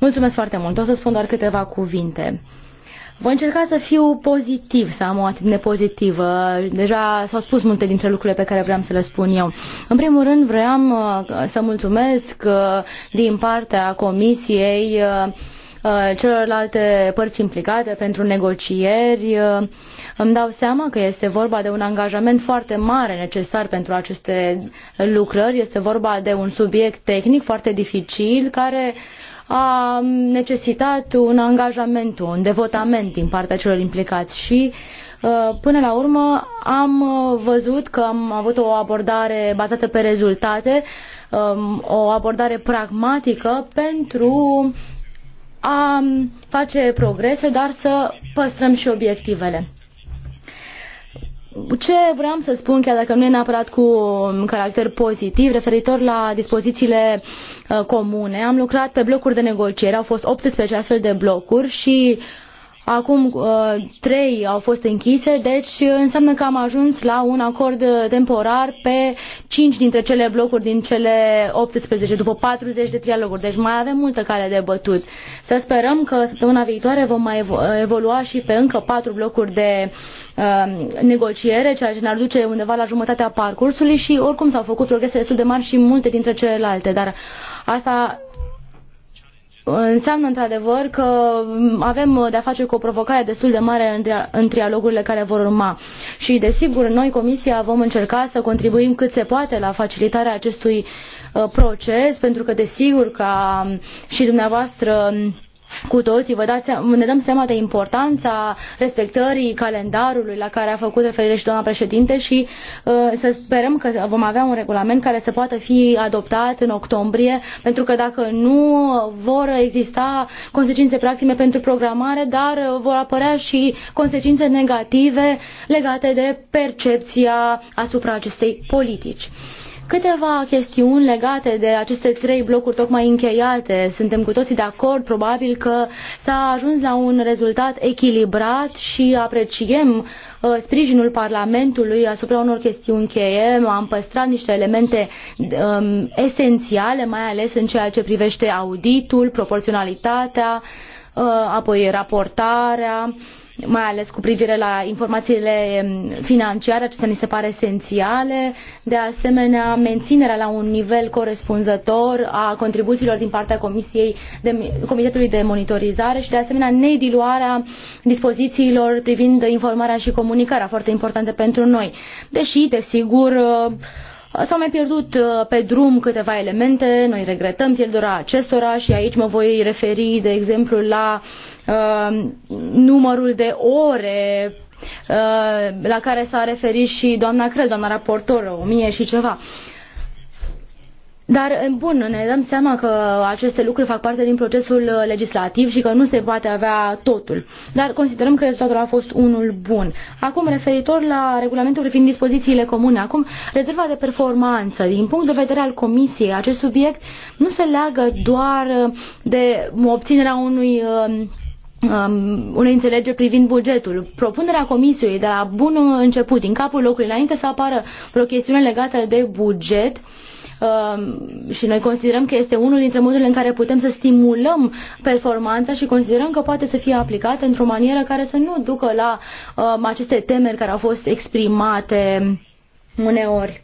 Mulțumesc foarte mult. O să spun doar câteva cuvinte. Voi încerca să fiu pozitiv, să am o atitudine pozitivă. Deja s-au spus multe dintre lucrurile pe care vreau să le spun eu. În primul rând vreau uh, să mulțumesc uh, din partea Comisiei uh, celorlalte părți implicate pentru negocieri. Îmi dau seama că este vorba de un angajament foarte mare necesar pentru aceste lucrări. Este vorba de un subiect tehnic foarte dificil care uh, a necesitat un angajament, un devotament din partea celor implicați și uh, Până la urmă am uh, văzut că am avut o abordare bazată pe rezultate, um, o abordare pragmatică pentru a face progrese, dar să păstrăm și obiectivele ce vreau să spun, chiar dacă nu e neapărat cu caracter pozitiv, referitor la dispozițiile uh, comune, am lucrat pe blocuri de negociere, au fost 18 astfel de blocuri și acum uh, trei au fost închise, deci înseamnă că am ajuns la un acord temporar pe cinci dintre cele blocuri din cele 18, după 40 de trialoguri. Deci mai avem multă cale de bătut. Să sperăm că săptămâna viitoare vom mai evolua și pe încă patru blocuri de Um, negociere, ceea ce ne-ar duce undeva la jumătatea parcursului și oricum s-au făcut progrese destul de mari și multe dintre celelalte, dar asta înseamnă într-adevăr că avem de-a face cu o provocare destul de mare în trialogurile care vor urma. Și desigur, noi, Comisia, vom încerca să contribuim cât se poate la facilitarea acestui uh, proces, pentru că desigur ca și dumneavoastră cu toții, vă dați, ne dăm seama de importanța respectării calendarului la care a făcut referire și doamna președinte și uh, să sperăm că vom avea un regulament care să poată fi adoptat în octombrie, pentru că dacă nu vor exista consecințe practice pentru programare, dar uh, vor apărea și consecințe negative legate de percepția asupra acestei politici. Câteva chestiuni legate de aceste trei blocuri tocmai încheiate. Suntem cu toții de acord, probabil că s-a ajuns la un rezultat echilibrat și apreciem uh, sprijinul Parlamentului asupra unor chestiuni cheie. Am păstrat niște elemente um, esențiale, mai ales în ceea ce privește auditul, proporționalitatea, uh, apoi raportarea, uh, mai ales cu privire la informațiile mm, financiare, acestea ni se pare esențiale, de asemenea menținerea la un nivel corespunzător a contribuțiilor din partea Comisiei de, Comitetului de Monitorizare și de asemenea nediluarea dispozițiilor privind informarea și comunicarea, foarte importante pentru noi. Deși, desigur, uh, S-au mai pierdut uh, pe drum câteva elemente, noi regretăm pierderea acestora și aici mă voi referi, de exemplu, la uh, Uh, numărul de ore uh, la care s-a referit și doamna Crez, doamna raportor, o mie și ceva. Dar, bun, ne dăm seama că aceste lucruri fac parte din procesul legislativ și că nu se poate avea totul. Dar considerăm că rezultatul a fost unul bun. Acum, referitor la regulamentul privind dispozițiile comune, acum, rezerva de performanță. Din punct de vedere al Comisiei, acest subiect nu se leagă doar de obținerea unui uh, Um, unei înțelegeri privind bugetul. Propunerea Comisiei de la bun început, din capul locului, înainte să apară vreo chestiune legată de buget, um, și noi considerăm că este unul dintre modurile în care putem să stimulăm performanța și considerăm că poate să fie aplicată într-o manieră care să nu ducă la um, aceste temeri care au fost exprimate uneori.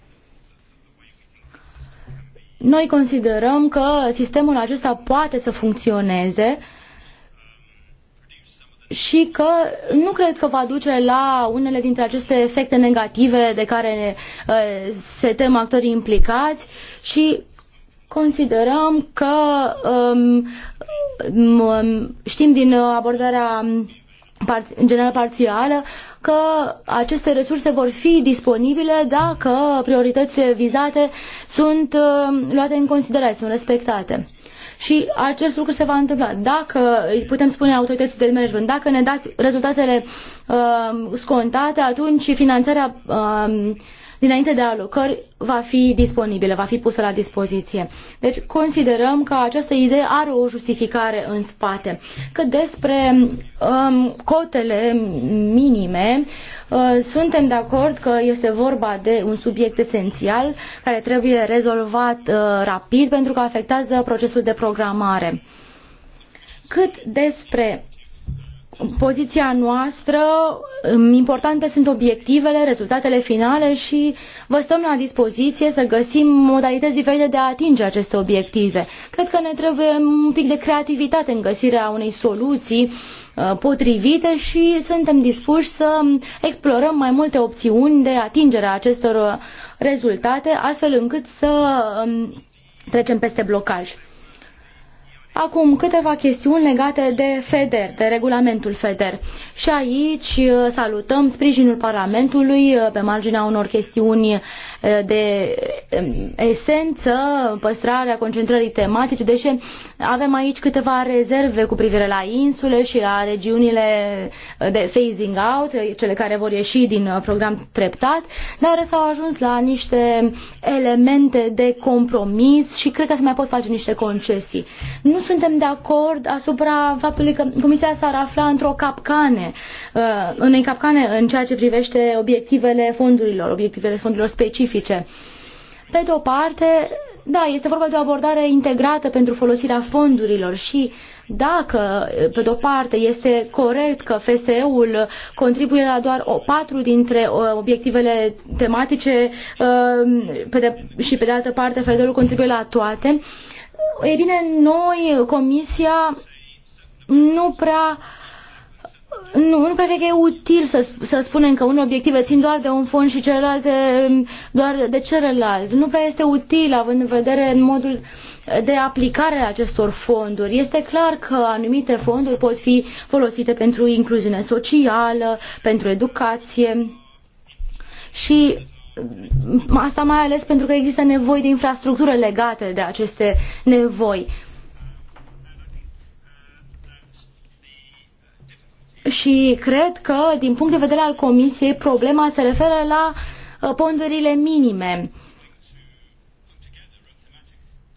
Noi considerăm că sistemul acesta poate să funcționeze uh, și că nu cred că va duce la unele dintre aceste efecte negative de care uh, se tem actorii implicați și considerăm că um, știm din abordarea par general parțială că aceste resurse vor fi disponibile dacă prioritățile vizate sunt uh, luate în considerare, sunt respectate și acest lucru se va întâmpla. Dacă putem spune autorității de management, dacă ne dați rezultatele uh, scontate, atunci finanțarea uh, dinainte de alocări va fi disponibilă, va fi pusă la dispoziție. Deci considerăm că această idee are o justificare în spate. Că despre um, cotele minime, uh, Uh, suntem de acord că este vorba de un subiect esențial care trebuie rezolvat uh, rapid pentru că afectează procesul de programare. Cât despre poziția noastră, um, importante sunt obiectivele, rezultatele finale și vă stăm la dispoziție să găsim modalități diferite de a atinge aceste obiective. Cred că ne trebuie un pic de creativitate în găsirea unei soluții Uh, potrivite și suntem dispuși să explorăm mai multe opțiuni de atingere a acestor uh, rezultate, astfel încât să um, trecem peste blocaj. Acum câteva chestiuni legate de FEDER, de regulamentul FEDER. Și aici uh, salutăm sprijinul Parlamentului pe marginea unor chestiuni Eh, de esență păstrarea concentrării tematice, deși avem aici câteva rezerve cu privire la insule și la regiunile eh, de phasing out, eh, cele care vor ieși din program treptat, dar s-au ajuns la niște elemente de compromis și cred că se mai pot face niște concesii. Nu suntem de acord asupra faptului că Comisia s-ar afla într-o capcane, în capcane în ceea ce privește obiectivele fondurilor, obiectivele fondurilor specifice specifice. Pe de o parte, da, este vorba de o abordare integrată pentru folosirea fondurilor și dacă, pe de-o parte, este corect că FSE-ul contribuie la doar o, patru dintre uh, obiectivele tematice uh, pe de, și, pe de altă parte, FSE-ul contribuie la toate, e bine, noi, Comisia, nu prea uh, nu, nu cred că e util să, să spunem că un obiective țin doar de un fond și de, mm, doar de celălalt. Nu prea este util având în vedere modul de aplicare a acestor fonduri. Este clar că anumite fonduri pot fi folosite pentru incluziune socială, pentru educație și mm, asta mai ales pentru că există nevoi de infrastructură legate de aceste nevoi. Și cred că, din punct de vedere al Comisiei, problema se referă la uh, ponderile minime.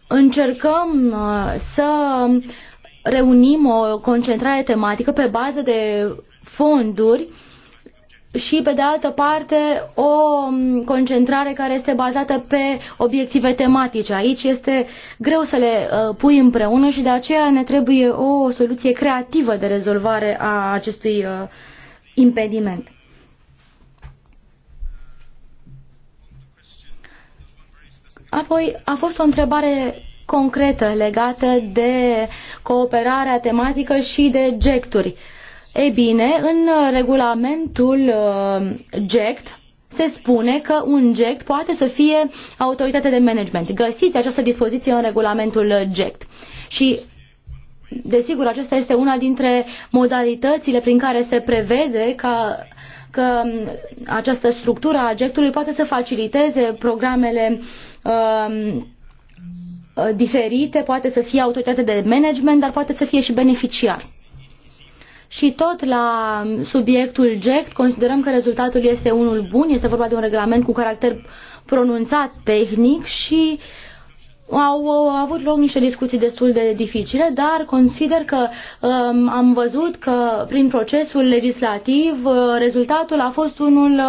Încercăm uh, să reunim o concentrare tematică pe bază de fonduri și, pe de altă parte, o concentrare care este bazată pe obiective tematice. Aici este greu să le uh, pui împreună și de aceea ne trebuie o soluție creativă de rezolvare a acestui uh, impediment. Apoi a fost o întrebare concretă legată de cooperarea tematică și de gecturi. Uh, ei bine, în uh, regulamentul uh, GECT se spune că un GECT poate să fie autoritate de management. Găsiți această dispoziție în regulamentul uh, GECT. Și Desigur, acesta este una dintre modalitățile prin care se prevede ca că um, această structură a JECT-ului poate să faciliteze programele um, uh, diferite, poate să fie autoritate de management, dar poate să fie și beneficiar. Și tot la subiectul GECT considerăm că rezultatul este unul bun, este vorba de un regulament cu caracter pronunțat tehnic și au, au avut loc niște discuții destul de dificile, dar consider că um, am văzut că prin procesul legislativ uh, rezultatul a fost unul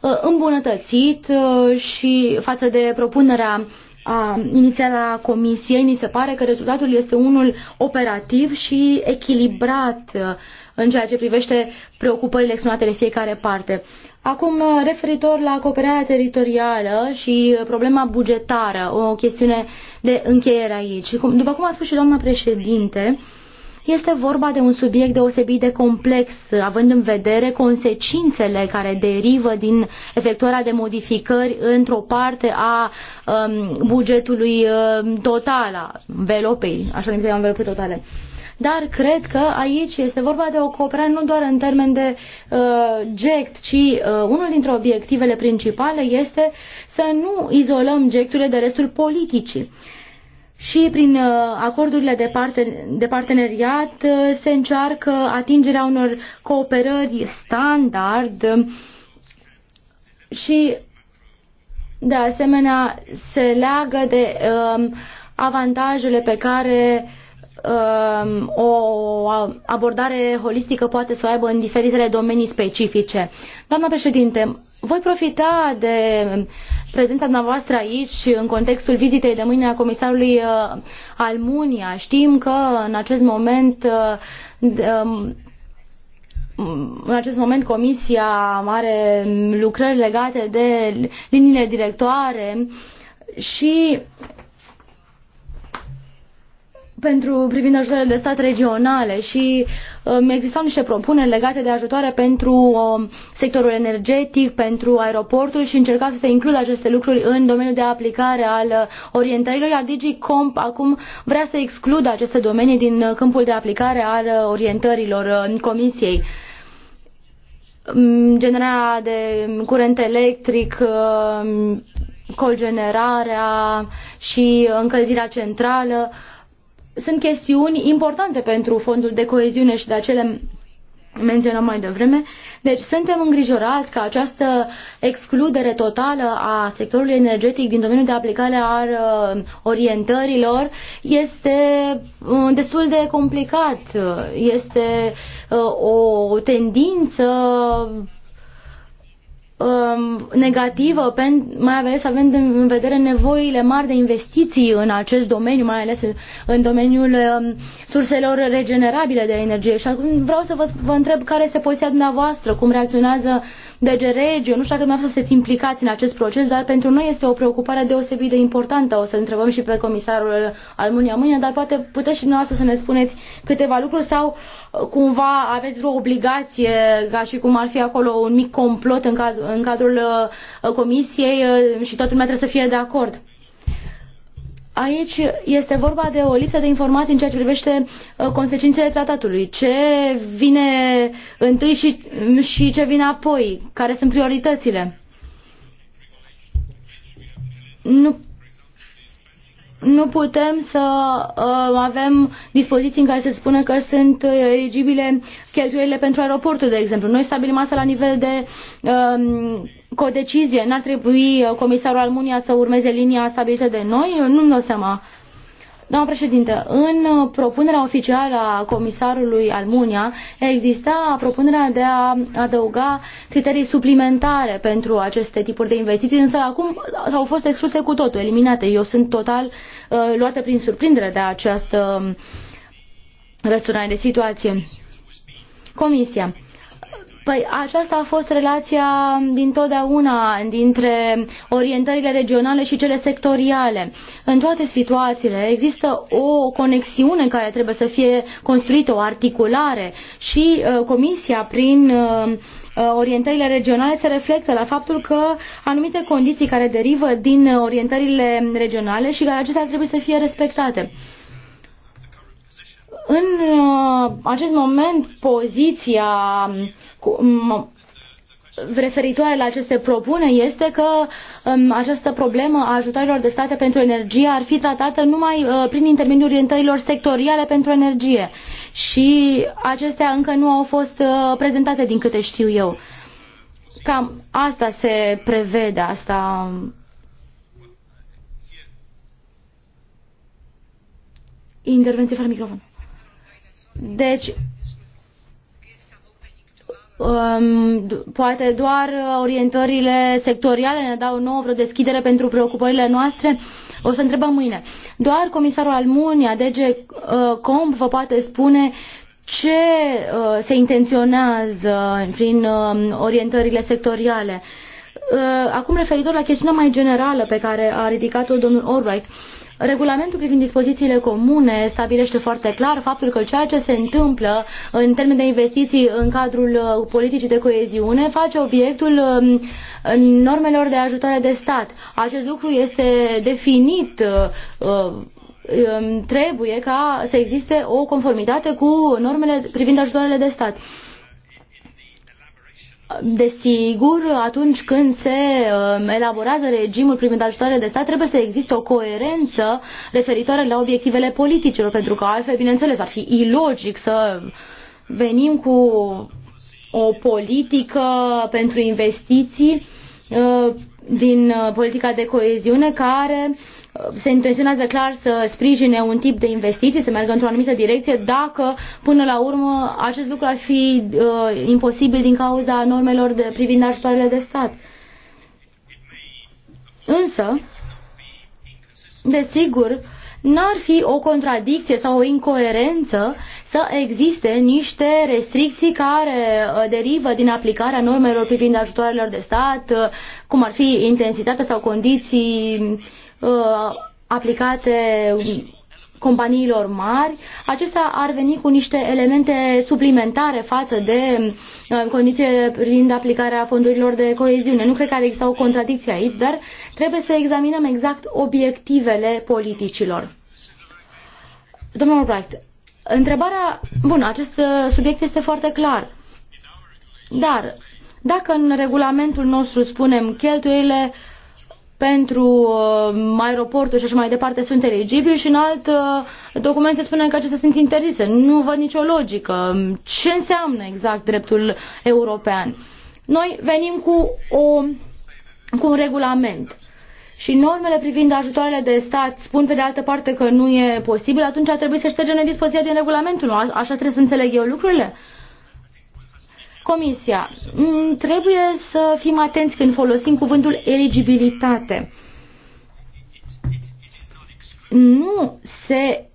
uh, îmbunătățit uh, și față de propunerea a, inițială a Comisiei, ni se pare că rezultatul este unul operativ și echilibrat uh, în ceea ce privește preocupările exprimate de fiecare parte. Acum, uh, referitor la cooperarea teritorială și problema bugetară, o chestiune de încheiere aici. După cum a spus și doamna președinte, uh, este vorba de un subiect deosebit de complex, având în vedere consecințele care derivă din efectuarea de modificări într-o parte a um, bugetului um, total, a velopei, așa numită învelope totale dar cred că aici este vorba de o cooperare nu doar în termen de uh, GECT, ci uh, unul dintre obiectivele principale este să nu izolăm gect de restul politicii și prin uh, acordurile de, parten- de parteneriat uh, se încearcă atingerea unor cooperări standard și de asemenea se leagă de um, avantajele pe care um, o abordare holistică poate să o aibă în diferitele domenii specifice. Doamna președinte, voi profita de uh, prezența dumneavoastră aici în contextul vizitei de mâine a comisarului uh, Almunia. Știm că în acest moment uh, um, în acest moment Comisia are lucrări legate de liniile directoare și pentru privind ajutoarele de stat regionale și existau niște propuneri legate de ajutoare pentru um, sectorul energetic, pentru aeroporturi și încerca să se includă aceste lucruri în domeniul de aplicare al uh, orientărilor, iar DigiComp acum vrea să excludă aceste domenii din uh, câmpul de aplicare al uh, orientărilor Comisiei mm, generarea de curent electric, cogenerarea și încălzirea centrală sunt chestiuni importante pentru fondul de coeziune și de acele menționam mai devreme. Deci suntem îngrijorați că această excludere totală a sectorului energetic din domeniul de aplicare a uh, orientărilor este uh, destul de complicat. Este uh, o tendință Um, negativă, mai ales având în vedere nevoile mari de investiții în acest domeniu, mai ales în domeniul um, surselor regenerabile de energie. Și acum vreau să vă, vă întreb care este poziția dumneavoastră, cum reacționează uh, DG deci, Regio, nu știu dacă dumneavoastră sunteți implicați în acest proces, dar pentru noi este o preocupare deosebit de importantă. O să întrebăm și pe comisarul Almunia mâine, dar poate puteți și dumneavoastră să ne spuneți câteva lucruri sau uh, cumva aveți vreo obligație, ca și cum ar fi acolo un mic complot în, caz, în cadrul uh, comisiei uh, și toată lumea trebuie să fie de acord. Aici este vorba de o lipsă de informații în ceea ce privește uh, consecințele tratatului. Ce vine întâi și, și ce vine apoi? Care sunt prioritățile? Nu, nu putem să uh, avem dispoziții în care se spune că sunt uh, eligibile cheltuielile pentru aeroportul, de exemplu. Noi stabilim asta la nivel de uh, cu decizie, n-ar trebui uh, comisarul Almunia să urmeze linia stabilită de noi? nu-mi dau seama. Doamna președinte, în uh, propunerea oficială a comisarului Almunia exista propunerea de a adăuga criterii suplimentare pentru aceste tipuri de investiții, însă acum au fost excluse cu totul, eliminate. Eu sunt total uh, luată prin surprindere de această um, răsturnare de situație. Comisia. Păi aceasta a fost relația din totdeauna dintre orientările regionale și cele sectoriale. În toate situațiile există o conexiune care trebuie să fie construită, o articulare și uh, Comisia prin uh, uh orientările regionale se reflectă la faptul că anumite condiții care derivă din orientările regionale și care acestea trebuie să fie respectate în uh, acest moment poziția referitoare la aceste propuneri este că um, această problemă a ajutorilor de state pentru energie ar fi tratată numai uh, prin intermediul orientărilor sectoriale pentru energie și acestea încă nu au fost uh, prezentate din câte știu eu. Cam asta se prevede, asta Intervenție fără microfon. Deci, um, poate doar uh, orientările sectoriale ne dau nouă vreo deschidere pentru preocupările noastre. O să întrebăm mâine. Doar comisarul Almunia, DG uh, Comp, vă poate spune ce uh, se intenționează prin uh, orientările sectoriale. Uh, acum referitor la chestiunea mai generală pe care a ridicat-o domnul Albright, Regulamentul privind dispozițiile comune stabilește foarte clar faptul că ceea ce se întâmplă în termen de investiții în cadrul uh, politicii de coeziune face obiectul um, normelor de ajutoare de stat. Acest lucru este definit uh, uh, um, trebuie ca să existe o conformitate cu normele privind ajutoarele de stat. Desigur, atunci când se um, elaborează regimul privind ajutoarele de stat, trebuie să existe o coerență referitoare la obiectivele politicilor, pentru că altfel, bineînțeles, ar fi ilogic să venim cu o politică pentru investiții uh, din uh, politica de coeziune care uh, se intenționează clar să sprijine un tip de investiții, să meargă într-o anumită direcție, dacă până la urmă acest lucru ar fi uh, imposibil din cauza normelor de, privind ajutoarele de stat. Însă, desigur, n-ar fi o contradicție sau o incoerență să existe niște restricții care uh, derivă din aplicarea normelor privind ajutoarelor de stat, uh, cum ar fi intensitatea sau condiții Uh, aplicate companiilor mari, acestea ar veni cu niște elemente suplimentare față de uh, condițiile prin aplicarea fondurilor de coeziune. Nu cred că ar exista o contradicție aici, dar trebuie să examinăm exact obiectivele politicilor. Domnul Bracht, întrebarea, bun, acest uh, subiect este foarte clar, dar dacă în regulamentul nostru spunem cheltuielile uh, pentru uh, aeroporturi și așa mai departe sunt eligibili și în alt uh, document se spune că acestea sunt interzise. Nu văd nicio logică. Ce înseamnă exact dreptul european? Noi venim cu, o, cu un regulament și normele privind ajutoarele de stat spun pe de altă parte că nu e posibil, atunci ar trebui să ștergem dispoziția din regulamentul. Așa trebuie să înțeleg eu lucrurile. Uh, Comisia, mm, trebuie să fim atenți când folosim cuvântul eligibilitate. Nu se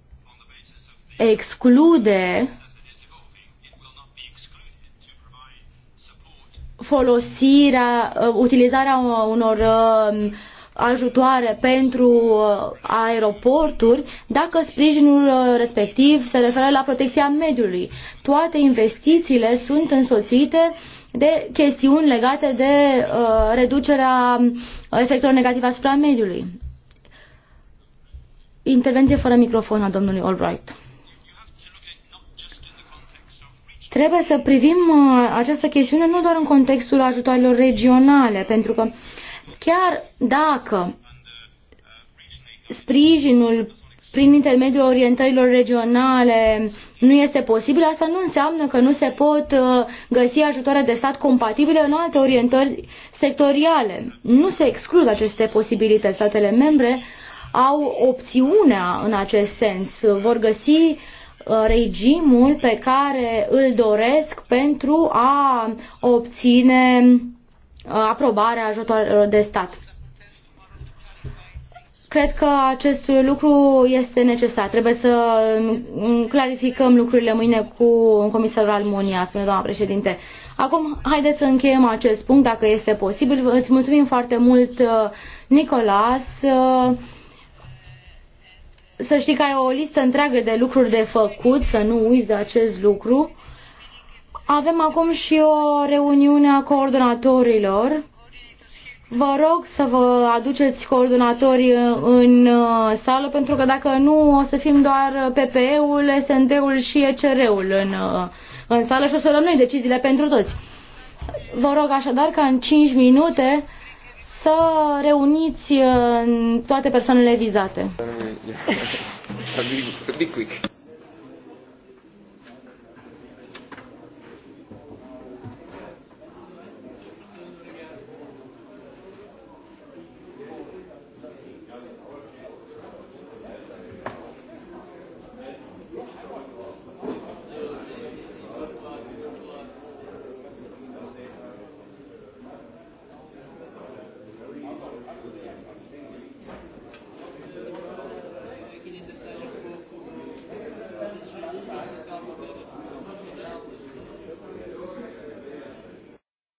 exclude folosirea, uh, utilizarea unor uh, ajutoare pentru uh, aeroporturi dacă sprijinul uh, respectiv se referă la protecția mediului. Toate investițiile sunt însoțite de chestiuni legate de uh, reducerea efectelor negative asupra mediului. Intervenție fără microfon a domnului Albright. Trebuie să privim uh, această chestiune nu doar în contextul ajutoarelor regionale, pentru că uh, Chiar dacă sprijinul prin intermediul orientărilor regionale nu este posibil, asta nu înseamnă că nu se pot uh, găsi ajutoare de stat compatibile în alte orientări sectoriale. Nu se exclud aceste posibilități. Statele membre au opțiunea în acest sens. Vor găsi uh, regimul pe care îl doresc pentru a obține Uh, aprobarea ajutoarelor de stat. Cred că acest lucru este necesar. Trebuie să mm, mm, clarificăm lucrurile mâine cu comisarul Almonia, spune doamna președinte. Acum, haideți să încheiem acest punct, dacă este posibil. Îți mulțumim foarte mult, uh, Nicolas. Uh, să știi că ai o listă întreagă de lucruri de făcut, să nu uiți de acest lucru. Avem acum și o reuniune a coordonatorilor. Vă rog să vă aduceți coordonatorii în uh, sală, pentru că dacă nu, o să fim doar PPE-ul, SND-ul și ECR-ul în, uh, în sală și o să luăm noi deciziile pentru toți. Vă rog așadar ca în 5 minute să reuniți uh, toate persoanele vizate. <laughs>